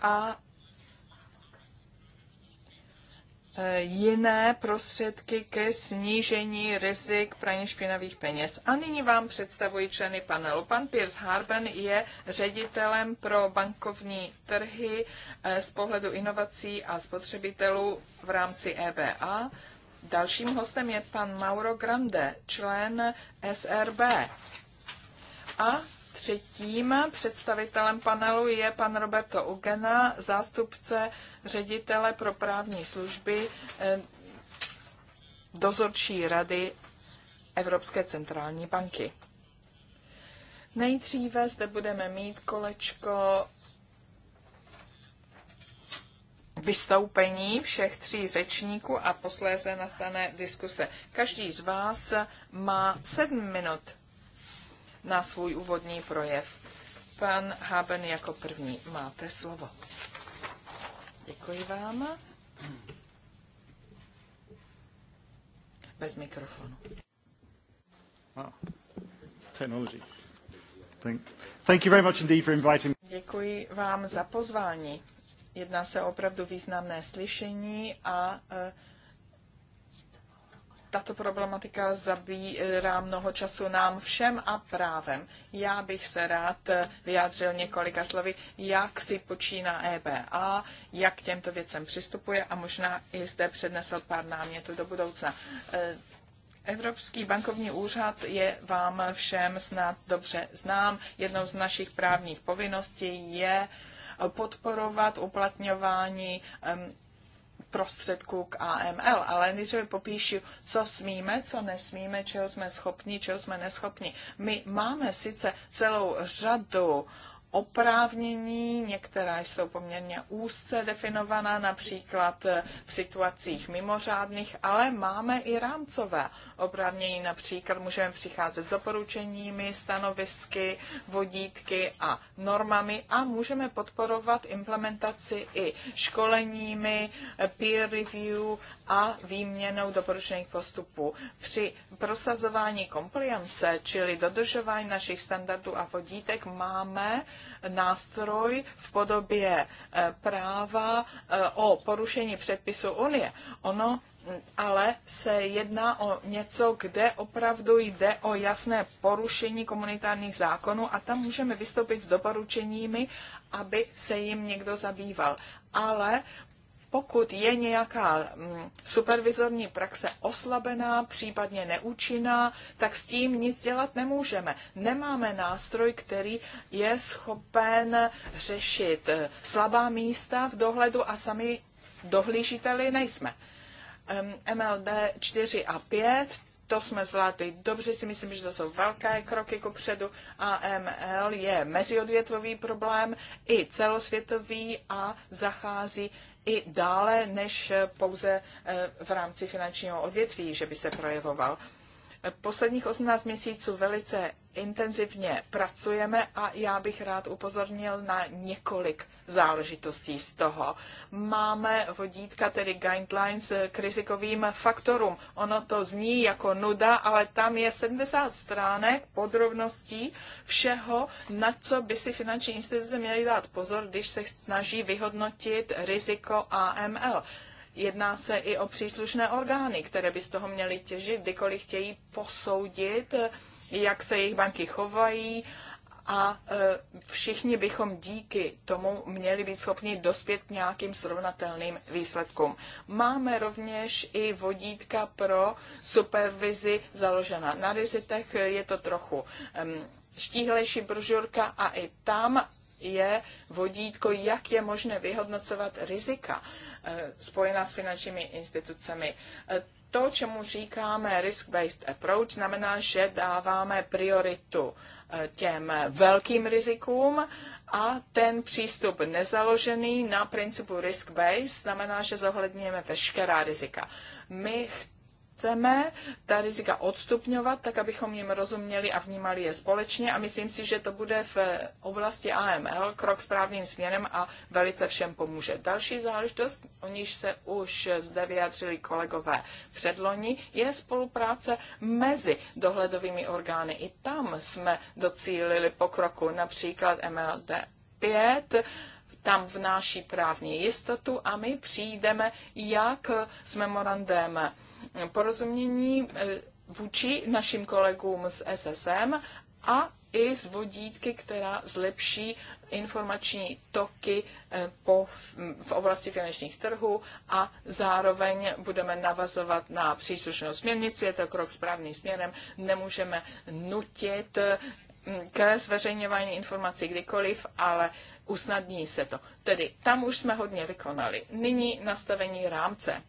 S2: a Eh, jiné prostředky ke snížení rizik praní špinavých peněz. A nyní vám představuji členy panelu. Pan Piers Harben je ředitelem pro bankovní trhy eh, z pohledu inovací a spotřebitelů v rámci EBA. Dalším hostem je pan Mauro Grande, člen SRB. A Třetím představitelem panelu je pan Roberto Ugena, zástupce ředitele pro právní služby eh, dozorčí rady Evropské centrální banky. Nejdříve zde budeme mít kolečko vystoupení všech tří řečníků a posléze nastane diskuse. Každý z vás má sedm minut na svůj úvodní projev. Pan Háben jako první. Máte slovo. Děkuji vám. Bez mikrofonu.
S1: Thank you very much indeed for inviting
S2: Děkuji vám za pozvání. Jedná se o opravdu významné slyšení a uh, tato problematika zabírá mnoho času nám všem a právem. Já bych se rád vyjádřil několika slovy, jak si počíná EBA, jak k těmto věcem přistupuje a možná i zde přednesl pár námětů do budoucna. E, Evropský bankovní úřad je vám všem snad dobře znám. Jednou z našich právních povinností je podporovat uplatňování prostředků k AML, ale nejdříve popíšu, co smíme, co nesmíme, čeho jsme schopni, čeho jsme neschopni. My máme sice celou řadu oprávnění, některá jsou poměrně úzce definovaná, například eh, v situacích mimořádných, ale máme i rámcové oprávnění, například můžeme přicházet s doporučeními, stanovisky, vodítky a normami a můžeme podporovat implementaci i školeními, eh, peer review a výměnou doporučených postupů. Při prosazování kompliance, čili dodržování našich standardů a vodítek, máme nástroj v podobě e, práva e, o porušení předpisu Unie. Ono ale se jedná o něco, kde opravdu jde o jasné porušení komunitárních zákonů a tam můžeme vystoupit s doporučeními, aby se jim někdo zabýval. Ale pokud je nějaká mm, supervizorní praxe oslabená, případně neúčinná, tak s tím nic dělat nemůžeme. Nemáme nástroj, který je schopen řešit eh, slabá místa v dohledu a sami dohlížiteli nejsme. MLD 4 a 5, to jsme zvládli dobře, si myslím, že to jsou velké kroky ku předu. AML je meziodvětový problém, i celosvětový a zachází i dále než pouze eh, v rámci finančního odvětví, že by se projevoval. Posledních 18 měsíců velice intenzivně pracujeme a já bych rád upozornil na několik záležitostí z toho. Máme vodítka, tedy guidelines k rizikovým faktorům. Ono to zní jako nuda, ale tam je 70 stránek podrobností všeho, na co by si finanční instituce měly dát pozor, když se snaží vyhodnotit riziko AML. Jedná se i o příslušné orgány, které by z toho měly těžit, kdykoliv chtějí posoudit, jak se jejich banky chovají a e, všichni bychom díky tomu měli být schopni dospět k nějakým srovnatelným výsledkům. Máme rovněž i vodítka pro supervizi založena na rizitech. Je to trochu štíhlejší brožurka a i tam je vodítko, jak je možné vyhodnocovat rizika eh, spojená s finančními institucemi. Eh, to, čemu říkáme risk-based approach, znamená, že dáváme prioritu eh, těm velkým rizikům a ten přístup nezaložený na principu risk-based znamená, že zohledňujeme veškerá rizika. My chceme ta rizika odstupňovat, tak abychom jim rozuměli a vnímali je společně a myslím si, že to bude v oblasti AML krok správným směrem a velice všem pomůže. Další záležitost, o níž se už zde vyjádřili kolegové předloni, je spolupráce mezi dohledovými orgány. I tam jsme docílili pokroku, například MLD 5, tam vnáší právní jistotu a my přijdeme, jak s memorandem porozumění eh, vůči našim kolegům z SSM a i z vodítky, která zlepší informační toky eh, po, v oblasti finančních trhů a zároveň budeme navazovat na příslušnou směrnici, je to krok správným směrem, nemůžeme nutit mm, ke zveřejňování informací kdykoliv, ale usnadní se to. Tedy tam už jsme hodně vykonali. Nyní nastavení rámce.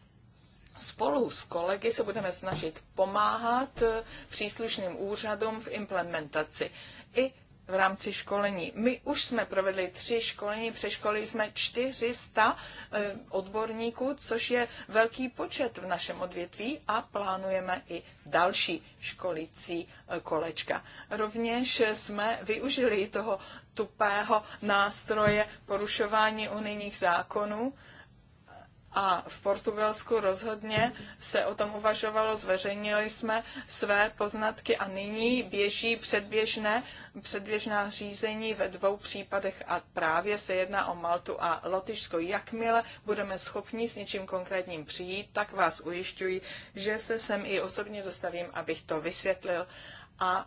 S2: Spolu s kolegy se budeme snažit pomáhat eh, příslušným úřadům v implementaci i v rámci školení. My už jsme provedli tři školení, přeškolili jsme 400 eh, odborníků, což je velký počet v našem odvětví a plánujeme i další školicí eh, kolečka. Rovněž jsme využili toho tupého nástroje porušování unijních zákonů, a v Portugalsku rozhodně se o tom uvažovalo, zveřejnili jsme své poznatky a nyní běží předběžné, předběžná řízení ve dvou případech a právě se jedná o Maltu a Lotyšsko. Jakmile budeme schopni s něčím konkrétním přijít, tak vás ujišťuji, že se sem i osobně dostavím, abych to vysvětlil a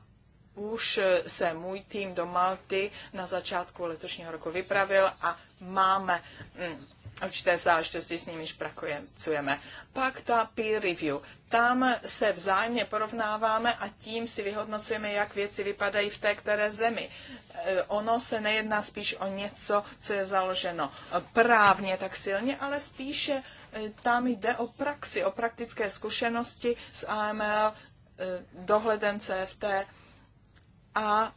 S2: už se můj tým do Malty na začátku letošního roku vypravil a máme mm, určité záležitosti, s nimiž pracujeme. Pak ta peer review. Tam se vzájemně porovnáváme a tím si vyhodnocujeme, jak věci vypadají v té které zemi. E, ono se nejedná spíš o něco, co je založeno právně tak silně, ale spíše e, tam jde o praxi, o praktické zkušenosti s AML, e, dohledem CFT a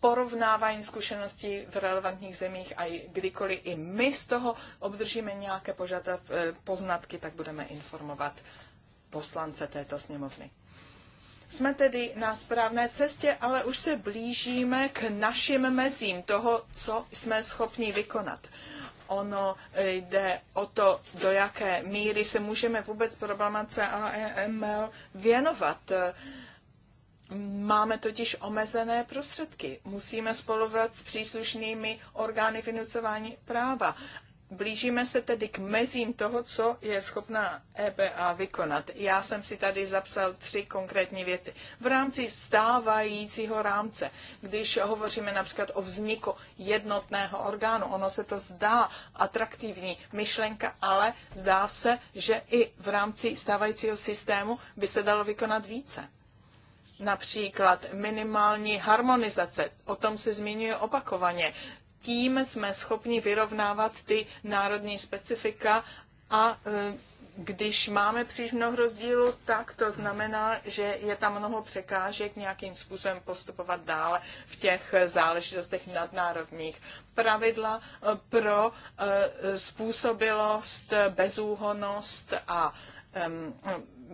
S2: porovnávání zkušeností v relevantních zemích a kdykoliv i my z toho obdržíme nějaké požadav, eh, poznatky, tak budeme informovat poslance této sněmovny. Jsme tedy na správné cestě, ale už se blížíme k našim mezím toho, co jsme schopni vykonat. Ono eh, jde o to, do jaké míry se můžeme vůbec problematice AML e věnovat Máme totiž omezené prostředky. Musíme spolupracovat s příslušnými orgány vynucování práva. Blížíme se tedy k mezím toho, co je schopná EBA vykonat. Já jsem si tady zapsal tři konkrétní věci. V rámci stávajícího rámce, když hovoříme například o vzniku jednotného orgánu, ono se to zdá atraktivní myšlenka, ale zdá se, že i v rámci stávajícího systému by se dalo vykonat více. Například minimální harmonizace, o tom se zmiňuje opakovaně. Tím jsme schopni vyrovnávat ty národní specifika a e, když máme příliš mnoho rozdílu, tak to znamená, že je tam mnoho překážek nějakým způsobem postupovat dále v těch záležitostech nadnárodních. Pravidla e, pro e, způsobilost, bezúhonost a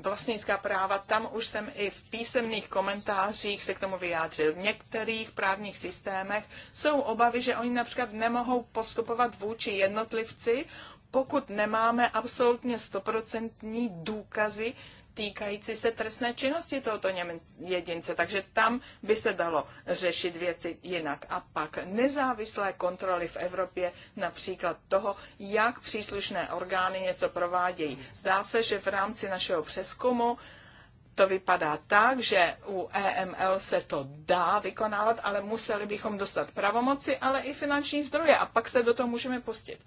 S2: vlastnická práva, tam už jsem i v písemných komentářích se k tomu vyjádřil. V některých právních systémech jsou obavy, že oni například nemohou postupovat vůči jednotlivci, pokud nemáme absolutně stoprocentní důkazy týkající se trestné činnosti tohoto jedince. Takže tam by se dalo řešit věci jinak. A pak nezávislé kontroly v Evropě, například toho, jak příslušné orgány něco provádějí. Zdá se, že v rámci našeho přeskumu to vypadá tak, že u EML se to dá vykonávat, ale museli bychom dostat pravomoci, ale i finanční zdroje a pak se do toho můžeme pustit.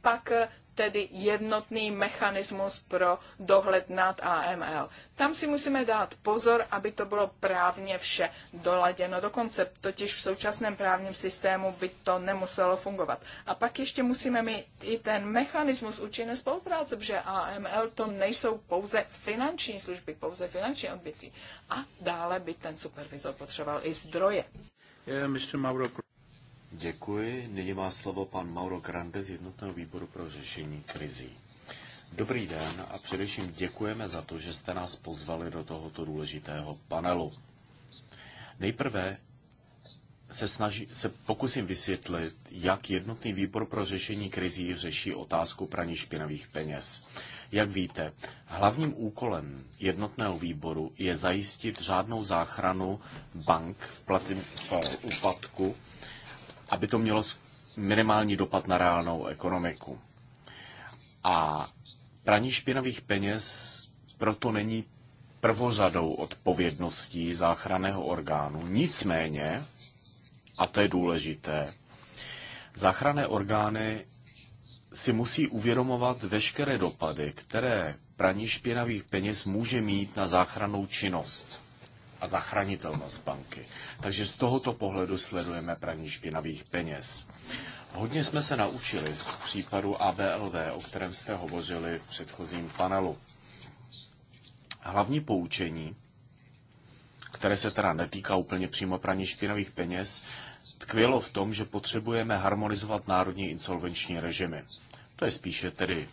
S2: Pak eh, tedy jednotný mechanismus pro dohled nad AML. Tam si musíme dát pozor, aby to bylo právně vše doladěno do totiž v současném právním systému by to nemuselo fungovat. A pak ještě musíme mít i ten mechanismus účinné spolupráce, protože AML to nejsou pouze finanční služby, pouze finanční odbytí. A dále by ten supervizor potřeboval i zdroje.
S1: Yeah, Mr. Mauro. Děkuji. Nyní má slovo pan Mauro Grande z Jednotného výboru pro řešení krizí. Dobrý den a především děkujeme za to, že jste nás pozvali do tohoto důležitého panelu. Nejprve se, snaží, se pokusím vysvětlit, jak jednotný výbor pro řešení krizí řeší otázku praní špinavých peněz. Jak víte, hlavním úkolem jednotného výboru je zajistit řádnou záchranu bank v, platin, úpadku aby to mělo minimální dopad na reálnou ekonomiku. A praní špinavých peněz proto není prvořadou odpovědností záchranného orgánu. Nicméně, a to je důležité, záchranné orgány si musí uvědomovat veškeré dopady, které praní špinavých peněz může mít na záchranou činnost a zachranitelnost banky. Takže z tohoto pohledu sledujeme praní špinavých peněz. Hodně jsme se naučili z případu ABLV, o kterém jste hovořili v předchozím panelu. Hlavní poučení, které se teda netýká úplně přímo praní špinavých peněz, tkvělo v tom, že potřebujeme harmonizovat národní insolvenční režimy. To je spíše tedy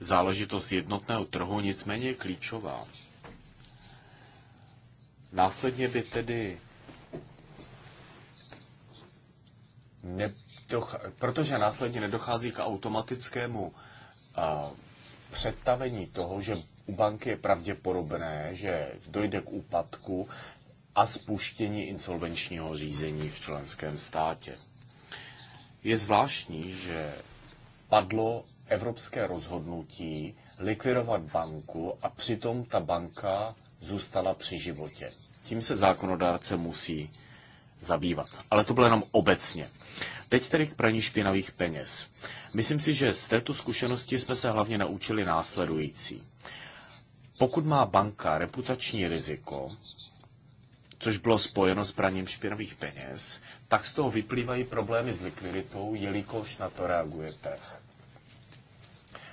S1: záležitost jednotného trhu, nicméně klíčová. Následně by tedy ne, protože následně nedochází k automatickému uh, představení toho, že u banky je pravděpodobné, že dojde k úpadku a spuštění insolvenčního řízení v členském státě. Je zvláštní, že padlo evropské rozhodnutí likvidovat banku a přitom ta banka zůstala při životě. Tím se zákonodárce musí zabývat. Ale to bylo jenom obecně. Teď tedy k praní špinavých peněz. Myslím si, že z této zkušenosti jsme se hlavně naučili následující. Pokud má banka reputační riziko, což bylo spojeno s praním špinavých peněz, tak z toho vyplývají problémy s likviditou, jelikož na to reaguje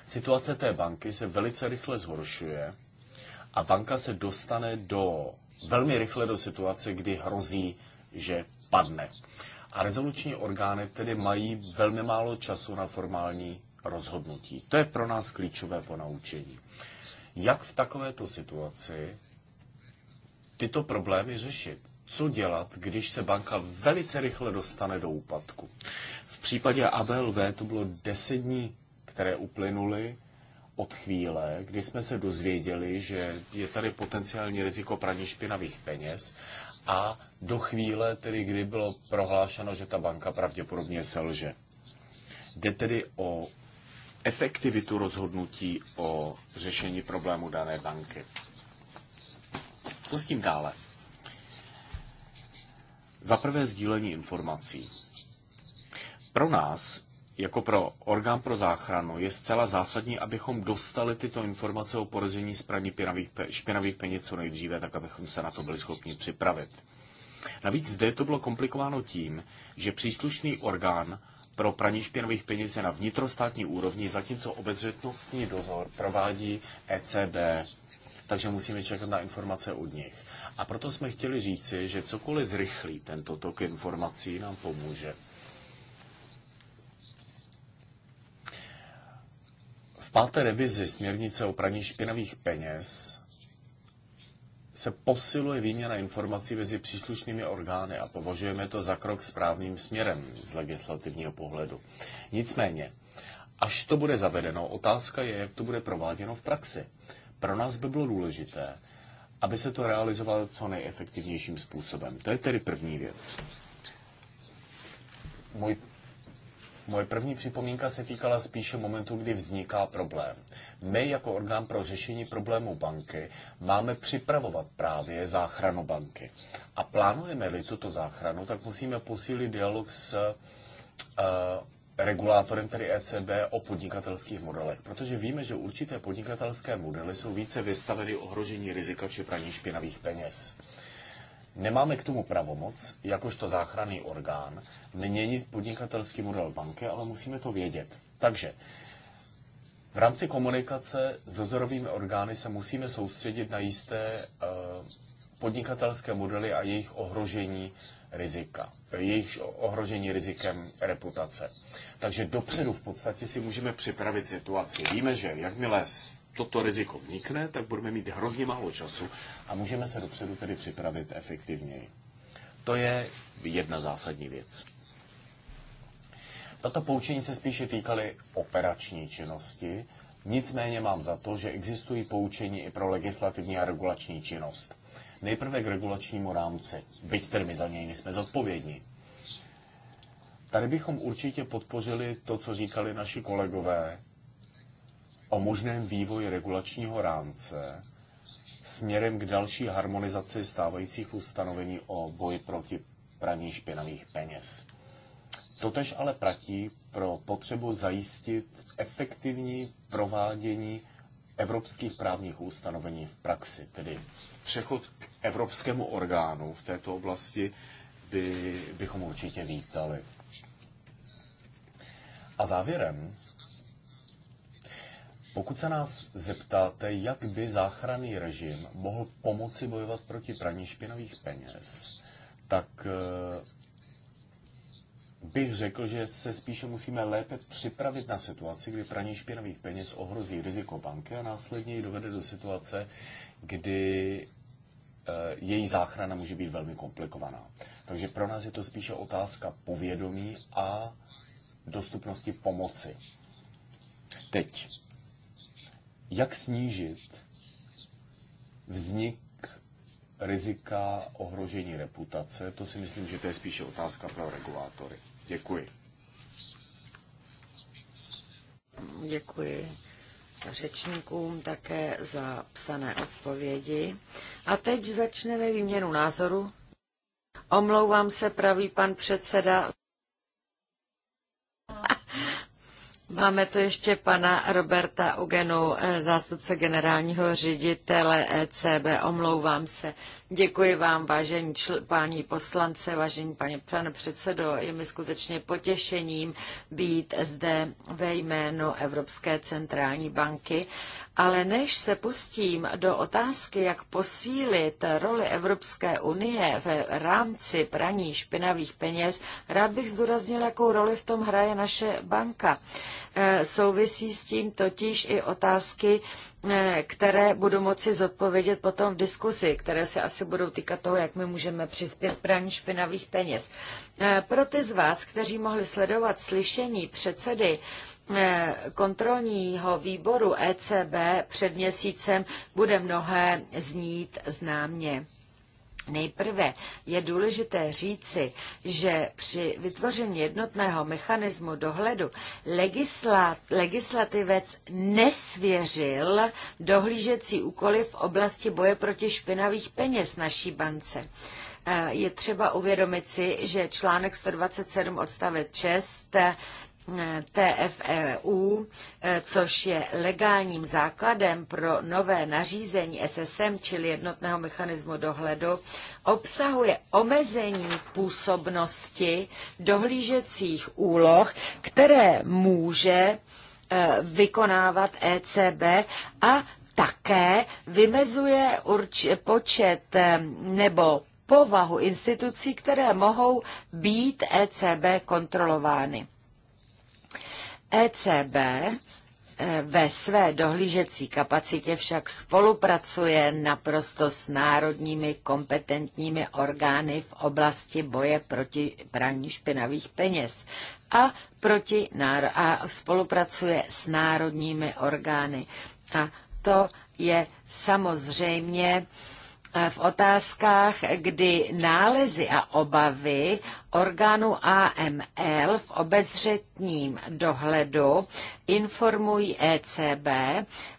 S1: Situace té banky se velice rychle zhoršuje a banka se dostane do velmi rychle do situace, kdy hrozí, že padne. A rezoluční orgány tedy mají velmi málo času na formální rozhodnutí. To je pro nás klíčové ponaučení. Jak v takovéto situaci tyto problémy řešit? Co dělat, když se banka velice rychle dostane do úpadku? V případě ABLV to bylo 10 dní, které uplynuly od chvíle, kdy jsme se dozvěděli, že je tady potenciální riziko praní špinavých peněz a do chvíle, tedy kdy bylo prohlášeno, že ta banka pravděpodobně selže. Jde tedy o efektivitu rozhodnutí o řešení problému dané banky. Co s tím dále? Za prvé sdílení informací. Pro nás jako pro orgán pro záchranu je zcela zásadní, abychom dostali tyto informace o porození z praní špinavých peněz co nejdříve, tak abychom se na to byli schopni připravit. Navíc zde to bylo komplikováno tím, že příslušný orgán pro praní špinavých peněz je na vnitrostátní úrovni, zatímco obezřetnostní dozor provádí ECB, takže musíme čekat na informace od nich. A proto jsme chtěli říci, že cokoliv zrychlí tento tok informací nám pomůže. páté revizi směrnice o praní špinavých peněz se posiluje výměna informací mezi příslušnými orgány a považujeme to za krok správným směrem z legislativního pohledu. Nicméně, až to bude zavedeno, otázka je, jak to bude prováděno v praxi. Pro nás by bylo důležité, aby se to realizovalo co nejefektivnějším způsobem. To je tedy první věc. Můj Moje první připomínka se týkala spíše momentu, kdy vzniká problém. My jako orgán pro řešení problému banky máme připravovat právě záchranu banky. A plánujeme-li tuto záchranu, tak musíme posílit dialog s uh, regulátorem, tedy ECB, o podnikatelských modelech, protože víme, že určité podnikatelské modely jsou více vystaveny ohrožení rizika či praní špinavých peněz. Nemáme k tomu pravomoc, jakožto záchranný orgán, měnit podnikatelský model banky, ale musíme to vědět. Takže v rámci komunikace s dozorovými orgány se musíme soustředit na jisté eh, podnikatelské modely a jejich ohrožení rizika, jejich ohrožení rizikem reputace. Takže dopředu v podstatě si můžeme připravit situaci. Víme, že jakmile toto riziko vznikne, tak budeme mít hrozně málo času a můžeme se dopředu tedy připravit efektivněji. To je jedna zásadní věc. Tato poučení se spíše týkaly operační činnosti, nicméně mám za to, že existují poučení i pro legislativní a regulační činnost. Nejprve k regulačnímu rámci, byť tedy my za něj nejsme zodpovědní. Tady bychom určitě podpořili to, co říkali naši kolegové, o možném vývoji regulačního rámce směrem k další harmonizaci stávajících ustanovení o boji proti praní špinavých peněz. Totež ale platí pro potřebu zajistit efektivní provádění evropských právních ustanovení v praxi, tedy přechod k evropskému orgánu v této oblasti by, bychom určitě vítali. A závěrem pokud se nás zeptáte, jak by záchranný režim mohl pomoci bojovat proti praní špinavých peněz, tak eh, bych řekl, že se spíše musíme lépe připravit na situaci, kdy praní špinavých peněz ohrozí riziko banky a následně ji dovede do situace, kdy eh, její záchrana může být velmi komplikovaná. Takže pro nás je to spíše otázka povědomí a dostupnosti pomoci. Teď jak snížit vznik rizika ohrožení reputace, to si myslím, že to je spíše otázka pro regulátory. Děkuji.
S3: Děkuji řečníkům také za psané odpovědi. A teď začneme výměnu názoru. Omlouvám se, pravý pan předseda. Máme tu ještě pana Roberta Ugenu, eh, zástupce generálního ředitele ECB. Omlouvám se. Děkuji vám, vážení čl- páni poslance, vážení paní pane předsedo. Je mi skutečně potěšením být zde ve jménu Evropské centrální banky ale než se pustím do otázky, jak posílit roli Evropské unie v rámci praní špinavých peněz, rád bych zdůraznil, jakou roli v tom hraje naše banka. Eh, souvisí s tím totiž i otázky, eh, které budu moci zodpovědět potom v diskusi, které se asi budou týkat toho, jak my můžeme přispět praní špinavých peněz. Eh, pro ty z vás, kteří mohli sledovat slyšení předsedy Eh, kontrolního výboru ECB před měsícem bude mnohé znít známě. Nejprve je důležité říci, že při vytvoření jednotného mechanismu dohledu legislat, legislativec nesvěřil dohlížecí úkoly v oblasti boje proti špinavých peněz naší bance eh, je třeba uvědomit si, že článek 127 odstavec 6 TFEU, eh, což je legálním základem pro nové nařízení SSM, čili jednotného mechanismu dohledu, obsahuje omezení působnosti dohlížecích úloh, které může eh, vykonávat ECB a také vymezuje urč- počet eh, nebo povahu institucí, které mohou být ECB kontrolovány. ECB eh, ve své dohlížecí kapacitě však spolupracuje naprosto s národními kompetentními orgány v oblasti boje proti praní špinavých peněz a, proti, a spolupracuje s národními orgány. A to je samozřejmě Eh, v otázkách, kdy nálezy a obavy orgánu AML v obezřetním dohledu informují ECB,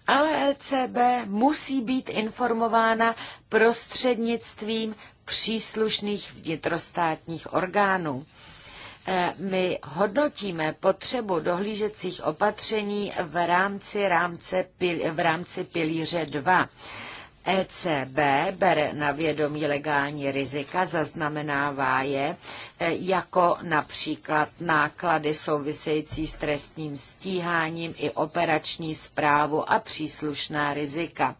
S3: ale ECB musí být informována prostřednictvím příslušných vnitrostátních orgánů. Eh, my hodnotíme potřebu dohlížecích opatření v rámci, rámce, v rámci pilíře 2 ECB bere na vědomí legální rizika, zaznamenává je e, jako například náklady související s trestním stíháním i operační zprávu a příslušná rizika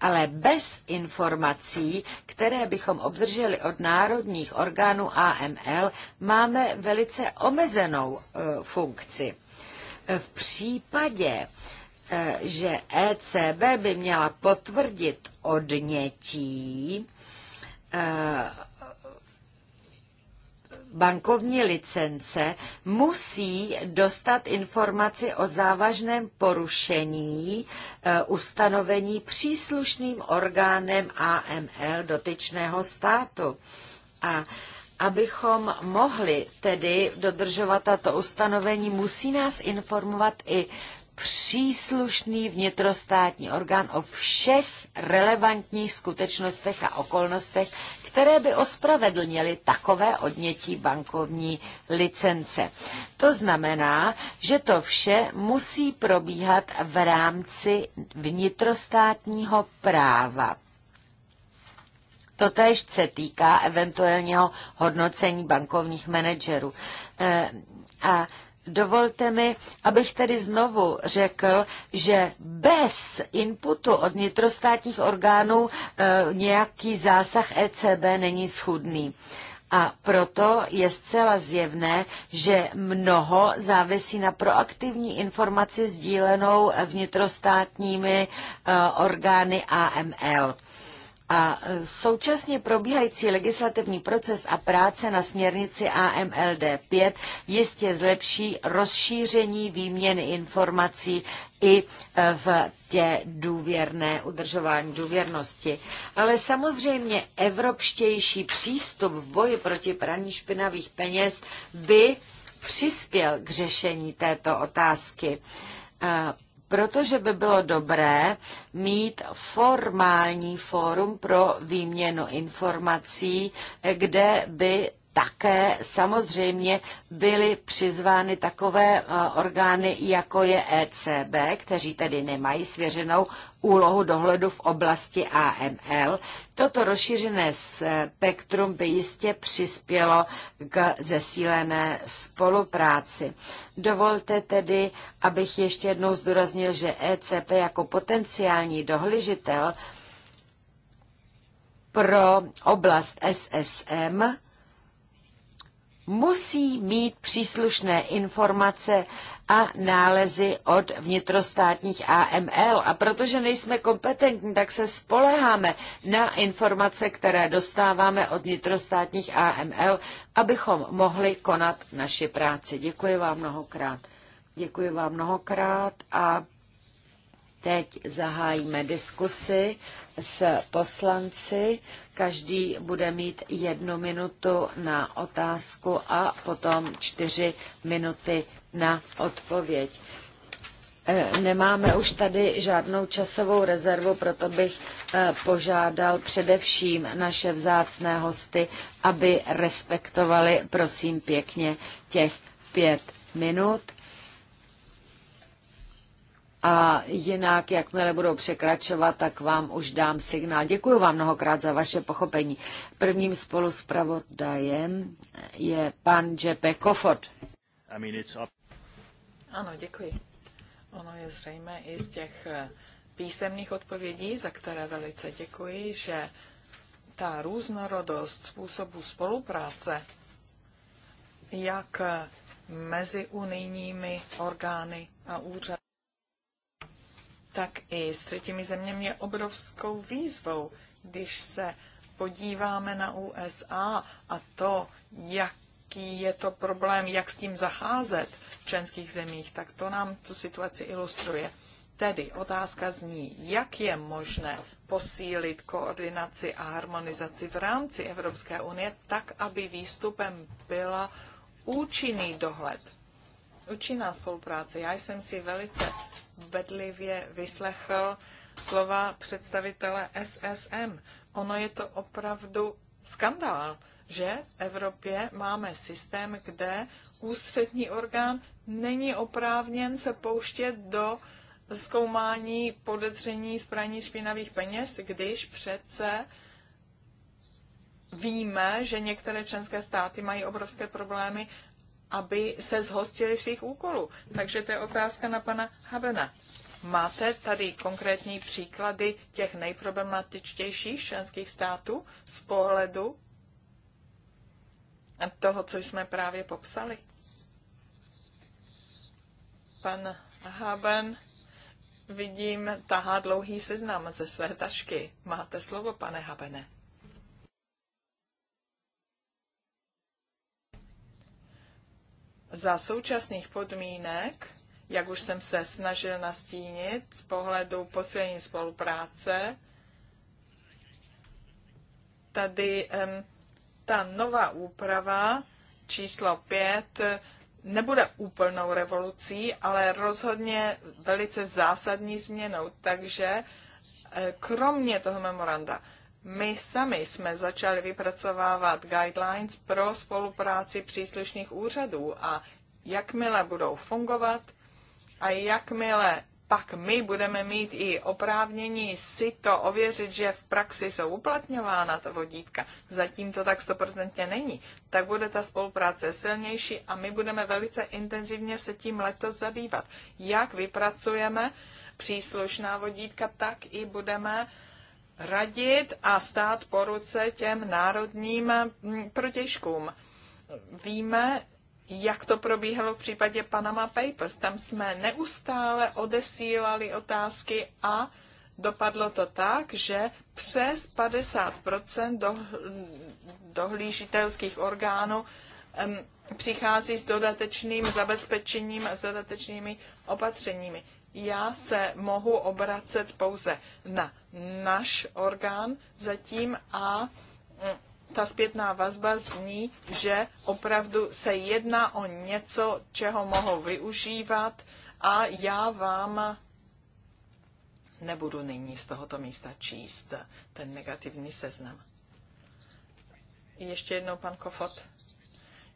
S3: ale bez informací, které bychom obdrželi od národních orgánů AML, máme velice omezenou e, funkci. E, v případě Eh, že ECB by měla potvrdit odnětí eh, bankovní licence musí dostat informaci o závažném porušení eh, ustanovení příslušným orgánem AML dotyčného státu. A abychom mohli tedy dodržovat tato ustanovení, musí nás informovat i příslušný vnitrostátní orgán o všech relevantních skutečnostech a okolnostech, které by ospravedlnily takové odnětí bankovní licence. To znamená, že to vše musí probíhat v rámci vnitrostátního práva. Totež se týká eventuálního hodnocení bankovních manažerů. Eh, a Dovolte mi, abych tedy znovu řekl, že bez inputu od nitrostátních orgánů e, nějaký zásah ECB není schudný. A proto je zcela zjevné, že mnoho závisí na proaktivní informaci sdílenou vnitrostátními e, orgány AML. A e, současně probíhající legislativní proces a práce na směrnici AMLD 5 jistě zlepší rozšíření výměny informací i e, v tě důvěrné, udržování důvěrnosti. Ale samozřejmě evropštější přístup v boji proti praní špinavých peněz by přispěl k řešení této otázky e, protože by bylo dobré mít formální fórum pro výměnu informací, kde by také samozřejmě byly přizvány takové eh, orgány, jako je ECB, kteří tedy nemají svěřenou úlohu dohledu v oblasti AML. Toto rozšířené spektrum by jistě přispělo k zesílené spolupráci. Dovolte tedy, abych ještě jednou zdůraznil, že ECB jako potenciální dohližitel pro oblast SSM musí mít příslušné informace a nálezy od vnitrostátních AML. A protože nejsme kompetentní, tak se spoleháme na informace, které dostáváme od vnitrostátních AML, abychom mohli konat naši práci. Děkuji vám mnohokrát. Děkuji vám mnohokrát a teď zahájíme diskusy s poslanci. Každý bude mít jednu minutu na otázku a potom čtyři minuty na odpověď. E, nemáme už tady žádnou časovou rezervu, proto bych e, požádal především naše vzácné hosty, aby respektovali, prosím pěkně, těch pět minut a jinak, jakmile budou překračovat, tak vám už dám signál. Děkuji vám mnohokrát za vaše pochopení. Prvním spolu pravodajem je pan Jeppe Kofod.
S1: I mean, it's up.
S2: Ano, děkuji. Ono je zřejmé i z těch eh, písemných odpovědí, za které velice děkuji, že ta různorodost způsobů spolupráce, jak eh, mezi unijními orgány a úřady, tak i s třetími zeměmi je obrovskou výzvou, když se podíváme na USA a to, jaký je to problém, jak s tím zacházet v členských zemích, tak to nám tu situaci ilustruje. Tedy otázka zní, jak je možné posílit koordinaci a harmonizaci v rámci Evropské unie tak, aby výstupem byla účinný dohled, účinná spolupráce. Já jsem si velice bedlivě vyslechl slova představitele SSM. Ono je to opravdu skandál, že v Evropě máme systém, kde ústřední orgán není oprávněn se pouštět do zkoumání podezření z praní špinavých peněz, když přece víme, že některé členské státy mají obrovské problémy aby se zhostili svých úkolů. Takže to je otázka na pana Habena. Máte tady konkrétní příklady těch nejproblematičtějších členských států z pohledu toho, co jsme právě popsali? Pan Haben, vidím, tahá dlouhý seznam ze své tašky. Máte slovo, pane Habene. Za současných podmínek, jak už jsem se snažil nastínit z pohledu posílení spolupráce, tady um, ta nová úprava číslo 5 nebude úplnou revolucí, ale rozhodně velice zásadní změnou. Takže eh, kromě toho memoranda my sami jsme začali vypracovávat guidelines pro spolupráci příslušných úřadů a jakmile budou fungovat a jakmile pak my budeme mít i oprávnění si to ověřit, že v praxi jsou uplatňována ta vodítka, zatím to tak stoprocentně není, tak bude ta spolupráce silnější a my budeme velice intenzivně se tím letos zabývat. Jak vypracujeme příslušná vodítka, tak i budeme radit a stát po ruce těm národním mm, protěžkům. Víme, jak to probíhalo v případě Panama Papers. Tam jsme neustále odesílali otázky a dopadlo to tak, že přes 50 dohlížitelských orgánů přichází s dodatečným zabezpečením a s dodatečnými opatřeními já se mohu obracet pouze na náš orgán zatím a mm, ta zpětná vazba zní, že opravdu se jedná o něco, čeho mohou využívat a já vám nebudu nyní z tohoto místa číst ten negativní seznam. Ještě jednou pan Kofot.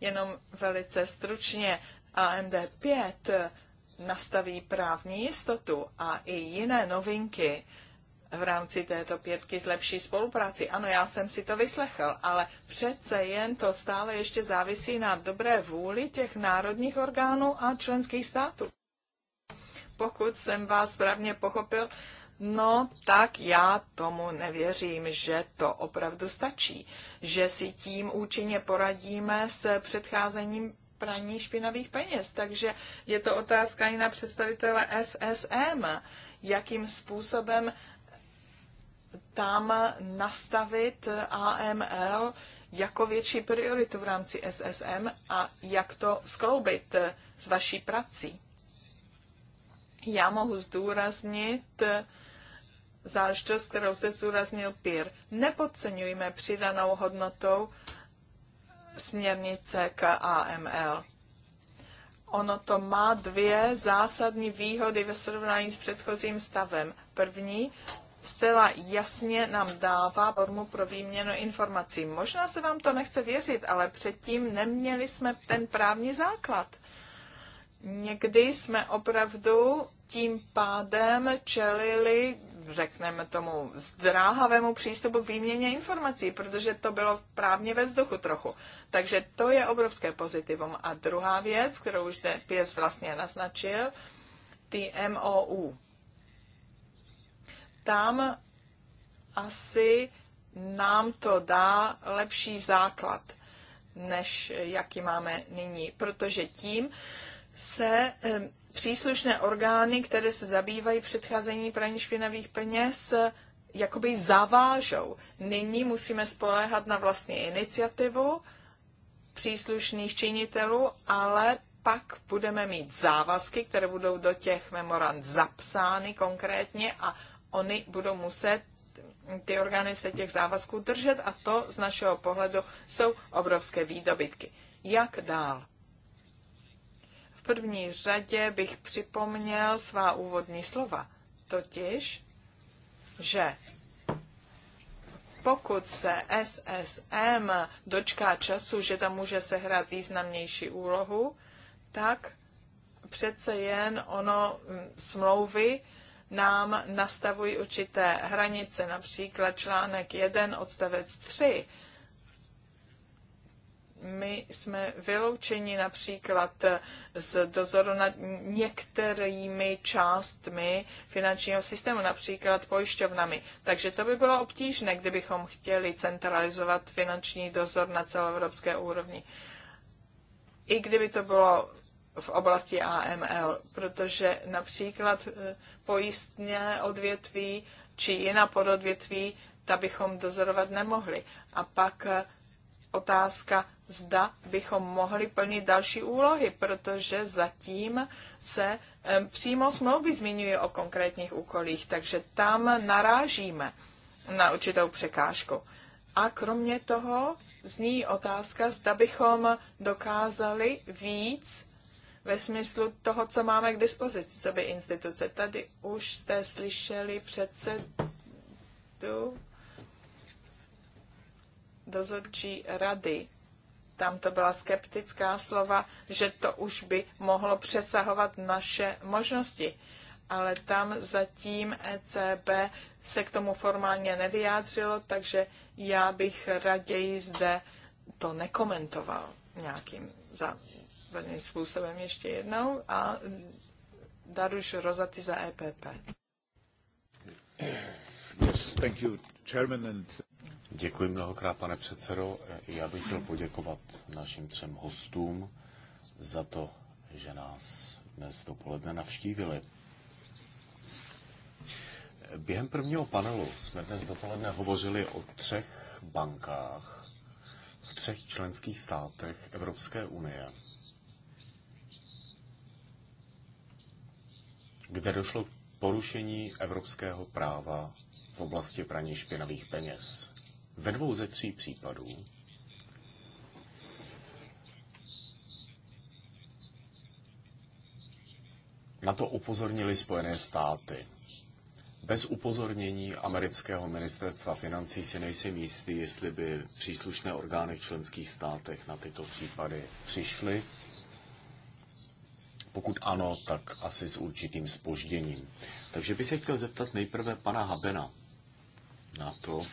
S2: Jenom velice stručně. AMD 5 nastaví právní jistotu a i jiné novinky v rámci této pětky zlepší spolupráci. Ano, já jsem si to vyslechl, ale přece jen to stále ještě závisí na dobré vůli těch národních orgánů a členských států. Pokud jsem vás správně pochopil, No, tak já tomu nevěřím, že to opravdu stačí, že si tím účinně poradíme s předcházením praní špinavých peněz. Takže je to otázka i na představitele SSM, jakým způsobem tam nastavit AML jako větší prioritu v rámci SSM a jak to skloubit s vaší prací. Já mohu zdůraznit záležitost, kterou se zdůraznil Pír. Nepodceňujme přidanou hodnotou směrnice KAML. Ono to má dvě zásadní výhody ve srovnání s předchozím stavem. První, zcela jasně nám dává formu pro výměnu informací. Možná se vám to nechce věřit, ale předtím neměli jsme ten právní základ. Někdy jsme opravdu tím pádem čelili řekneme tomu, zdráhavému přístupu k výměně informací, protože to bylo právně ve vzduchu trochu. Takže to je obrovské pozitivum. A druhá věc, kterou už zde pěs vlastně naznačil, ty MOU. Tam asi nám to dá lepší základ, než jaký máme nyní, protože tím se příslušné orgány, které se zabývají předcházení praní špinavých peněz, jakoby zavážou. Nyní musíme spoléhat na vlastní iniciativu příslušných činitelů, ale pak budeme mít závazky, které budou do těch memorand zapsány konkrétně a oni budou muset ty orgány se těch závazků držet a to z našeho pohledu jsou obrovské výdobytky. Jak dál? první řadě bych připomněl svá úvodní slova, totiž, že pokud se SSM dočká času, že tam může sehrát významnější úlohu, tak přece jen ono mm, smlouvy nám nastavují určité hranice, například článek 1 odstavec 3 my jsme vyloučeni například z dozoru nad některými částmi finančního systému, například pojišťovnami. Takže to by bylo obtížné, kdybychom chtěli centralizovat finanční dozor na celoevropské úrovni. I kdyby to bylo v oblasti AML, protože například eh, pojistné odvětví či jiná pododvětví, ta bychom dozorovat nemohli. A pak eh, otázka, zda bychom mohli plnit další úlohy, protože zatím se přímo smlouvy zmiňují o konkrétních úkolích, takže tam narážíme na určitou překážku. A kromě toho zní otázka, zda bychom dokázali víc ve smyslu toho, co máme k dispozici, co by instituce. Tady už jste slyšeli tu dozorčí rady. Tam to byla skeptická slova, že to už by mohlo přesahovat naše možnosti. Ale tam zatím ECB se k tomu formálně nevyjádřilo, takže já bych raději zde to nekomentoval nějakým závažným způsobem ještě jednou a Daruš Rozaty za EPP.
S1: Yes, thank you, Chairman, and Děkuji mnohokrát, pane předsedo. Já bych chtěl poděkovat našim třem hostům za to, že nás dnes dopoledne navštívili. Během prvního panelu jsme dnes dopoledne hovořili o třech bankách v třech členských státech Evropské unie, kde došlo k porušení evropského práva v oblasti praní špinavých peněz. Ve dvou ze tří případů na to upozornili Spojené státy. Bez upozornění amerického ministerstva financí si nejsem jistý, jestli by příslušné orgány v členských státech na tyto případy přišly. Pokud ano, tak asi s určitým spožděním. Takže bych se chtěl zeptat nejprve pana Habena na to,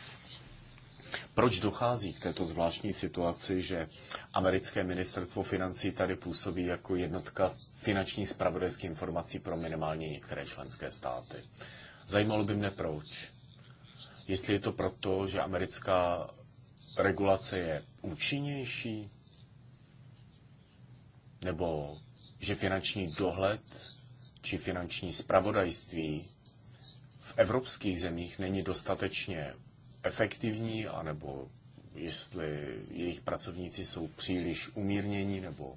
S1: proč dochází k této zvláštní situaci, že americké ministerstvo financí tady působí jako jednotka finanční spravodajských informací pro minimálně některé členské státy? Zajímalo by mě proč. Jestli je to proto, že americká regulace je účinnější, nebo že finanční dohled či finanční spravodajství v evropských zemích není dostatečně efektivní, anebo jestli jejich pracovníci jsou příliš umírnění nebo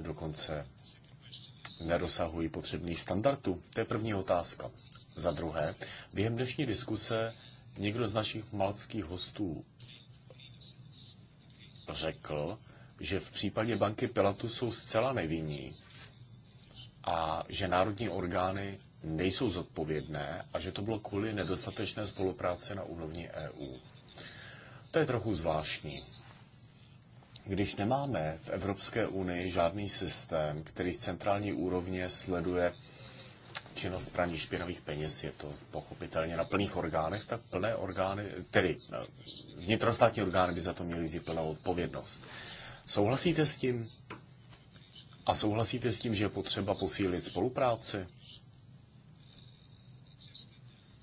S1: dokonce nedosahují potřebných standardů? To je první otázka. Za druhé, během dnešní diskuse někdo z našich malckých hostů řekl, že v případě banky Pilatu jsou zcela nevinní a že národní orgány nejsou zodpovědné a že to bylo kvůli nedostatečné spolupráce na úrovni EU. To je trochu zvláštní. Když nemáme v Evropské unii žádný systém, který z centrální úrovně sleduje činnost praní špinavých peněz, je to pochopitelně na plných orgánech, tak plné orgány, tedy eh, vnitrostátní orgány by za to měly vzít plnou odpovědnost. Souhlasíte s tím? A souhlasíte s tím, že je potřeba posílit spolupráci?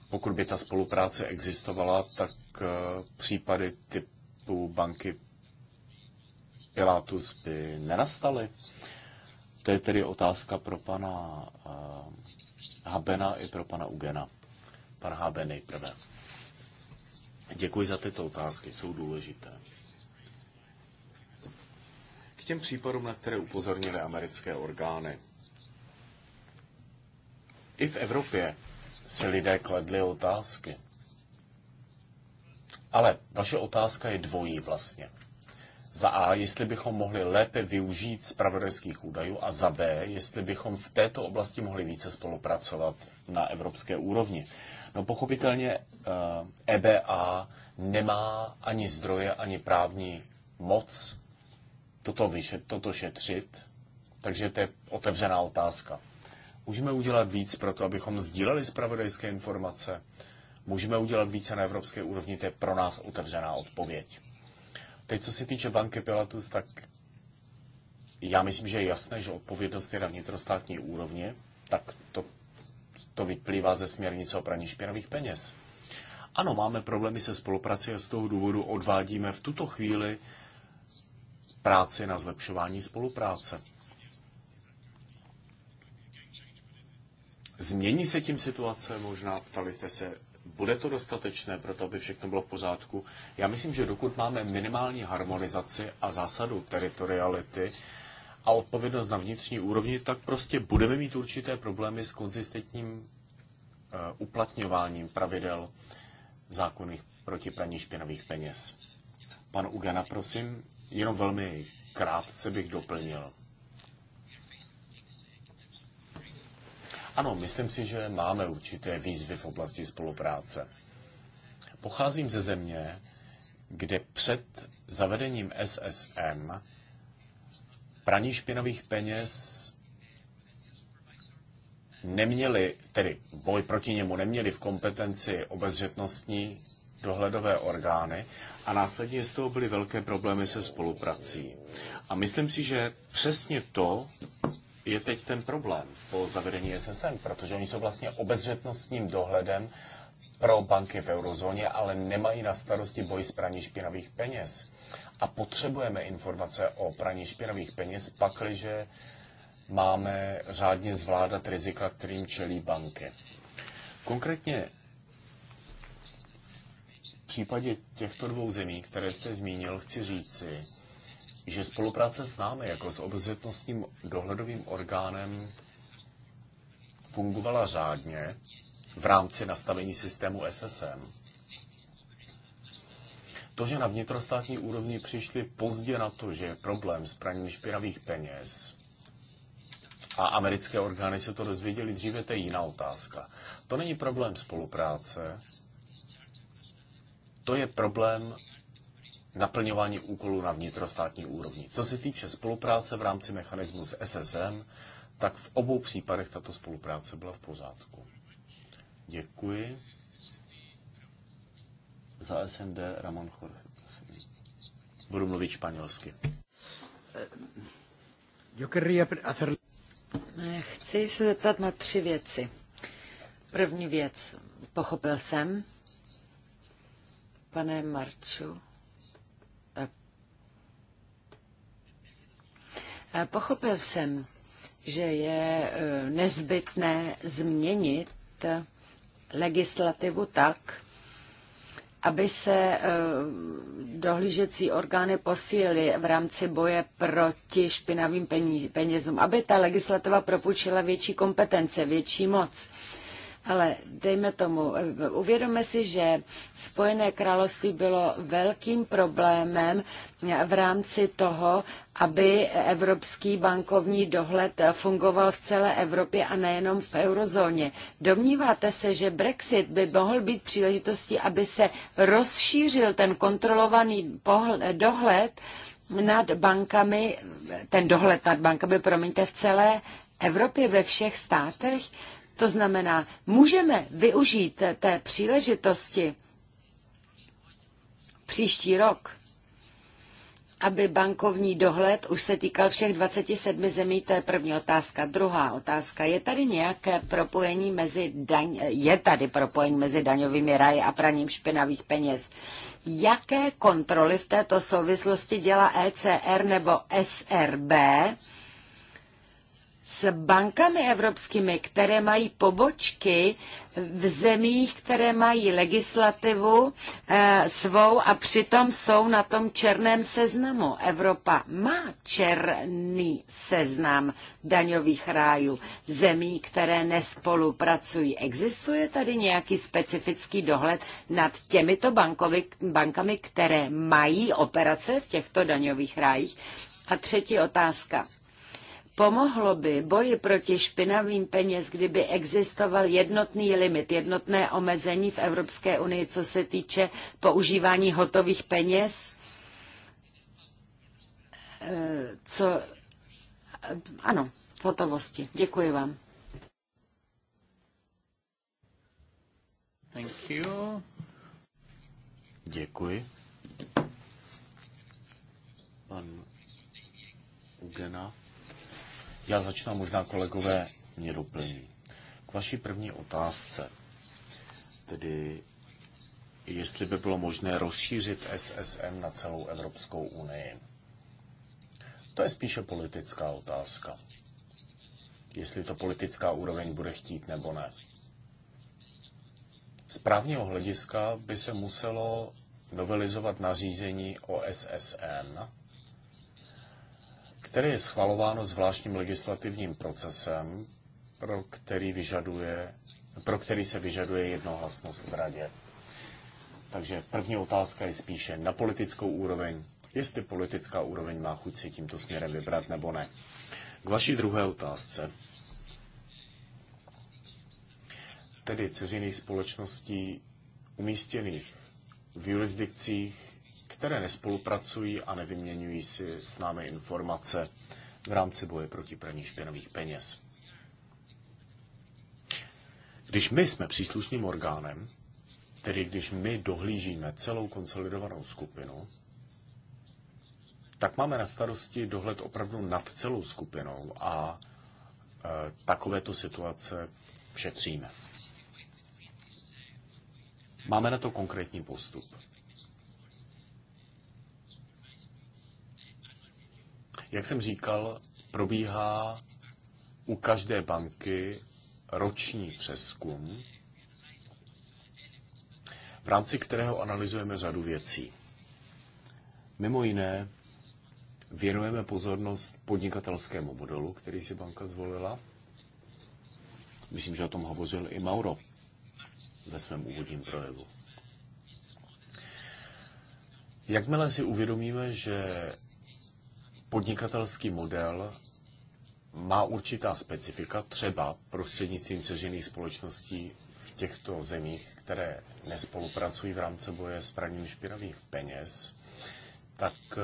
S1: pokud by ta spolupráce existovala, tak eh, případy typu banky Pilatus by nenastaly? To je tedy otázka pro pana eh, Habena i pro pana Ugena. Pan Haben nejprve. Děkuji za tyto otázky, jsou důležité. K těm případům, na které upozornily americké orgány. I v Evropě si lidé kladli otázky. Ale vaše otázka je dvojí vlastně. Za A, jestli bychom mohli lépe využít spravodajských údajů a za B, jestli bychom v této oblasti mohli více spolupracovat na evropské úrovni. No pochopitelně EBA eh, e nemá ani zdroje, ani právní moc toto, vyšet, toto šetřit, takže to je otevřená otázka. Můžeme udělat víc pro to, abychom sdíleli zpravodajské informace. Můžeme udělat více na evropské úrovni, to je pro nás otevřená odpověď. Teď, co se týče banky Pilatus, tak já myslím, že je jasné, že odpovědnost je na vnitrostátní úrovni, tak to, to vyplývá ze směrnice o praní špinavých peněz. Ano, máme problémy se spoluprací a z toho důvodu odvádíme v tuto chvíli práci na zlepšování spolupráce. Změní se tím situace možná, ptali jste se, bude to dostatečné pro to, aby všechno bylo v pořádku? Já myslím, že dokud máme minimální harmonizaci a zásadu teritoriality a odpovědnost na vnitřní úrovni, tak prostě budeme mít určité problémy s konzistentním eh, uplatňováním pravidel zákonných proti praní špinavých peněz. Pan Ugena, prosím, jenom velmi krátce bych doplnil. Ano, myslím si, že máme určité výzvy v oblasti spolupráce. Pocházím ze země, kde před zavedením SSM praní špinavých peněz neměli, tedy boj proti němu neměli v kompetenci obezřetnostní dohledové orgány a následně z toho byly velké problémy se spoluprací. A myslím si, že přesně to je teď ten problém po zavedení SSM, protože oni jsou vlastně obezřetnostním dohledem pro banky v eurozóně, ale nemají na starosti boj s praní špinavých peněz. A potřebujeme informace o praní špinavých peněz, pakliže máme řádně zvládat rizika, kterým čelí banky. Konkrétně v případě těchto dvou zemí, které jste zmínil, chci říci, že spolupráce s námi jako s obezřetnostním dohledovým orgánem fungovala řádně v rámci nastavení systému SSM. To, že na vnitrostátní úrovni přišli pozdě na to, že je problém s praním špinavých peněz a americké orgány se to dozvěděli dříve, to je jiná otázka. To není problém spolupráce, to je problém naplňování úkolů na vnitrostátní úrovni. Co se týče spolupráce v rámci mechanismu s SSM, tak v obou případech tato spolupráce byla v pořádku. Děkuji. Za SND Ramon Jorge. Budu mluvit španělsky.
S3: Chci se zeptat na tři věci. První věc. Pochopil jsem, pane Marču, Eh, pochopil jsem, že je eh, nezbytné změnit eh, legislativu tak, aby se dohlížecí orgány posílily v rámci boje proti špinavým penězům, aby ta legislativa propůjčila větší kompetence, větší moc ale dejme tomu, uvědomme si, že Spojené království bylo velkým problémem v rámci toho, aby evropský bankovní dohled fungoval v celé Evropě a nejenom v eurozóně. Domníváte se, že Brexit by mohl být příležitostí, aby se rozšířil ten kontrolovaný dohled nad bankami, ten dohled nad bankami, promiňte, v celé Evropě ve všech státech? To znamená, můžeme využít té příležitosti příští rok, aby bankovní dohled už se týkal všech 27 zemí, to je první otázka. Druhá otázka, je tady nějaké propojení mezi daň, je tady propojení mezi daňovými raji a praním špinavých peněz. Jaké kontroly v této souvislosti dělá ECR nebo SRB? s bankami evropskými, které mají pobočky v zemích, které mají legislativu e, svou a přitom jsou na tom černém seznamu. Evropa má černý seznam daňových rájů, zemí, které nespolupracují. Existuje tady nějaký specifický dohled nad těmito bankovi, bankami, které mají operace v těchto daňových rájích? A třetí otázka Pomohlo by boji proti špinavým peněz, kdyby existoval jednotný limit, jednotné omezení v Evropské unii, co se týče používání hotových peněz? Eh, co? Eh, ano, hotovosti. Děkuji vám.
S1: Thank you. Děkuji. Pan Ugenov. Já začnu, možná kolegové mě doplní. K vaší první otázce, tedy jestli by bylo možné rozšířit SSM na celou Evropskou unii. To je spíše politická otázka. Jestli to politická úroveň bude chtít nebo ne. Z právního hlediska by se muselo novelizovat nařízení o SSM, které je schvalováno zvláštním legislativním procesem, pro který, vyžaduje, pro který se vyžaduje jednohlasnost v radě. Takže první otázka je spíše na politickou úroveň, jestli politická úroveň má chuť si tímto směrem vybrat nebo ne. K vaší druhé otázce. Tedy ceřiných společností umístěných v jurisdikcích které nespolupracují a nevyměňují si s námi informace v rámci boje proti praní špinavých peněz. Když my jsme příslušným orgánem, tedy když my dohlížíme celou konsolidovanou skupinu, tak máme na starosti dohled opravdu nad celou skupinou a e, takovéto situace šetříme. Máme na to konkrétní postup. Jak jsem říkal, probíhá u každé banky roční přeskum, v rámci kterého analyzujeme řadu věcí. Mimo jiné věnujeme pozornost podnikatelskému modelu, který si banka zvolila. Myslím, že o tom hovořil i Mauro ve svém úvodním projevu. Jakmile si uvědomíme, že podnikatelský model má určitá specifika, třeba prostřednictvím ceřiných společností v těchto zemích, které nespolupracují v rámci boje s praním špinavých peněz, tak eh,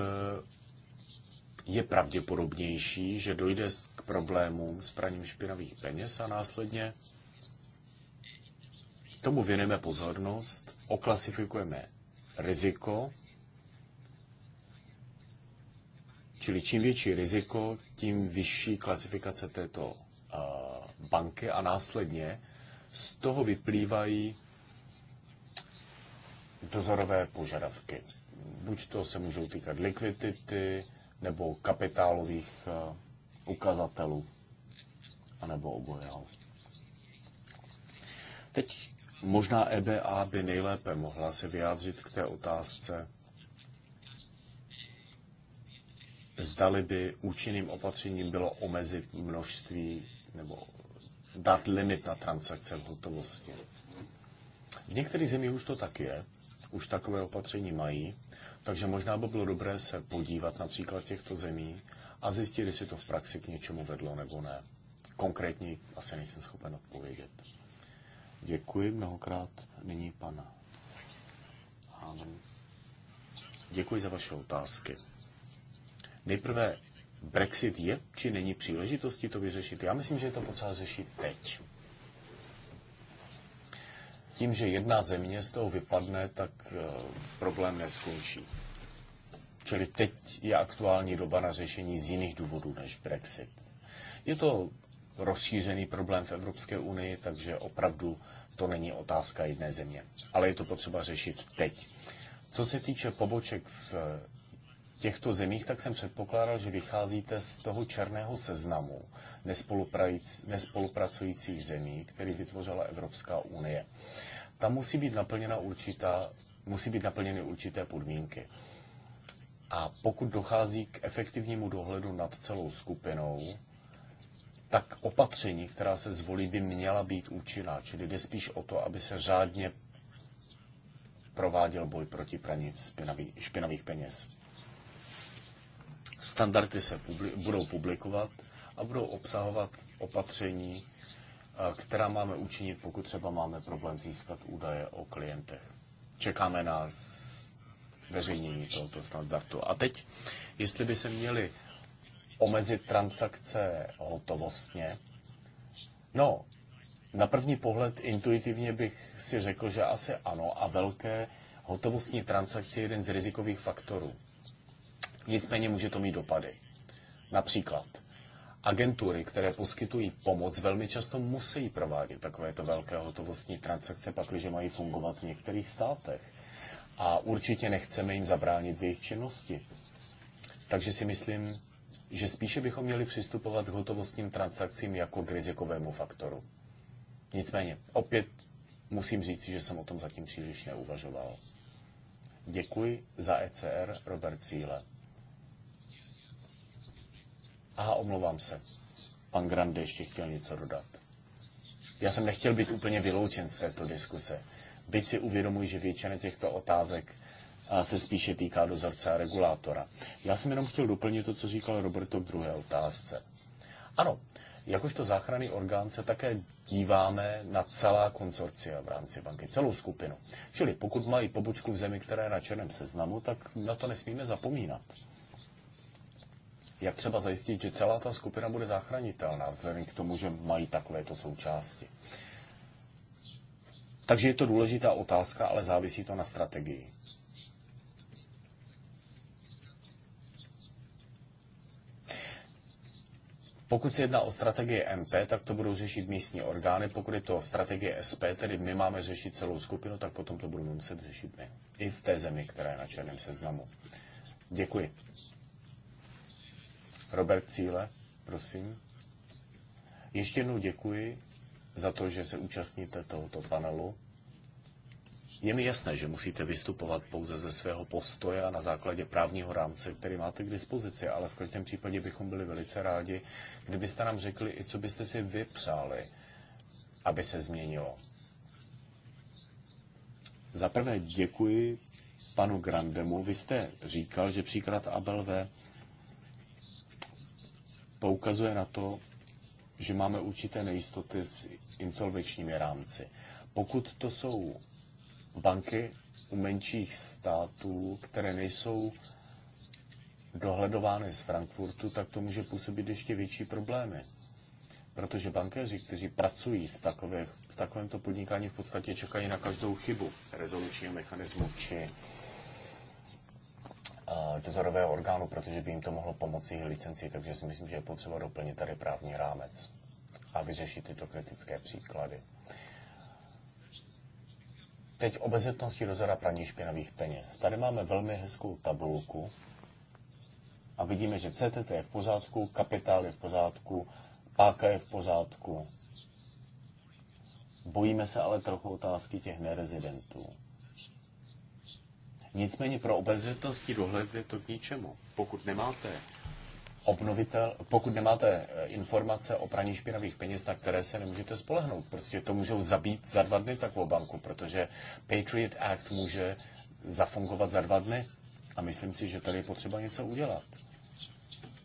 S1: je pravděpodobnější, že dojde k problémům s praním špinavých peněz a následně tomu věneme pozornost, oklasifikujeme riziko Čili čím větší riziko, tím vyšší klasifikace této uh, banky a následně z toho vyplývají dozorové požadavky. Buď to se můžou týkat likvidity nebo kapitálových uh, ukazatelů, anebo obojeho. Teď možná EBA by nejlépe mohla se vyjádřit k té otázce, zdali by účinným opatřením bylo omezit množství nebo dát limit na transakce v hotovosti. V některých zemích už to tak je, už takové opatření mají, takže možná by bylo dobré se podívat například těchto zemí a zjistit, jestli to v praxi k něčemu vedlo nebo ne. Konkrétní asi nejsem schopen odpovědět. Děkuji mnohokrát. Nyní pana Děkuji za vaše otázky. Nejprve, Brexit je či není příležitostí to vyřešit? Já myslím, že je to potřeba řešit teď. Tím, že jedna země z toho vypadne, tak eh, problém neskončí. Čili teď je aktuální doba na řešení z jiných důvodů než Brexit. Je to rozšířený problém v Evropské unii, takže opravdu to není otázka jedné země. Ale je to potřeba řešit teď. Co se týče poboček v těchto zemích, tak jsem předpokládal, že vycházíte z toho černého seznamu nespolupracujících zemí, který vytvořila Evropská unie. Tam musí být, naplněna určitá, musí být naplněny určité podmínky. A pokud dochází k efektivnímu dohledu nad celou skupinou, tak opatření, která se zvolí, by měla být účinná. Čili jde spíš o to, aby se řádně prováděl boj proti praní špinavých peněz. Standardy se publi- budou publikovat a budou obsahovat opatření, eh, která máme učinit, pokud třeba máme problém získat údaje o klientech. Čekáme na veřejnění tohoto standardu. A teď, jestli by se měly omezit transakce hotovostně, no, na první pohled intuitivně bych si řekl, že asi ano a velké hotovostní transakce je jeden z rizikových faktorů. Nicméně může to mít dopady. Například agentury, které poskytují pomoc, velmi často musí provádět takovéto velké hotovostní transakce, pakliže mají fungovat v některých státech. A určitě nechceme jim zabránit v jejich činnosti. Takže si myslím, že spíše bychom měli přistupovat k hotovostním transakcím jako k rizikovému faktoru. Nicméně, opět musím říct, že jsem o tom zatím příliš neuvažoval. Děkuji za ECR Robert Cíle. Aha, omlouvám se. Pan Grande ještě chtěl něco dodat. Já jsem nechtěl být úplně vyloučen z této diskuse. Byť si uvědomuji, že většina těchto otázek eh, se spíše týká dozorce a regulátora. Já jsem jenom chtěl doplnit to, co říkal Roberto v druhé otázce. Ano, jakožto záchranný orgán se také díváme na celá konsorcia v rámci banky, celou skupinu. Čili pokud mají pobočku v zemi, která je na černém seznamu, tak na to nesmíme zapomínat. Jak třeba zajistit, že celá ta skupina bude záchranitelná, vzhledem k tomu, že mají takovéto součásti. Takže je to důležitá otázka, ale závisí to na strategii. Pokud se jedná o strategii MP, tak to budou řešit místní orgány. Pokud je to strategie SP, tedy my máme řešit celou skupinu, tak potom to budeme muset řešit my. I v té zemi, která je na černém seznamu. Děkuji. Robert Cíle, prosím. Ještě jednou děkuji za to, že se účastníte tohoto panelu. Je mi jasné, že musíte vystupovat pouze ze svého postoje a na základě právního rámce, který máte k dispozici, ale v každém případě bychom byli velice rádi, kdybyste nám řekli i co byste si vypřáli, aby se změnilo. Za prvé děkuji panu Grandemu. Vy jste říkal, že příklad Abelve poukazuje na to, že máme určité nejistoty s insolvenčními rámci. Pokud to jsou banky u menších států, které nejsou dohledovány z Frankfurtu, tak to může působit ještě větší problémy. Protože bankéři, kteří pracují v, takových, v takovémto podnikání, v podstatě čekají na každou chybu rezolučního mechanismu či Eh, dozorového orgánu, protože by jim to mohlo pomoci jejich licenci, takže si myslím, že je potřeba doplnit tady právní rámec a vyřešit tyto kritické příklady. Teď obezřetnosti dozora praní špinavých peněz. Tady máme velmi hezkou tabulku a vidíme, že CTT je v pořádku, kapitál je v pořádku, páka je v pořádku. Bojíme se ale trochu otázky těch nerezidentů. Nicméně pro obezřetnosti dohled je to k ničemu. Pokud nemáte obnovitel, pokud nemáte eh, informace o praní špinavých peněz, na které se nemůžete spolehnout. Prostě to můžou zabít za dva dny takovou banku, protože Patriot Act může zafungovat za dva dny a myslím si, že tady je potřeba něco udělat.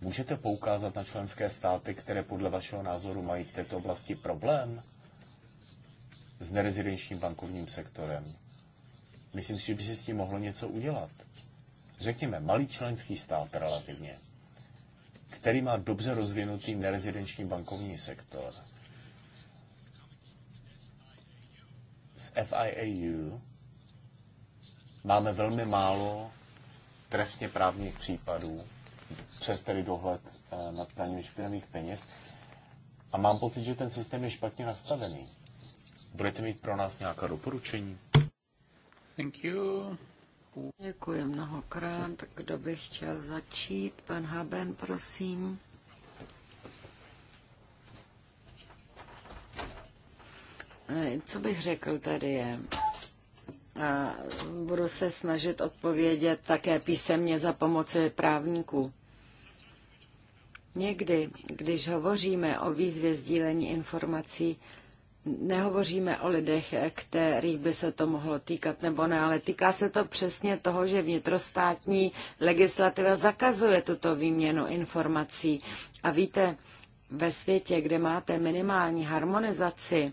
S1: Můžete poukázat na členské státy, které podle vašeho názoru mají v této oblasti problém s nerezidenčním bankovním sektorem? Myslím si, že by se s tím mohlo něco udělat. Řekněme, malý členský stát relativně, který má dobře rozvinutý nerezidenční bankovní sektor, z FIAU máme velmi málo trestně právních případů, přes tedy dohled eh, nad praním špinavých peněz. A mám pocit, že ten systém je špatně nastavený. Budete mít pro nás nějaká doporučení?
S3: Thank you. Děkuji mnohokrát. kdo by chtěl začít? Pan Haben, prosím. Eh, co bych řekl tady je, a budu se snažit odpovědět také písemně za pomoci právníků. Někdy, když hovoříme o výzvě sdílení informací, nehovoříme o lidech, kterých by se to mohlo týkat nebo ne, ale týká se to přesně toho, že vnitrostátní legislativa zakazuje tuto výměnu informací. A víte, ve světě, kde máte minimální harmonizaci,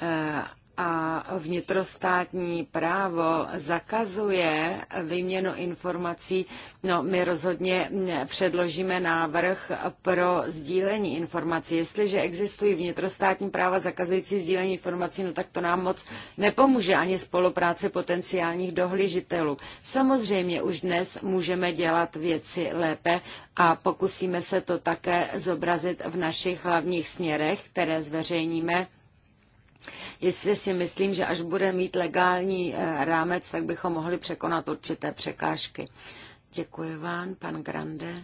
S3: eh, a vnitrostátní právo zakazuje vyměnu informací, no my rozhodně předložíme návrh pro sdílení informací. Jestliže existují vnitrostátní práva zakazující sdílení informací, no tak to nám moc nepomůže ani spolupráce potenciálních dohlížitelů. Samozřejmě už dnes můžeme dělat věci lépe a pokusíme se to také zobrazit v našich hlavních směrech, které zveřejníme Jestli si myslím, že až bude mít legální eh, rámec, tak bychom mohli překonat určité překážky. Děkuji vám, pan Grande.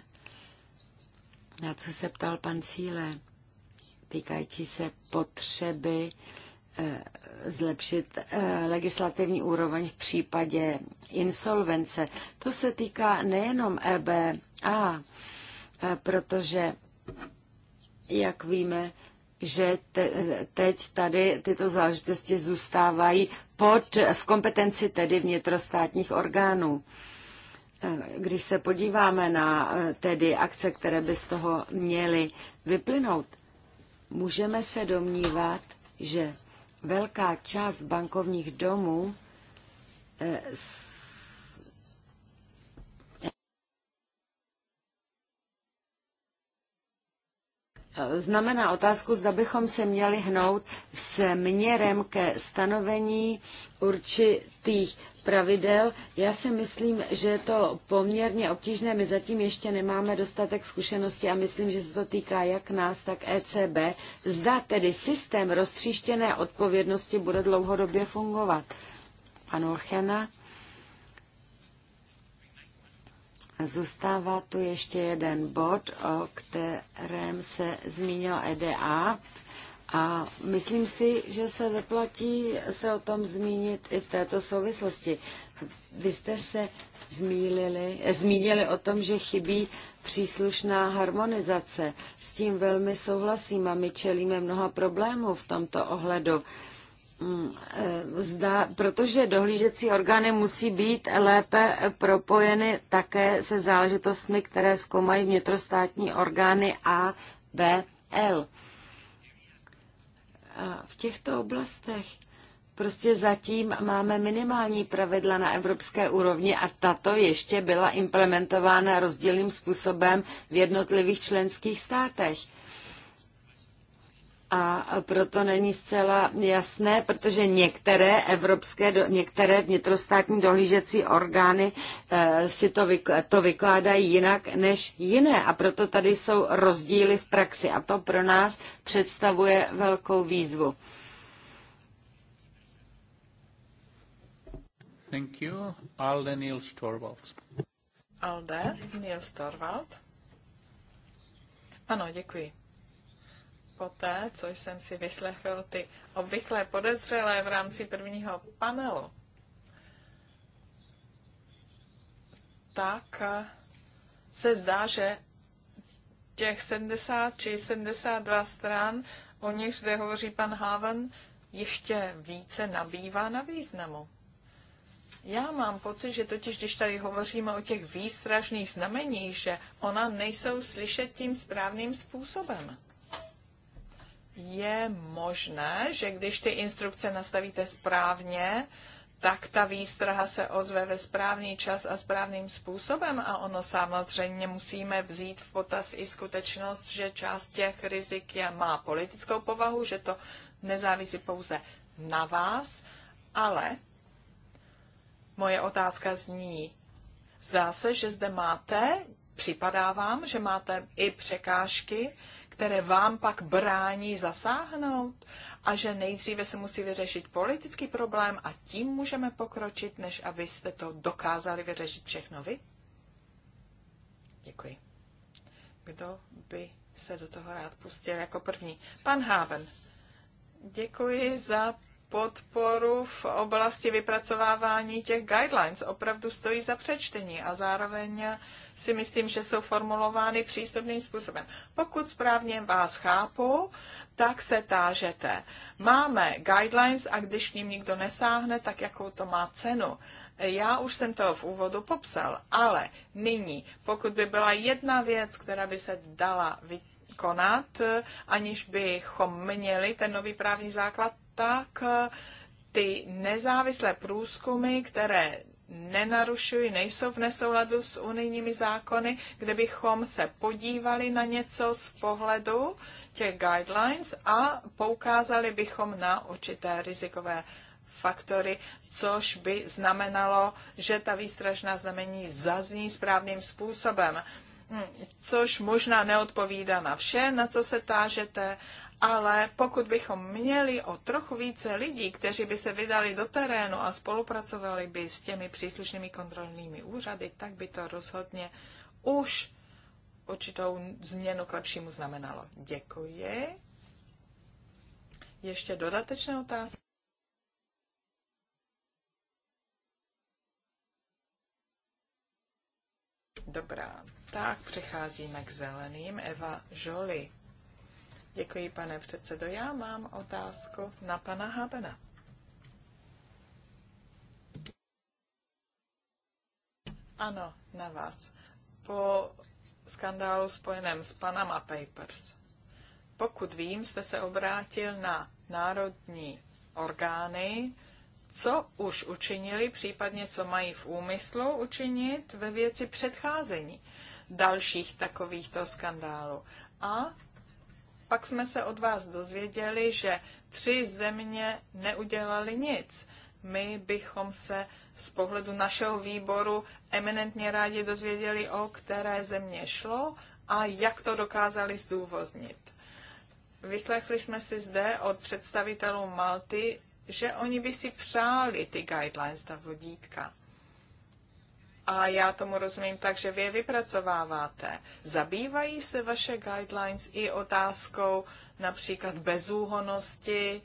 S3: Na co se ptal pan Cíle? Týkající se potřeby eh, zlepšit eh, legislativní úroveň v případě insolvence. To se týká nejenom EBA, protože, jak víme, že te, teď tady tyto záležitosti zůstávají pod, v kompetenci tedy vnitrostátních orgánů. Když se podíváme na tedy akce, které by z toho měly vyplynout, můžeme se domnívat, že velká část bankovních domů eh, znamená otázku, zda bychom se měli hnout měrem ke stanovení určitých pravidel. Já si myslím, že je to poměrně obtížné. My zatím ještě nemáme dostatek zkušenosti a myslím, že se to týká jak nás, tak ECB. Zda tedy systém roztříštěné odpovědnosti bude dlouhodobě fungovat. Pan Orchena? Zůstává tu ještě jeden bod, o kterém se zmínil EDA a myslím si, že se vyplatí se o tom zmínit i v této souvislosti. Vy jste se zmínili, zmínili o tom, že chybí příslušná harmonizace. S tím velmi souhlasím a my čelíme mnoha problémů v tomto ohledu. Mm, e, zda, protože dohlížecí orgány musí být lépe propojeny také se záležitostmi, které zkoumají vnitrostátní orgány A, B, L. A v těchto oblastech prostě zatím máme minimální pravidla na evropské úrovni a tato ještě byla implementována rozdílným způsobem v jednotlivých členských státech a proto není zcela jasné, protože některé evropské, některé vnitrostátní dohlížecí orgány eh, si to, vykl, to vykládají jinak než jiné a proto tady jsou rozdíly v praxi a to pro nás představuje velkou výzvu.
S1: Thank you. Alde Niels Torvald.
S2: Alde Niels Torvald. Ano, děkuji poté, co jsem si vyslechl ty obvyklé podezřelé v rámci prvního panelu, tak eh, se zdá, že těch 70 či 72 stran, o nich zde hovoří pan Haven, ještě více nabývá na významu. Já mám pocit, že totiž, když tady hovoříme o těch výstražných znameních, že ona nejsou slyšet tím správným způsobem je možné, že když ty instrukce nastavíte správně, tak ta výstraha se ozve ve správný čas a správným způsobem a ono samozřejmě musíme vzít v potaz i skutečnost, že část těch rizik je, má politickou povahu, že to nezávisí pouze na vás, ale moje otázka zní, zdá se, že zde máte, připadá vám, že máte i překážky, které vám pak brání zasáhnout a že nejdříve se musí vyřešit politický problém a tím můžeme pokročit, než abyste to dokázali vyřešit všechno vy? Děkuji. Kdo by se do toho rád pustil jako první? Pan Háven. Děkuji za podporu v oblasti vypracovávání těch guidelines. Opravdu stojí za přečtení a zároveň si myslím, že jsou formulovány přístupným způsobem. Pokud správně vás chápu, tak se tážete. Máme guidelines a když k ním nikdo nesáhne, tak jakou to má cenu? Já už jsem to v úvodu popsal, ale nyní, pokud by byla jedna věc, která by se dala vykonat, aniž bychom měli ten nový právní základ, tak eh, ty nezávislé průzkumy, které nenarušují, nejsou v nesouladu s unijními zákony, kde bychom se podívali na něco z pohledu těch guidelines a poukázali bychom na určité rizikové faktory, což by znamenalo, že ta výstražná znamení zazní správným způsobem. Hm, což možná neodpovídá na vše, na co se tážete, ale pokud bychom měli o trochu více lidí, kteří by se vydali do terénu a spolupracovali by s těmi příslušnými kontrolními úřady, tak by to rozhodně už určitou změnu k lepšímu znamenalo. Děkuji. Ještě dodatečné otázky? Dobrá, tak přecházíme k zeleným. Eva Jolie. Děkuji, pane předsedo. Já mám otázku na pana Habena. Ano, na vás. Po skandálu spojeném s Panama Papers. Pokud vím, jste se obrátil na národní orgány, co už učinili, případně co mají v úmyslu učinit ve věci předcházení dalších takovýchto skandálů. A pak jsme se od vás dozvěděli, že tři země neudělali nic. My bychom se z pohledu našeho výboru eminentně rádi dozvěděli, o které země šlo a jak to dokázali zdůvoznit. Vyslechli jsme si zde od představitelů Malty, že oni by si přáli ty guidelines, ta vodítka a já tomu rozumím tak, že vy je vypracováváte. Zabývají se vaše guidelines i otázkou například bezúhonosti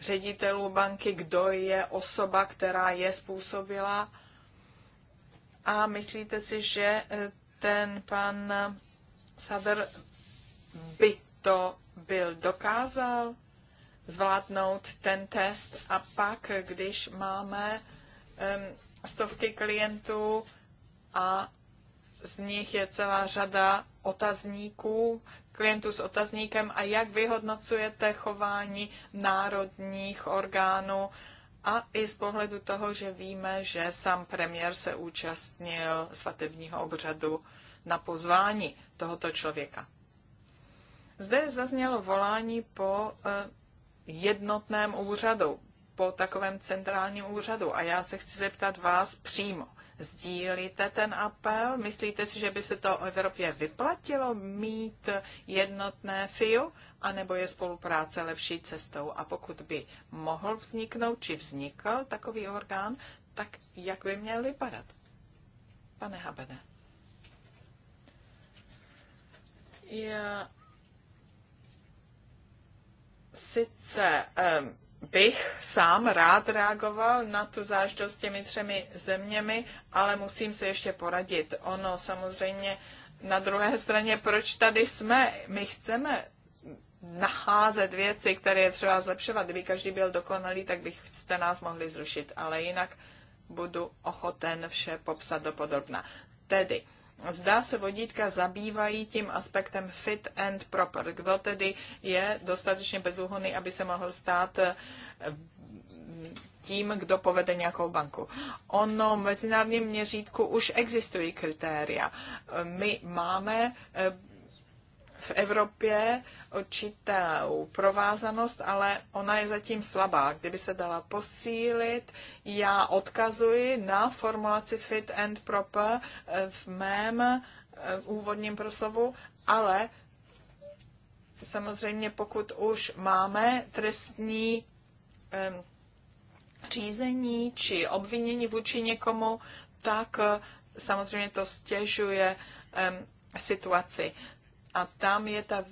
S2: ředitelů banky, kdo je osoba, která je způsobila? A myslíte si, že eh, ten pan eh, Sader by to byl dokázal zvládnout ten test a pak, když máme um, stovky klientů, a z nich je celá řada otazníků, klientů s otazníkem a jak vyhodnocujete chování národních orgánů a i z pohledu toho, že víme, že sám premiér se účastnil svatebního obřadu na pozvání tohoto člověka. Zde zaznělo volání po eh, jednotném úřadu, po takovém centrálním úřadu a já se chci zeptat vás přímo. Sdílíte ten apel? Myslíte si, že by se to Evropě vyplatilo mít jednotné FIU? A nebo je spolupráce lepší cestou? A pokud by mohl vzniknout, či vznikl takový orgán, tak jak by měl vypadat? Pane Habene. Já sice um, bych sám rád reagoval na tu záždost s těmi třemi zeměmi, ale musím se ještě poradit. Ono samozřejmě na druhé straně, proč tady jsme? My chceme nacházet věci, které je třeba zlepšovat. Kdyby každý byl dokonalý, tak byste nás mohli zrušit, ale jinak budu ochoten vše popsat do podrobna. Tedy Zdá se vodítka zabývají tím aspektem fit and proper, kdo tedy je dostatečně bezúhonný, aby se mohl stát eh, tím, kdo povede nějakou banku. Ono v mezinárodním měřítku už existují kritéria. Eh, my máme eh, v Evropě určitou provázanost, ale ona je zatím slabá. Kdyby se dala posílit, já odkazuji na formulaci fit and proper eh, v mém eh, úvodním proslovu, ale samozřejmě pokud už máme trestní eh, řízení či obvinění vůči někomu, tak samozřejmě to stěžuje situaci. A tam je ta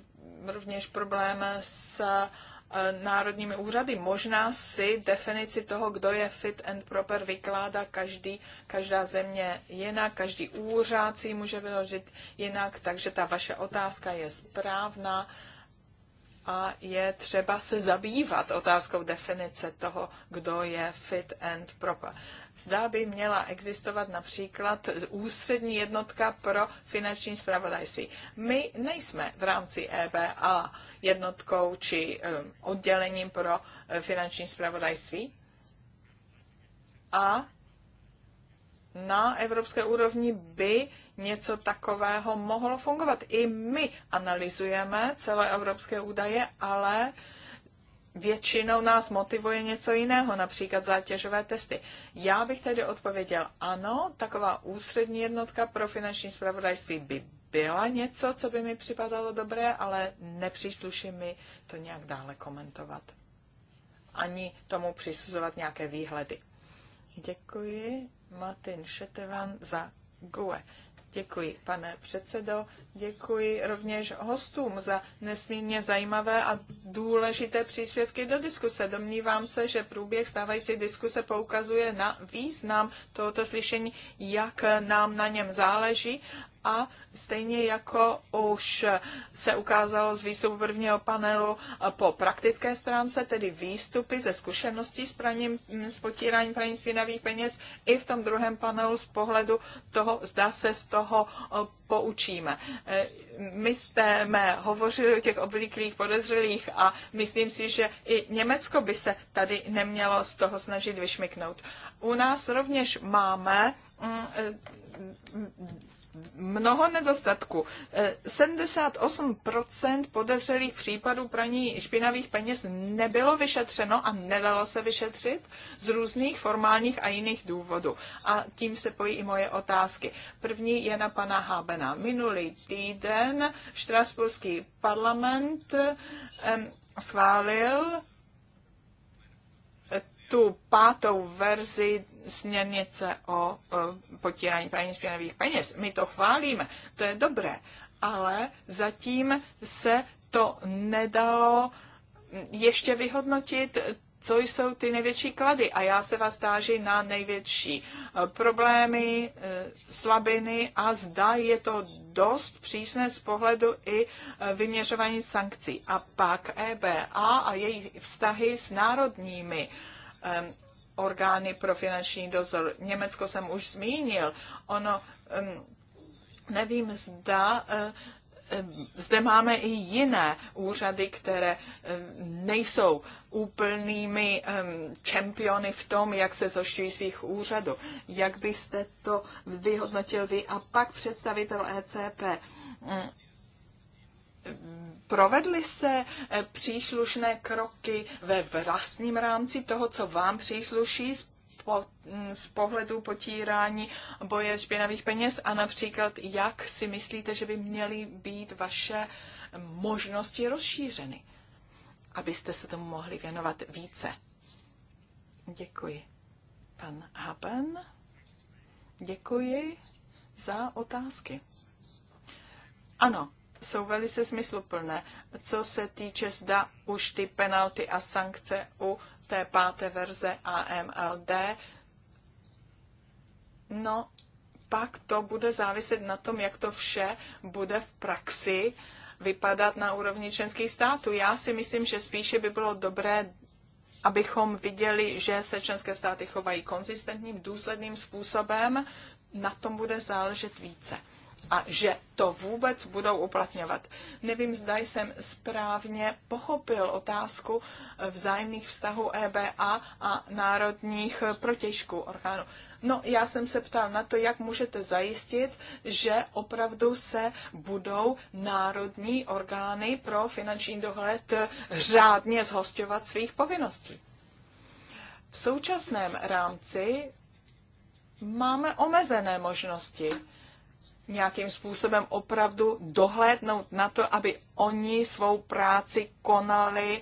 S2: rovněž problém s e, národními úřady. Možná si definici toho, kdo je fit and proper, vykládá každý, každá země jinak, každý úřad si ji může vyložit jinak, takže ta vaše otázka je správná a je třeba se zabývat otázkou definice toho, kdo je fit and proper. Zda by měla existovat například ústřední jednotka pro finanční zpravodajství. My nejsme v rámci EBA jednotkou či oddělením pro eh, finanční zpravodajství. A na evropské úrovni by něco takového mohlo fungovat. I my analyzujeme celé evropské údaje, ale většinou nás motivuje něco jiného, například zátěžové testy. Já bych tedy odpověděl ano, taková ústřední jednotka pro finanční spravodajství by byla něco, co by mi připadalo dobré, ale nepřísluší mi to nějak dále komentovat. Ani tomu přisuzovat nějaké výhledy. Děkuji Martin Šetevan za GUE. Děkuji, pane předsedo. Děkuji rovněž hostům za nesmírně zajímavé a důležité příspěvky do diskuse. Domnívám se, že průběh stávající diskuse poukazuje na význam tohoto slyšení, jak nám na něm záleží a stejně jako už se ukázalo z výstupu prvního panelu eh, po praktické stránce, tedy výstupy ze zkušeností s, praním, mm, s potíráním praní spínavých peněz i v tom druhém panelu z pohledu toho, zda se z toho eh, poučíme. Eh, my jsme hovořili o těch obvyklých podezřelých a myslím si, že i Německo by se tady nemělo z toho snažit vyšmiknout. U nás rovněž máme mm, mnoho nedostatků. 78% eh, podezřelých případů praní špinavých peněz nebylo vyšetřeno a nedalo se vyšetřit z různých formálních a jiných důvodů. A tím se pojí i moje otázky. První je na pana Hábena. Minulý týden Štrasburský parlament schválil tu pátou verzi směrnice o e, potírání praní špinavých peněz. My to chválíme, to je dobré, ale zatím se to nedalo ještě vyhodnotit, co jsou ty největší klady. A já se vás táži na největší e, problémy, e, slabiny a zda je to dost přísné z pohledu i vyměřování sankcí. A pak EBA a jejich vztahy s národními uh, um, orgány pro finanční dozor. Německo jsem už zmínil. Ono, um, nevím, zda uh, um, zde máme i jiné úřady, které um, nejsou úplnými um, čempiony v tom, jak se zaštiťují svých úřadů. Jak byste to vyhodnotil vy a pak představitel ECP? Mm, provedly se eh, příslušné kroky ve vlastním rámci toho, co vám přísluší z, po, mm, z pohledu potírání boje špinavých peněz a například, jak si myslíte, že by měly být vaše možnosti rozšířeny, abyste se tomu mohli věnovat více. Děkuji. Pan Hapen. děkuji za otázky. Ano, jsou velice smysluplné. Co se týče zda už ty penalty a sankce u té páté verze AMLD, no pak to bude záviset na tom, jak to vše bude v praxi vypadat na úrovni členských států. Já si myslím, že spíše by bylo dobré abychom viděli, že se členské státy chovají konzistentním, důsledným způsobem, na tom bude záležet více a že to vůbec budou uplatňovat. Nevím, zda jsem správně pochopil otázku vzájemných vztahů EBA a národních protěžků orgánů. No, já jsem se ptal na to, jak můžete zajistit, že opravdu se budou národní orgány pro finanční dohled řádně zhostovat svých povinností. V současném rámci máme omezené možnosti nějakým způsobem opravdu dohlédnout na to, aby oni svou práci konali.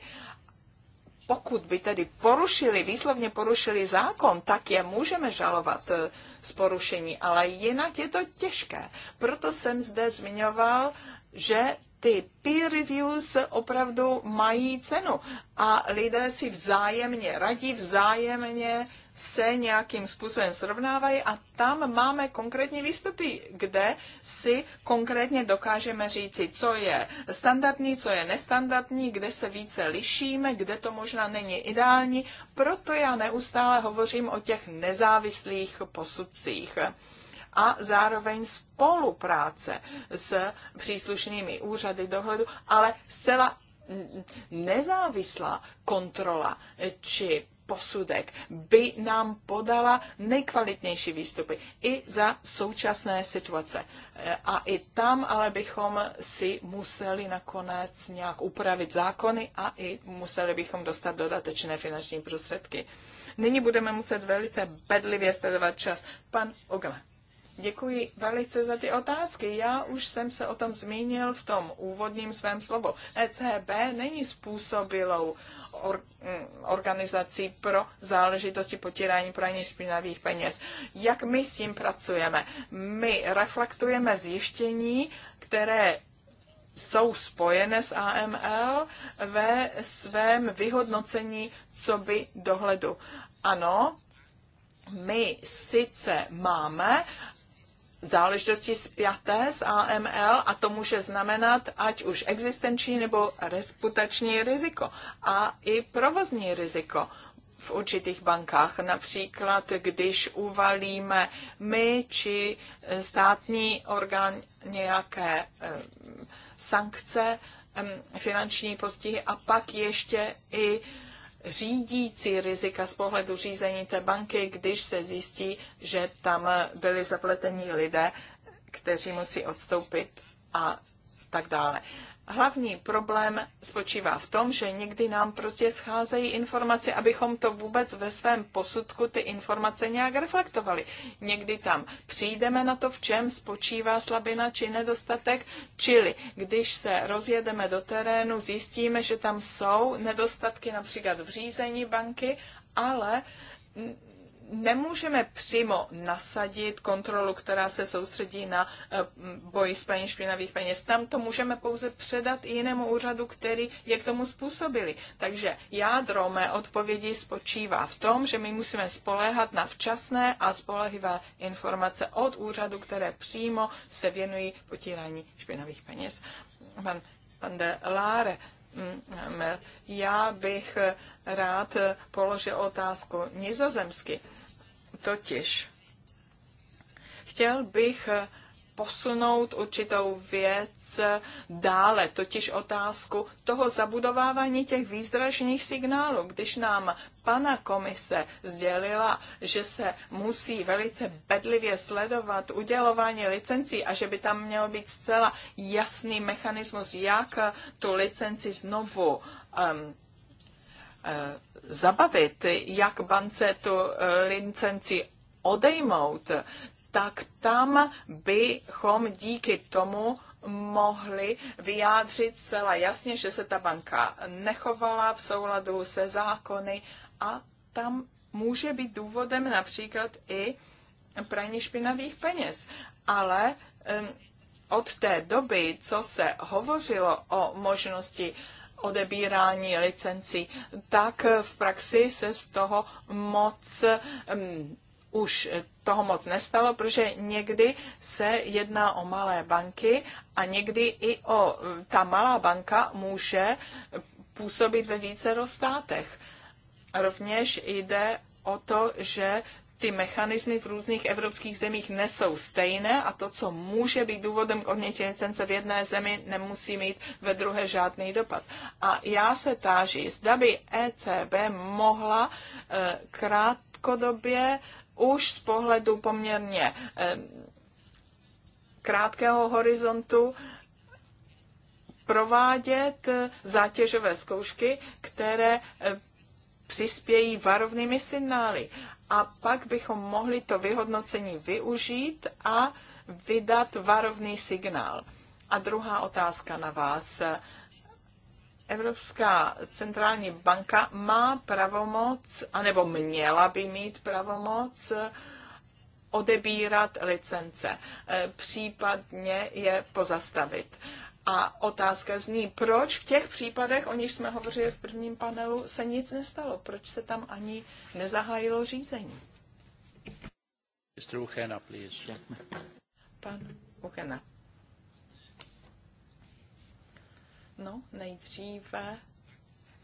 S2: Pokud by tedy porušili, výslovně porušili zákon, tak je můžeme žalovat eh, z porušení, ale jinak je to těžké. Proto jsem zde zmiňoval, že ty peer reviews opravdu mají cenu a lidé si vzájemně radí, vzájemně se nějakým způsobem srovnávají a tam máme konkrétní výstupy, kde si konkrétně dokážeme říci, co je standardní, co je nestandardní, kde se více lišíme, kde to možná není ideální. Proto já neustále hovořím o těch nezávislých posudcích a zároveň spolupráce s příslušnými úřady dohledu, ale zcela nezávislá kontrola či posudek, by nám podala nejkvalitnější výstupy i za současné situace. Eh, a i tam ale bychom si museli nakonec nějak upravit zákony a i museli bychom dostat dodatečné finanční prostředky. Nyní budeme muset velice bedlivě sledovat čas. Pan Ogle. Děkuji velice za ty otázky. Já už jsem se o tom zmínil v tom úvodním svém slovu. ECB není způsobilou or, mm, organizací pro záležitosti potírání praní špinavých peněz. Jak my s tím pracujeme? My reflektujeme zjištění, které jsou spojené s AML ve svém vyhodnocení co by dohledu. Ano, my sice máme záležitosti spjaté s AML a to může znamenat ať už existenční nebo reputační riziko a i provozní riziko v určitých bankách. Například, když uvalíme my či státní orgán nějaké eh, sankce, finanční postihy a pak ještě i řídící rizika z pohledu řízení té banky, když se zjistí, že tam byli zapletení lidé, kteří musí odstoupit a tak dále. Hlavní problém spočívá v tom, že někdy nám prostě scházejí informace, abychom to vůbec ve svém posudku ty informace nějak reflektovali. Někdy tam přijdeme na to, v čem spočívá slabina či nedostatek, čili když se rozjedeme do terénu, zjistíme, že tam jsou nedostatky například v řízení banky, ale nemůžeme přímo nasadit kontrolu, která se soustředí na eh, boj s praní špinavých peněz. Tam to můžeme pouze předat jinému úřadu, který je k tomu způsobili. Takže jádro mé odpovědi spočívá v tom, že my musíme spoléhat na včasné a spolehivé informace od úřadu, které přímo se věnují potírání špinavých peněz. Pan, pan de Láre, mm, já bych rád položil otázku nizozemsky. Totiž chtěl bych posunout určitou věc dále, totiž otázku toho zabudovávání těch výzdražných signálů. Když nám pana komise sdělila, že se musí velice bedlivě sledovat udělování licencí a že by tam měl být zcela jasný mechanismus, jak tu licenci znovu um, Eh, zabavit, jak bance tu eh, licenci odejmout, tak tam bychom díky tomu mohli vyjádřit celá. jasně, že se ta banka nechovala v souladu se zákony a tam může být důvodem například i praní špinavých peněz. Ale um, od té doby, co se hovořilo o možnosti uh, odebírání licencí, tak v praxi se z toho moc um, už toho moc nestalo, protože někdy se jedná o malé banky a někdy i o ta malá banka může působit ve více státech. Rovněž jde o to, že ty mechanismy v různých evropských zemích nesou stejné a to, co může být důvodem k odnětí licence v jedné zemi, nemusí mít ve druhé žádný dopad. A já se táží, zda by ECB mohla eh, krátkodobě už z pohledu poměrně eh, krátkého horizontu provádět eh, zátěžové zkoušky, které přispějí varovnými signály a pak bychom mohli to vyhodnocení využít a vydat varovný signál. A druhá otázka na vás. Evropská centrální banka má pravomoc, anebo měla by mít pravomoc odebírat licence, e, případně je pozastavit. A otázka zní, proč v těch případech, o nich jsme hovořili v prvním panelu, se nic nestalo? Proč se tam ani nezahájilo řízení?
S1: Mr. Uchena, please.
S2: Pan Uchena. No, nejdříve,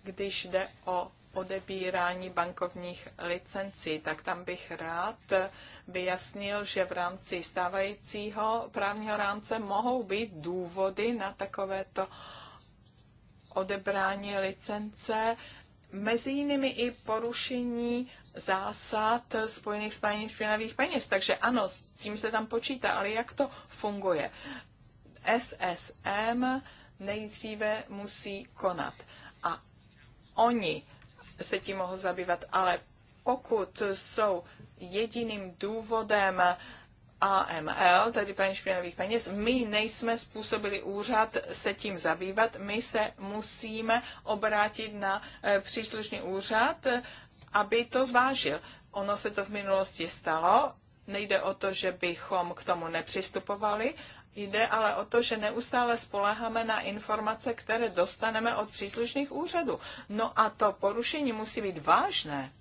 S2: když jde o odebírání bankovních licencí, tak tam bych rád vyjasnil, že v rámci stávajícího právního rámce mohou být důvody na takovéto odebrání licence, mezi jinými i porušení zásad spojených s paní špinavých peněz. Takže ano, s tím se tam počítá, ale jak to funguje? SSM nejdříve musí konat. A oni se tím mohl zabývat, ale pokud jsou jediným důvodem AML, tedy paní špinavých peněz, my nejsme způsobili úřad se tím zabývat, my se musíme obrátit na eh, příslušný úřad, aby to zvážil. Ono se to v minulosti stalo, nejde o to, že bychom k tomu nepřistupovali, Jde ale o to, že neustále spoleháme na informace, které dostaneme od příslušných úřadů. No a to porušení musí být vážné.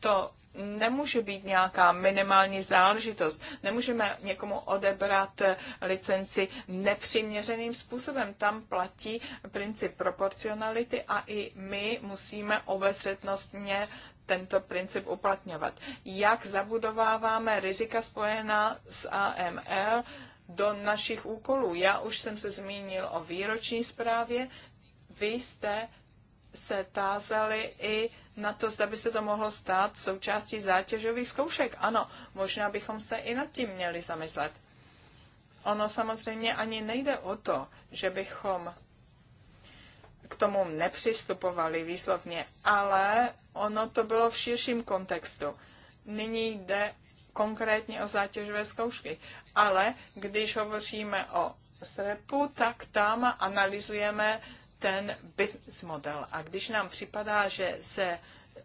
S2: To nemůže být nějaká minimální záležitost. Nemůžeme někomu odebrat licenci nepřiměřeným způsobem. Tam platí princip proporcionality a i my musíme obezřetnostně tento princip uplatňovat. Jak zabudováváme rizika spojená s AML, do našich úkolů. Já už jsem se zmínil o výroční zprávě, vy jste se tázali i na to, zda by se to mohlo stát součástí zátěžových zkoušek. Ano, možná bychom se i nad tím měli zamyslet. Ono samozřejmě ani nejde o to, že bychom k tomu nepřistupovali výslovně, ale ono to bylo v širším kontextu. Nyní jde konkrétně o zátěžové zkoušky. Ale když hovoříme o SREPu, tak tam analyzujeme ten business model. A když nám připadá, že se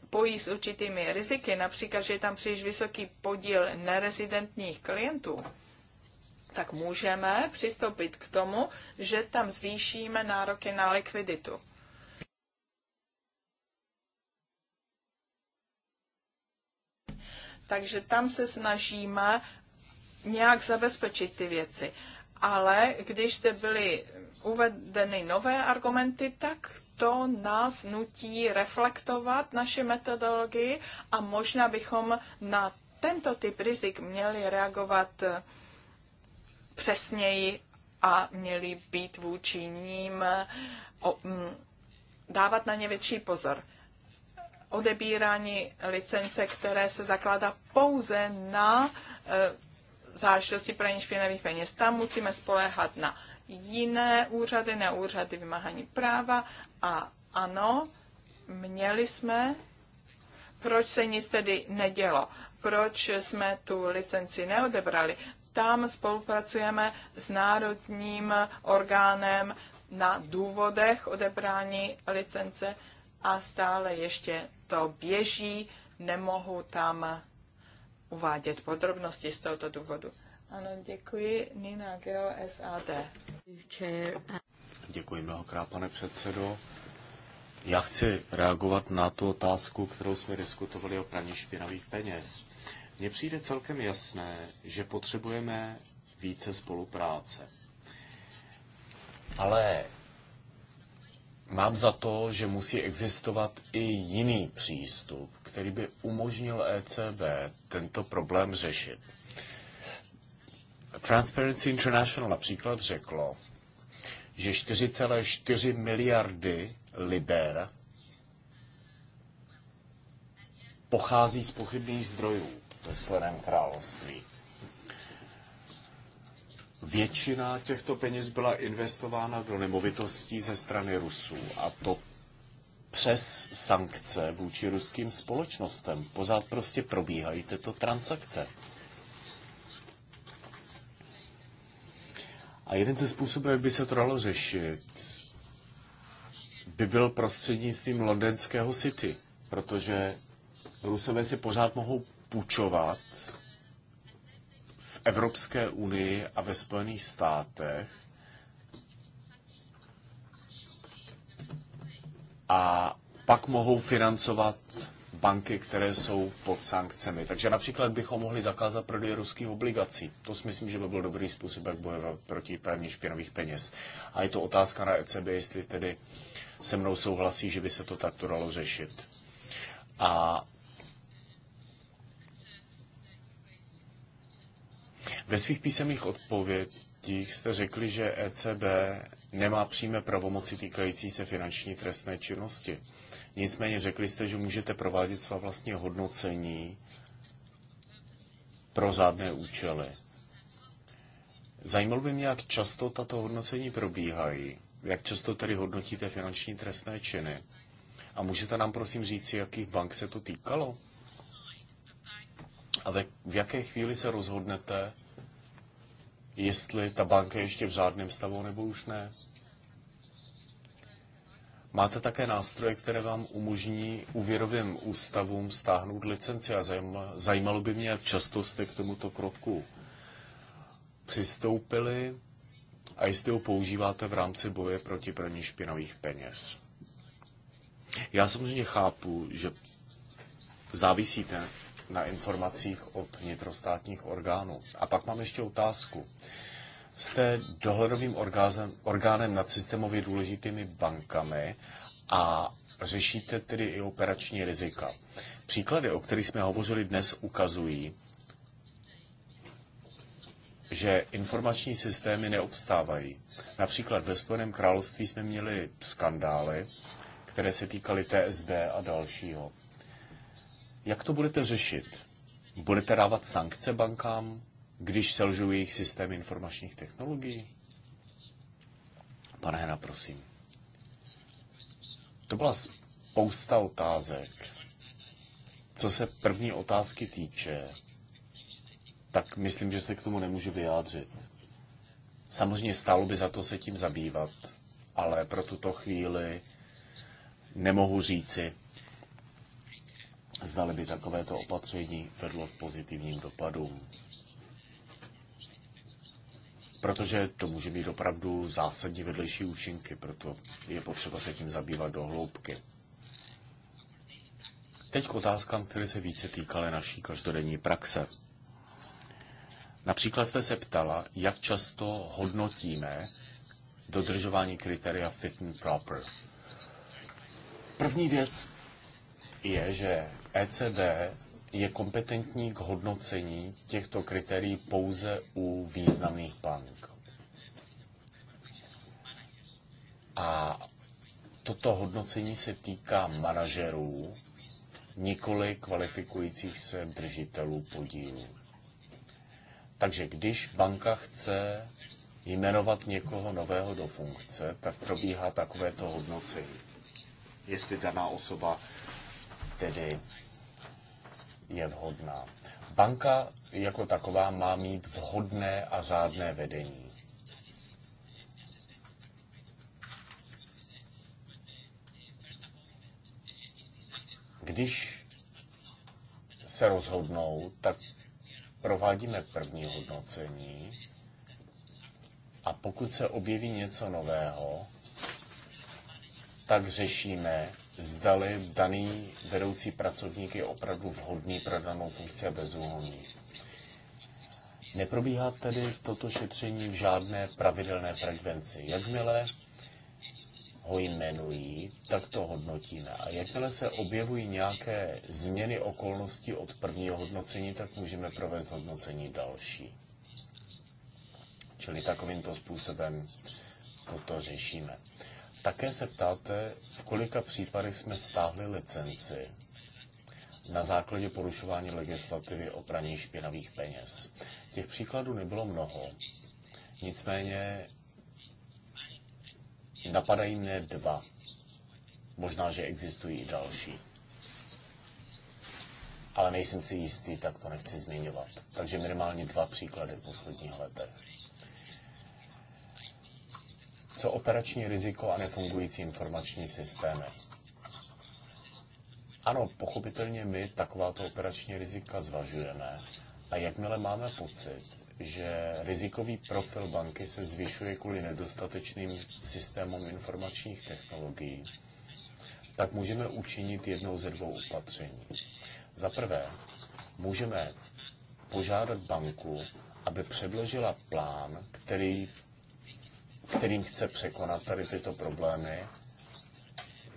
S2: pojí s určitými riziky, například, že je tam příliš vysoký podíl nerezidentních klientů, tak můžeme přistoupit k tomu, že tam zvýšíme nároky na likviditu. Takže tam se snažíme nějak zabezpečit ty věci. Ale když zde byly uvedeny nové argumenty, tak to nás nutí reflektovat naše metodologii a možná bychom na tento typ rizik měli reagovat přesněji a měli být vůči ním, mm, dávat na ně větší pozor odebírání licence, které se zakládá pouze na eh, záležitosti praní špinavých peněz. Tam musíme spoléhat na jiné úřady, na úřady vymáhání práva a ano, měli jsme, proč se nic tedy nedělo, proč jsme tu licenci neodebrali. Tam spolupracujeme s národním orgánem na důvodech odebrání licence a stále ještě to běží, nemohu tam uvádět podrobnosti z tohoto důvodu. Ano, děkuji. Nina Geo, SAD.
S1: Děkuji mnohokrát, pane předsedo. Já chci reagovat na tu otázku, kterou jsme diskutovali o praní špinavých peněz. Mně přijde celkem jasné, že potřebujeme více spolupráce. Ale Mám za to, že musí existovat i jiný přístup, který by umožnil ECB tento problém řešit. Transparency International například řeklo, že 4,4 miliardy liber pochází z pochybných zdrojů ve Spojeném království. Většina těchto peněz byla investována do nemovitostí ze strany Rusů a to přes sankce vůči ruským společnostem. Pořád prostě probíhají tyto transakce. A jeden ze způsobů, jak by se to dalo řešit, by byl prostřednictvím londýnského City, protože Rusové si pořád mohou půjčovat Evropské unii a ve Spojených státech. A pak mohou financovat banky, které jsou pod sankcemi. Takže například bychom mohli zakázat prodej ruských obligací. To si myslím, že by byl dobrý způsob, jak bojovat proti praní špinavých peněz. A je to otázka na ECB, jestli tedy se mnou souhlasí, že by se to takto dalo řešit. A Ve svých písemných odpovědích jste řekli, že ECB nemá přímé pravomoci týkající se finanční trestné činnosti. Nicméně řekli jste, že můžete provádět svá vlastní hodnocení pro žádné účely. Zajímalo by mě, jak často tato hodnocení probíhají, jak často tedy hodnotíte finanční trestné činy. A můžete nám prosím říct, jakých bank se to týkalo? a tak v jaké chvíli se rozhodnete, jestli ta banka je ještě v řádném stavu nebo už ne. Máte také nástroje, které vám umožní úvěrovým ústavům stáhnout licenci a zajímalo by mě, jak často jste k tomuto kroku přistoupili a jestli ho používáte v rámci boje proti praní špinavých peněz. Já samozřejmě chápu, že závisíte na informacích od vnitrostátních orgánů. A pak mám ještě otázku. Jste dohledovým orgánem, orgánem nad systémově důležitými bankami a řešíte tedy i operační rizika. Příklady, o kterých jsme hovořili dnes, ukazují, že informační systémy neobstávají. Například ve Spojeném království jsme měli skandály, které se týkaly TSB a dalšího. Jak to budete řešit? Budete dávat sankce bankám, když selžou jejich systém informačních technologií? Pane Hena, prosím. To byla spousta otázek. Co se první otázky týče, tak myslím, že se k tomu nemůžu vyjádřit. Samozřejmě stálo by za to se tím zabývat, ale pro tuto chvíli nemohu říci, zdali by takovéto opatření vedlo k pozitivním dopadům. Protože to může mít opravdu zásadní vedlejší účinky, proto je potřeba se tím zabývat do hloubky. Teď k otázkám, které se více týkaly naší každodenní praxe. Například jste se ptala, jak často hodnotíme dodržování kritéria fit and proper. První věc je, že ECB je kompetentní k hodnocení těchto kritérií pouze u významných bank. A toto hodnocení se týká manažerů, nikoli kvalifikujících se držitelů podílů. Takže když banka chce jmenovat někoho nového do funkce, tak probíhá takovéto hodnocení. Jestli daná osoba tedy je vhodná. Banka jako taková má mít vhodné a řádné vedení. Když se rozhodnou, tak provádíme první hodnocení a pokud se objeví něco nového, tak řešíme, zdali daný vedoucí pracovník je opravdu vhodný pro danou funkci a bezúhonný. Neprobíhá tedy toto šetření v žádné pravidelné frekvenci. Jakmile ho jmenují, tak to hodnotíme. A jakmile se objevují nějaké změny okolností od prvního hodnocení, tak můžeme provést hodnocení další. Čili takovýmto způsobem toto řešíme. Také se ptáte, v kolika případech jsme stáhli licenci na základě porušování legislativy o praní špinavých peněz. Těch příkladů nebylo mnoho, nicméně napadají mě dva. Možná, že existují i další. Ale nejsem si jistý, tak to nechci zmiňovat. Takže minimálně dva příklady v posledních letech co operační riziko a nefungující informační systémy. Ano, pochopitelně my takováto operační rizika zvažujeme a jakmile máme pocit, že rizikový profil banky se zvyšuje kvůli nedostatečným systémům informačních technologií, tak můžeme učinit jednou ze dvou opatření. Za prvé, můžeme požádat banku, aby předložila plán, který kterým chce překonat tady tyto problémy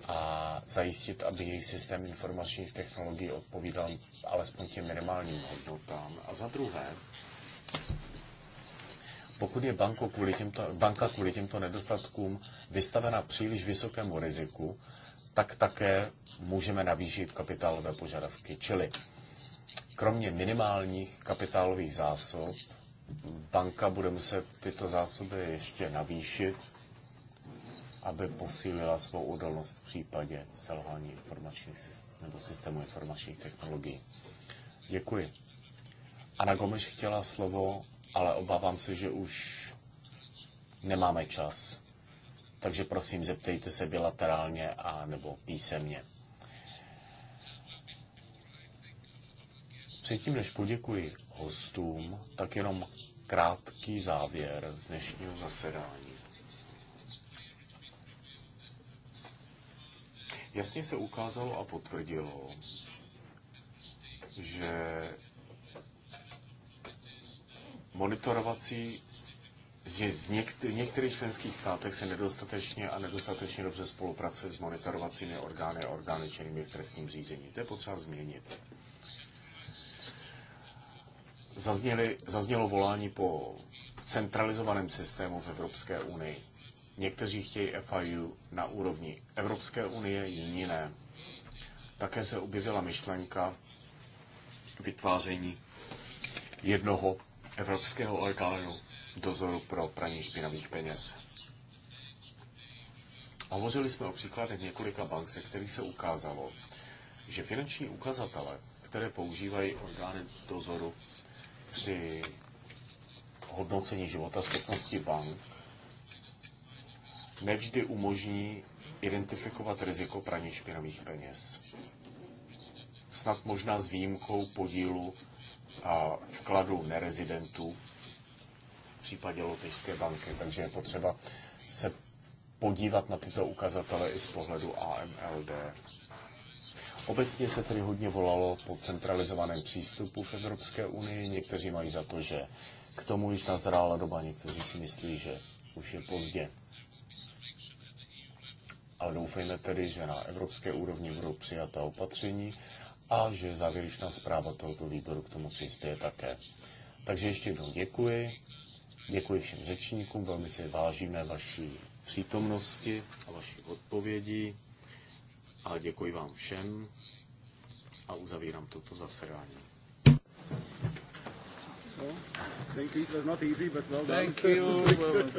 S1: a zajistit, aby jejich systém informačních technologií odpovídal alespoň těm minimálním hodnotám. A za druhé, pokud je banko kvůli těmto, banka kvůli těmto nedostatkům vystavena příliš vysokému riziku, tak také můžeme navýšit kapitálové požadavky. Čili kromě minimálních kapitálových zásob banka bude muset tyto zásoby ještě navýšit, aby posílila svou odolnost v případě selhání informačních systémů nebo systému informačních technologií. Děkuji. Ana Gomeš chtěla slovo, ale obávám se, že už nemáme čas. Takže prosím, zeptejte se bilaterálně a nebo písemně. Předtím, než poděkuji hostům, tak jenom krátký závěr z dnešního zasedání. Jasně se ukázalo a potvrdilo, že monitorovací že z některý, v některých členských státech se nedostatečně a nedostatečně dobře spolupracuje s monitorovacími orgány a orgány činnými v trestním řízení. To je potřeba změnit zazněly, zaznělo volání po centralizovaném systému v Evropské unii. Někteří chtějí FIU na úrovni Evropské unie, jiní ne. Také se objevila myšlenka vytváření jednoho evropského orgánu dozoru pro praní špinavých peněz. Hovořili jsme o příkladech několika bank, se kterých se ukázalo, že finanční ukazatele, které používají orgány dozoru při hodnocení života schopnosti bank nevždy umožní identifikovat riziko praní špinavých peněz. Snad možná s výjimkou podílu a vkladu nerezidentů v případě Lotyšské banky. Takže je potřeba se podívat na tyto ukazatele i z pohledu AMLD. Obecně se tedy hodně volalo po centralizovaném přístupu v Evropské unii. Někteří mají za to, že k tomu již nazrála doba, někteří si myslí, že už je pozdě. Ale doufejme tedy, že na evropské úrovni budou přijata opatření a že závěrečná zpráva tohoto výboru k tomu přispěje také. Takže ještě jednou děkuji. Děkuji všem řečníkům, velmi si vážíme vaší přítomnosti a vaší odpovědi a děkuji vám všem a uzavírám toto zasedání. Thank you. It was not easy, but well done. Thank you.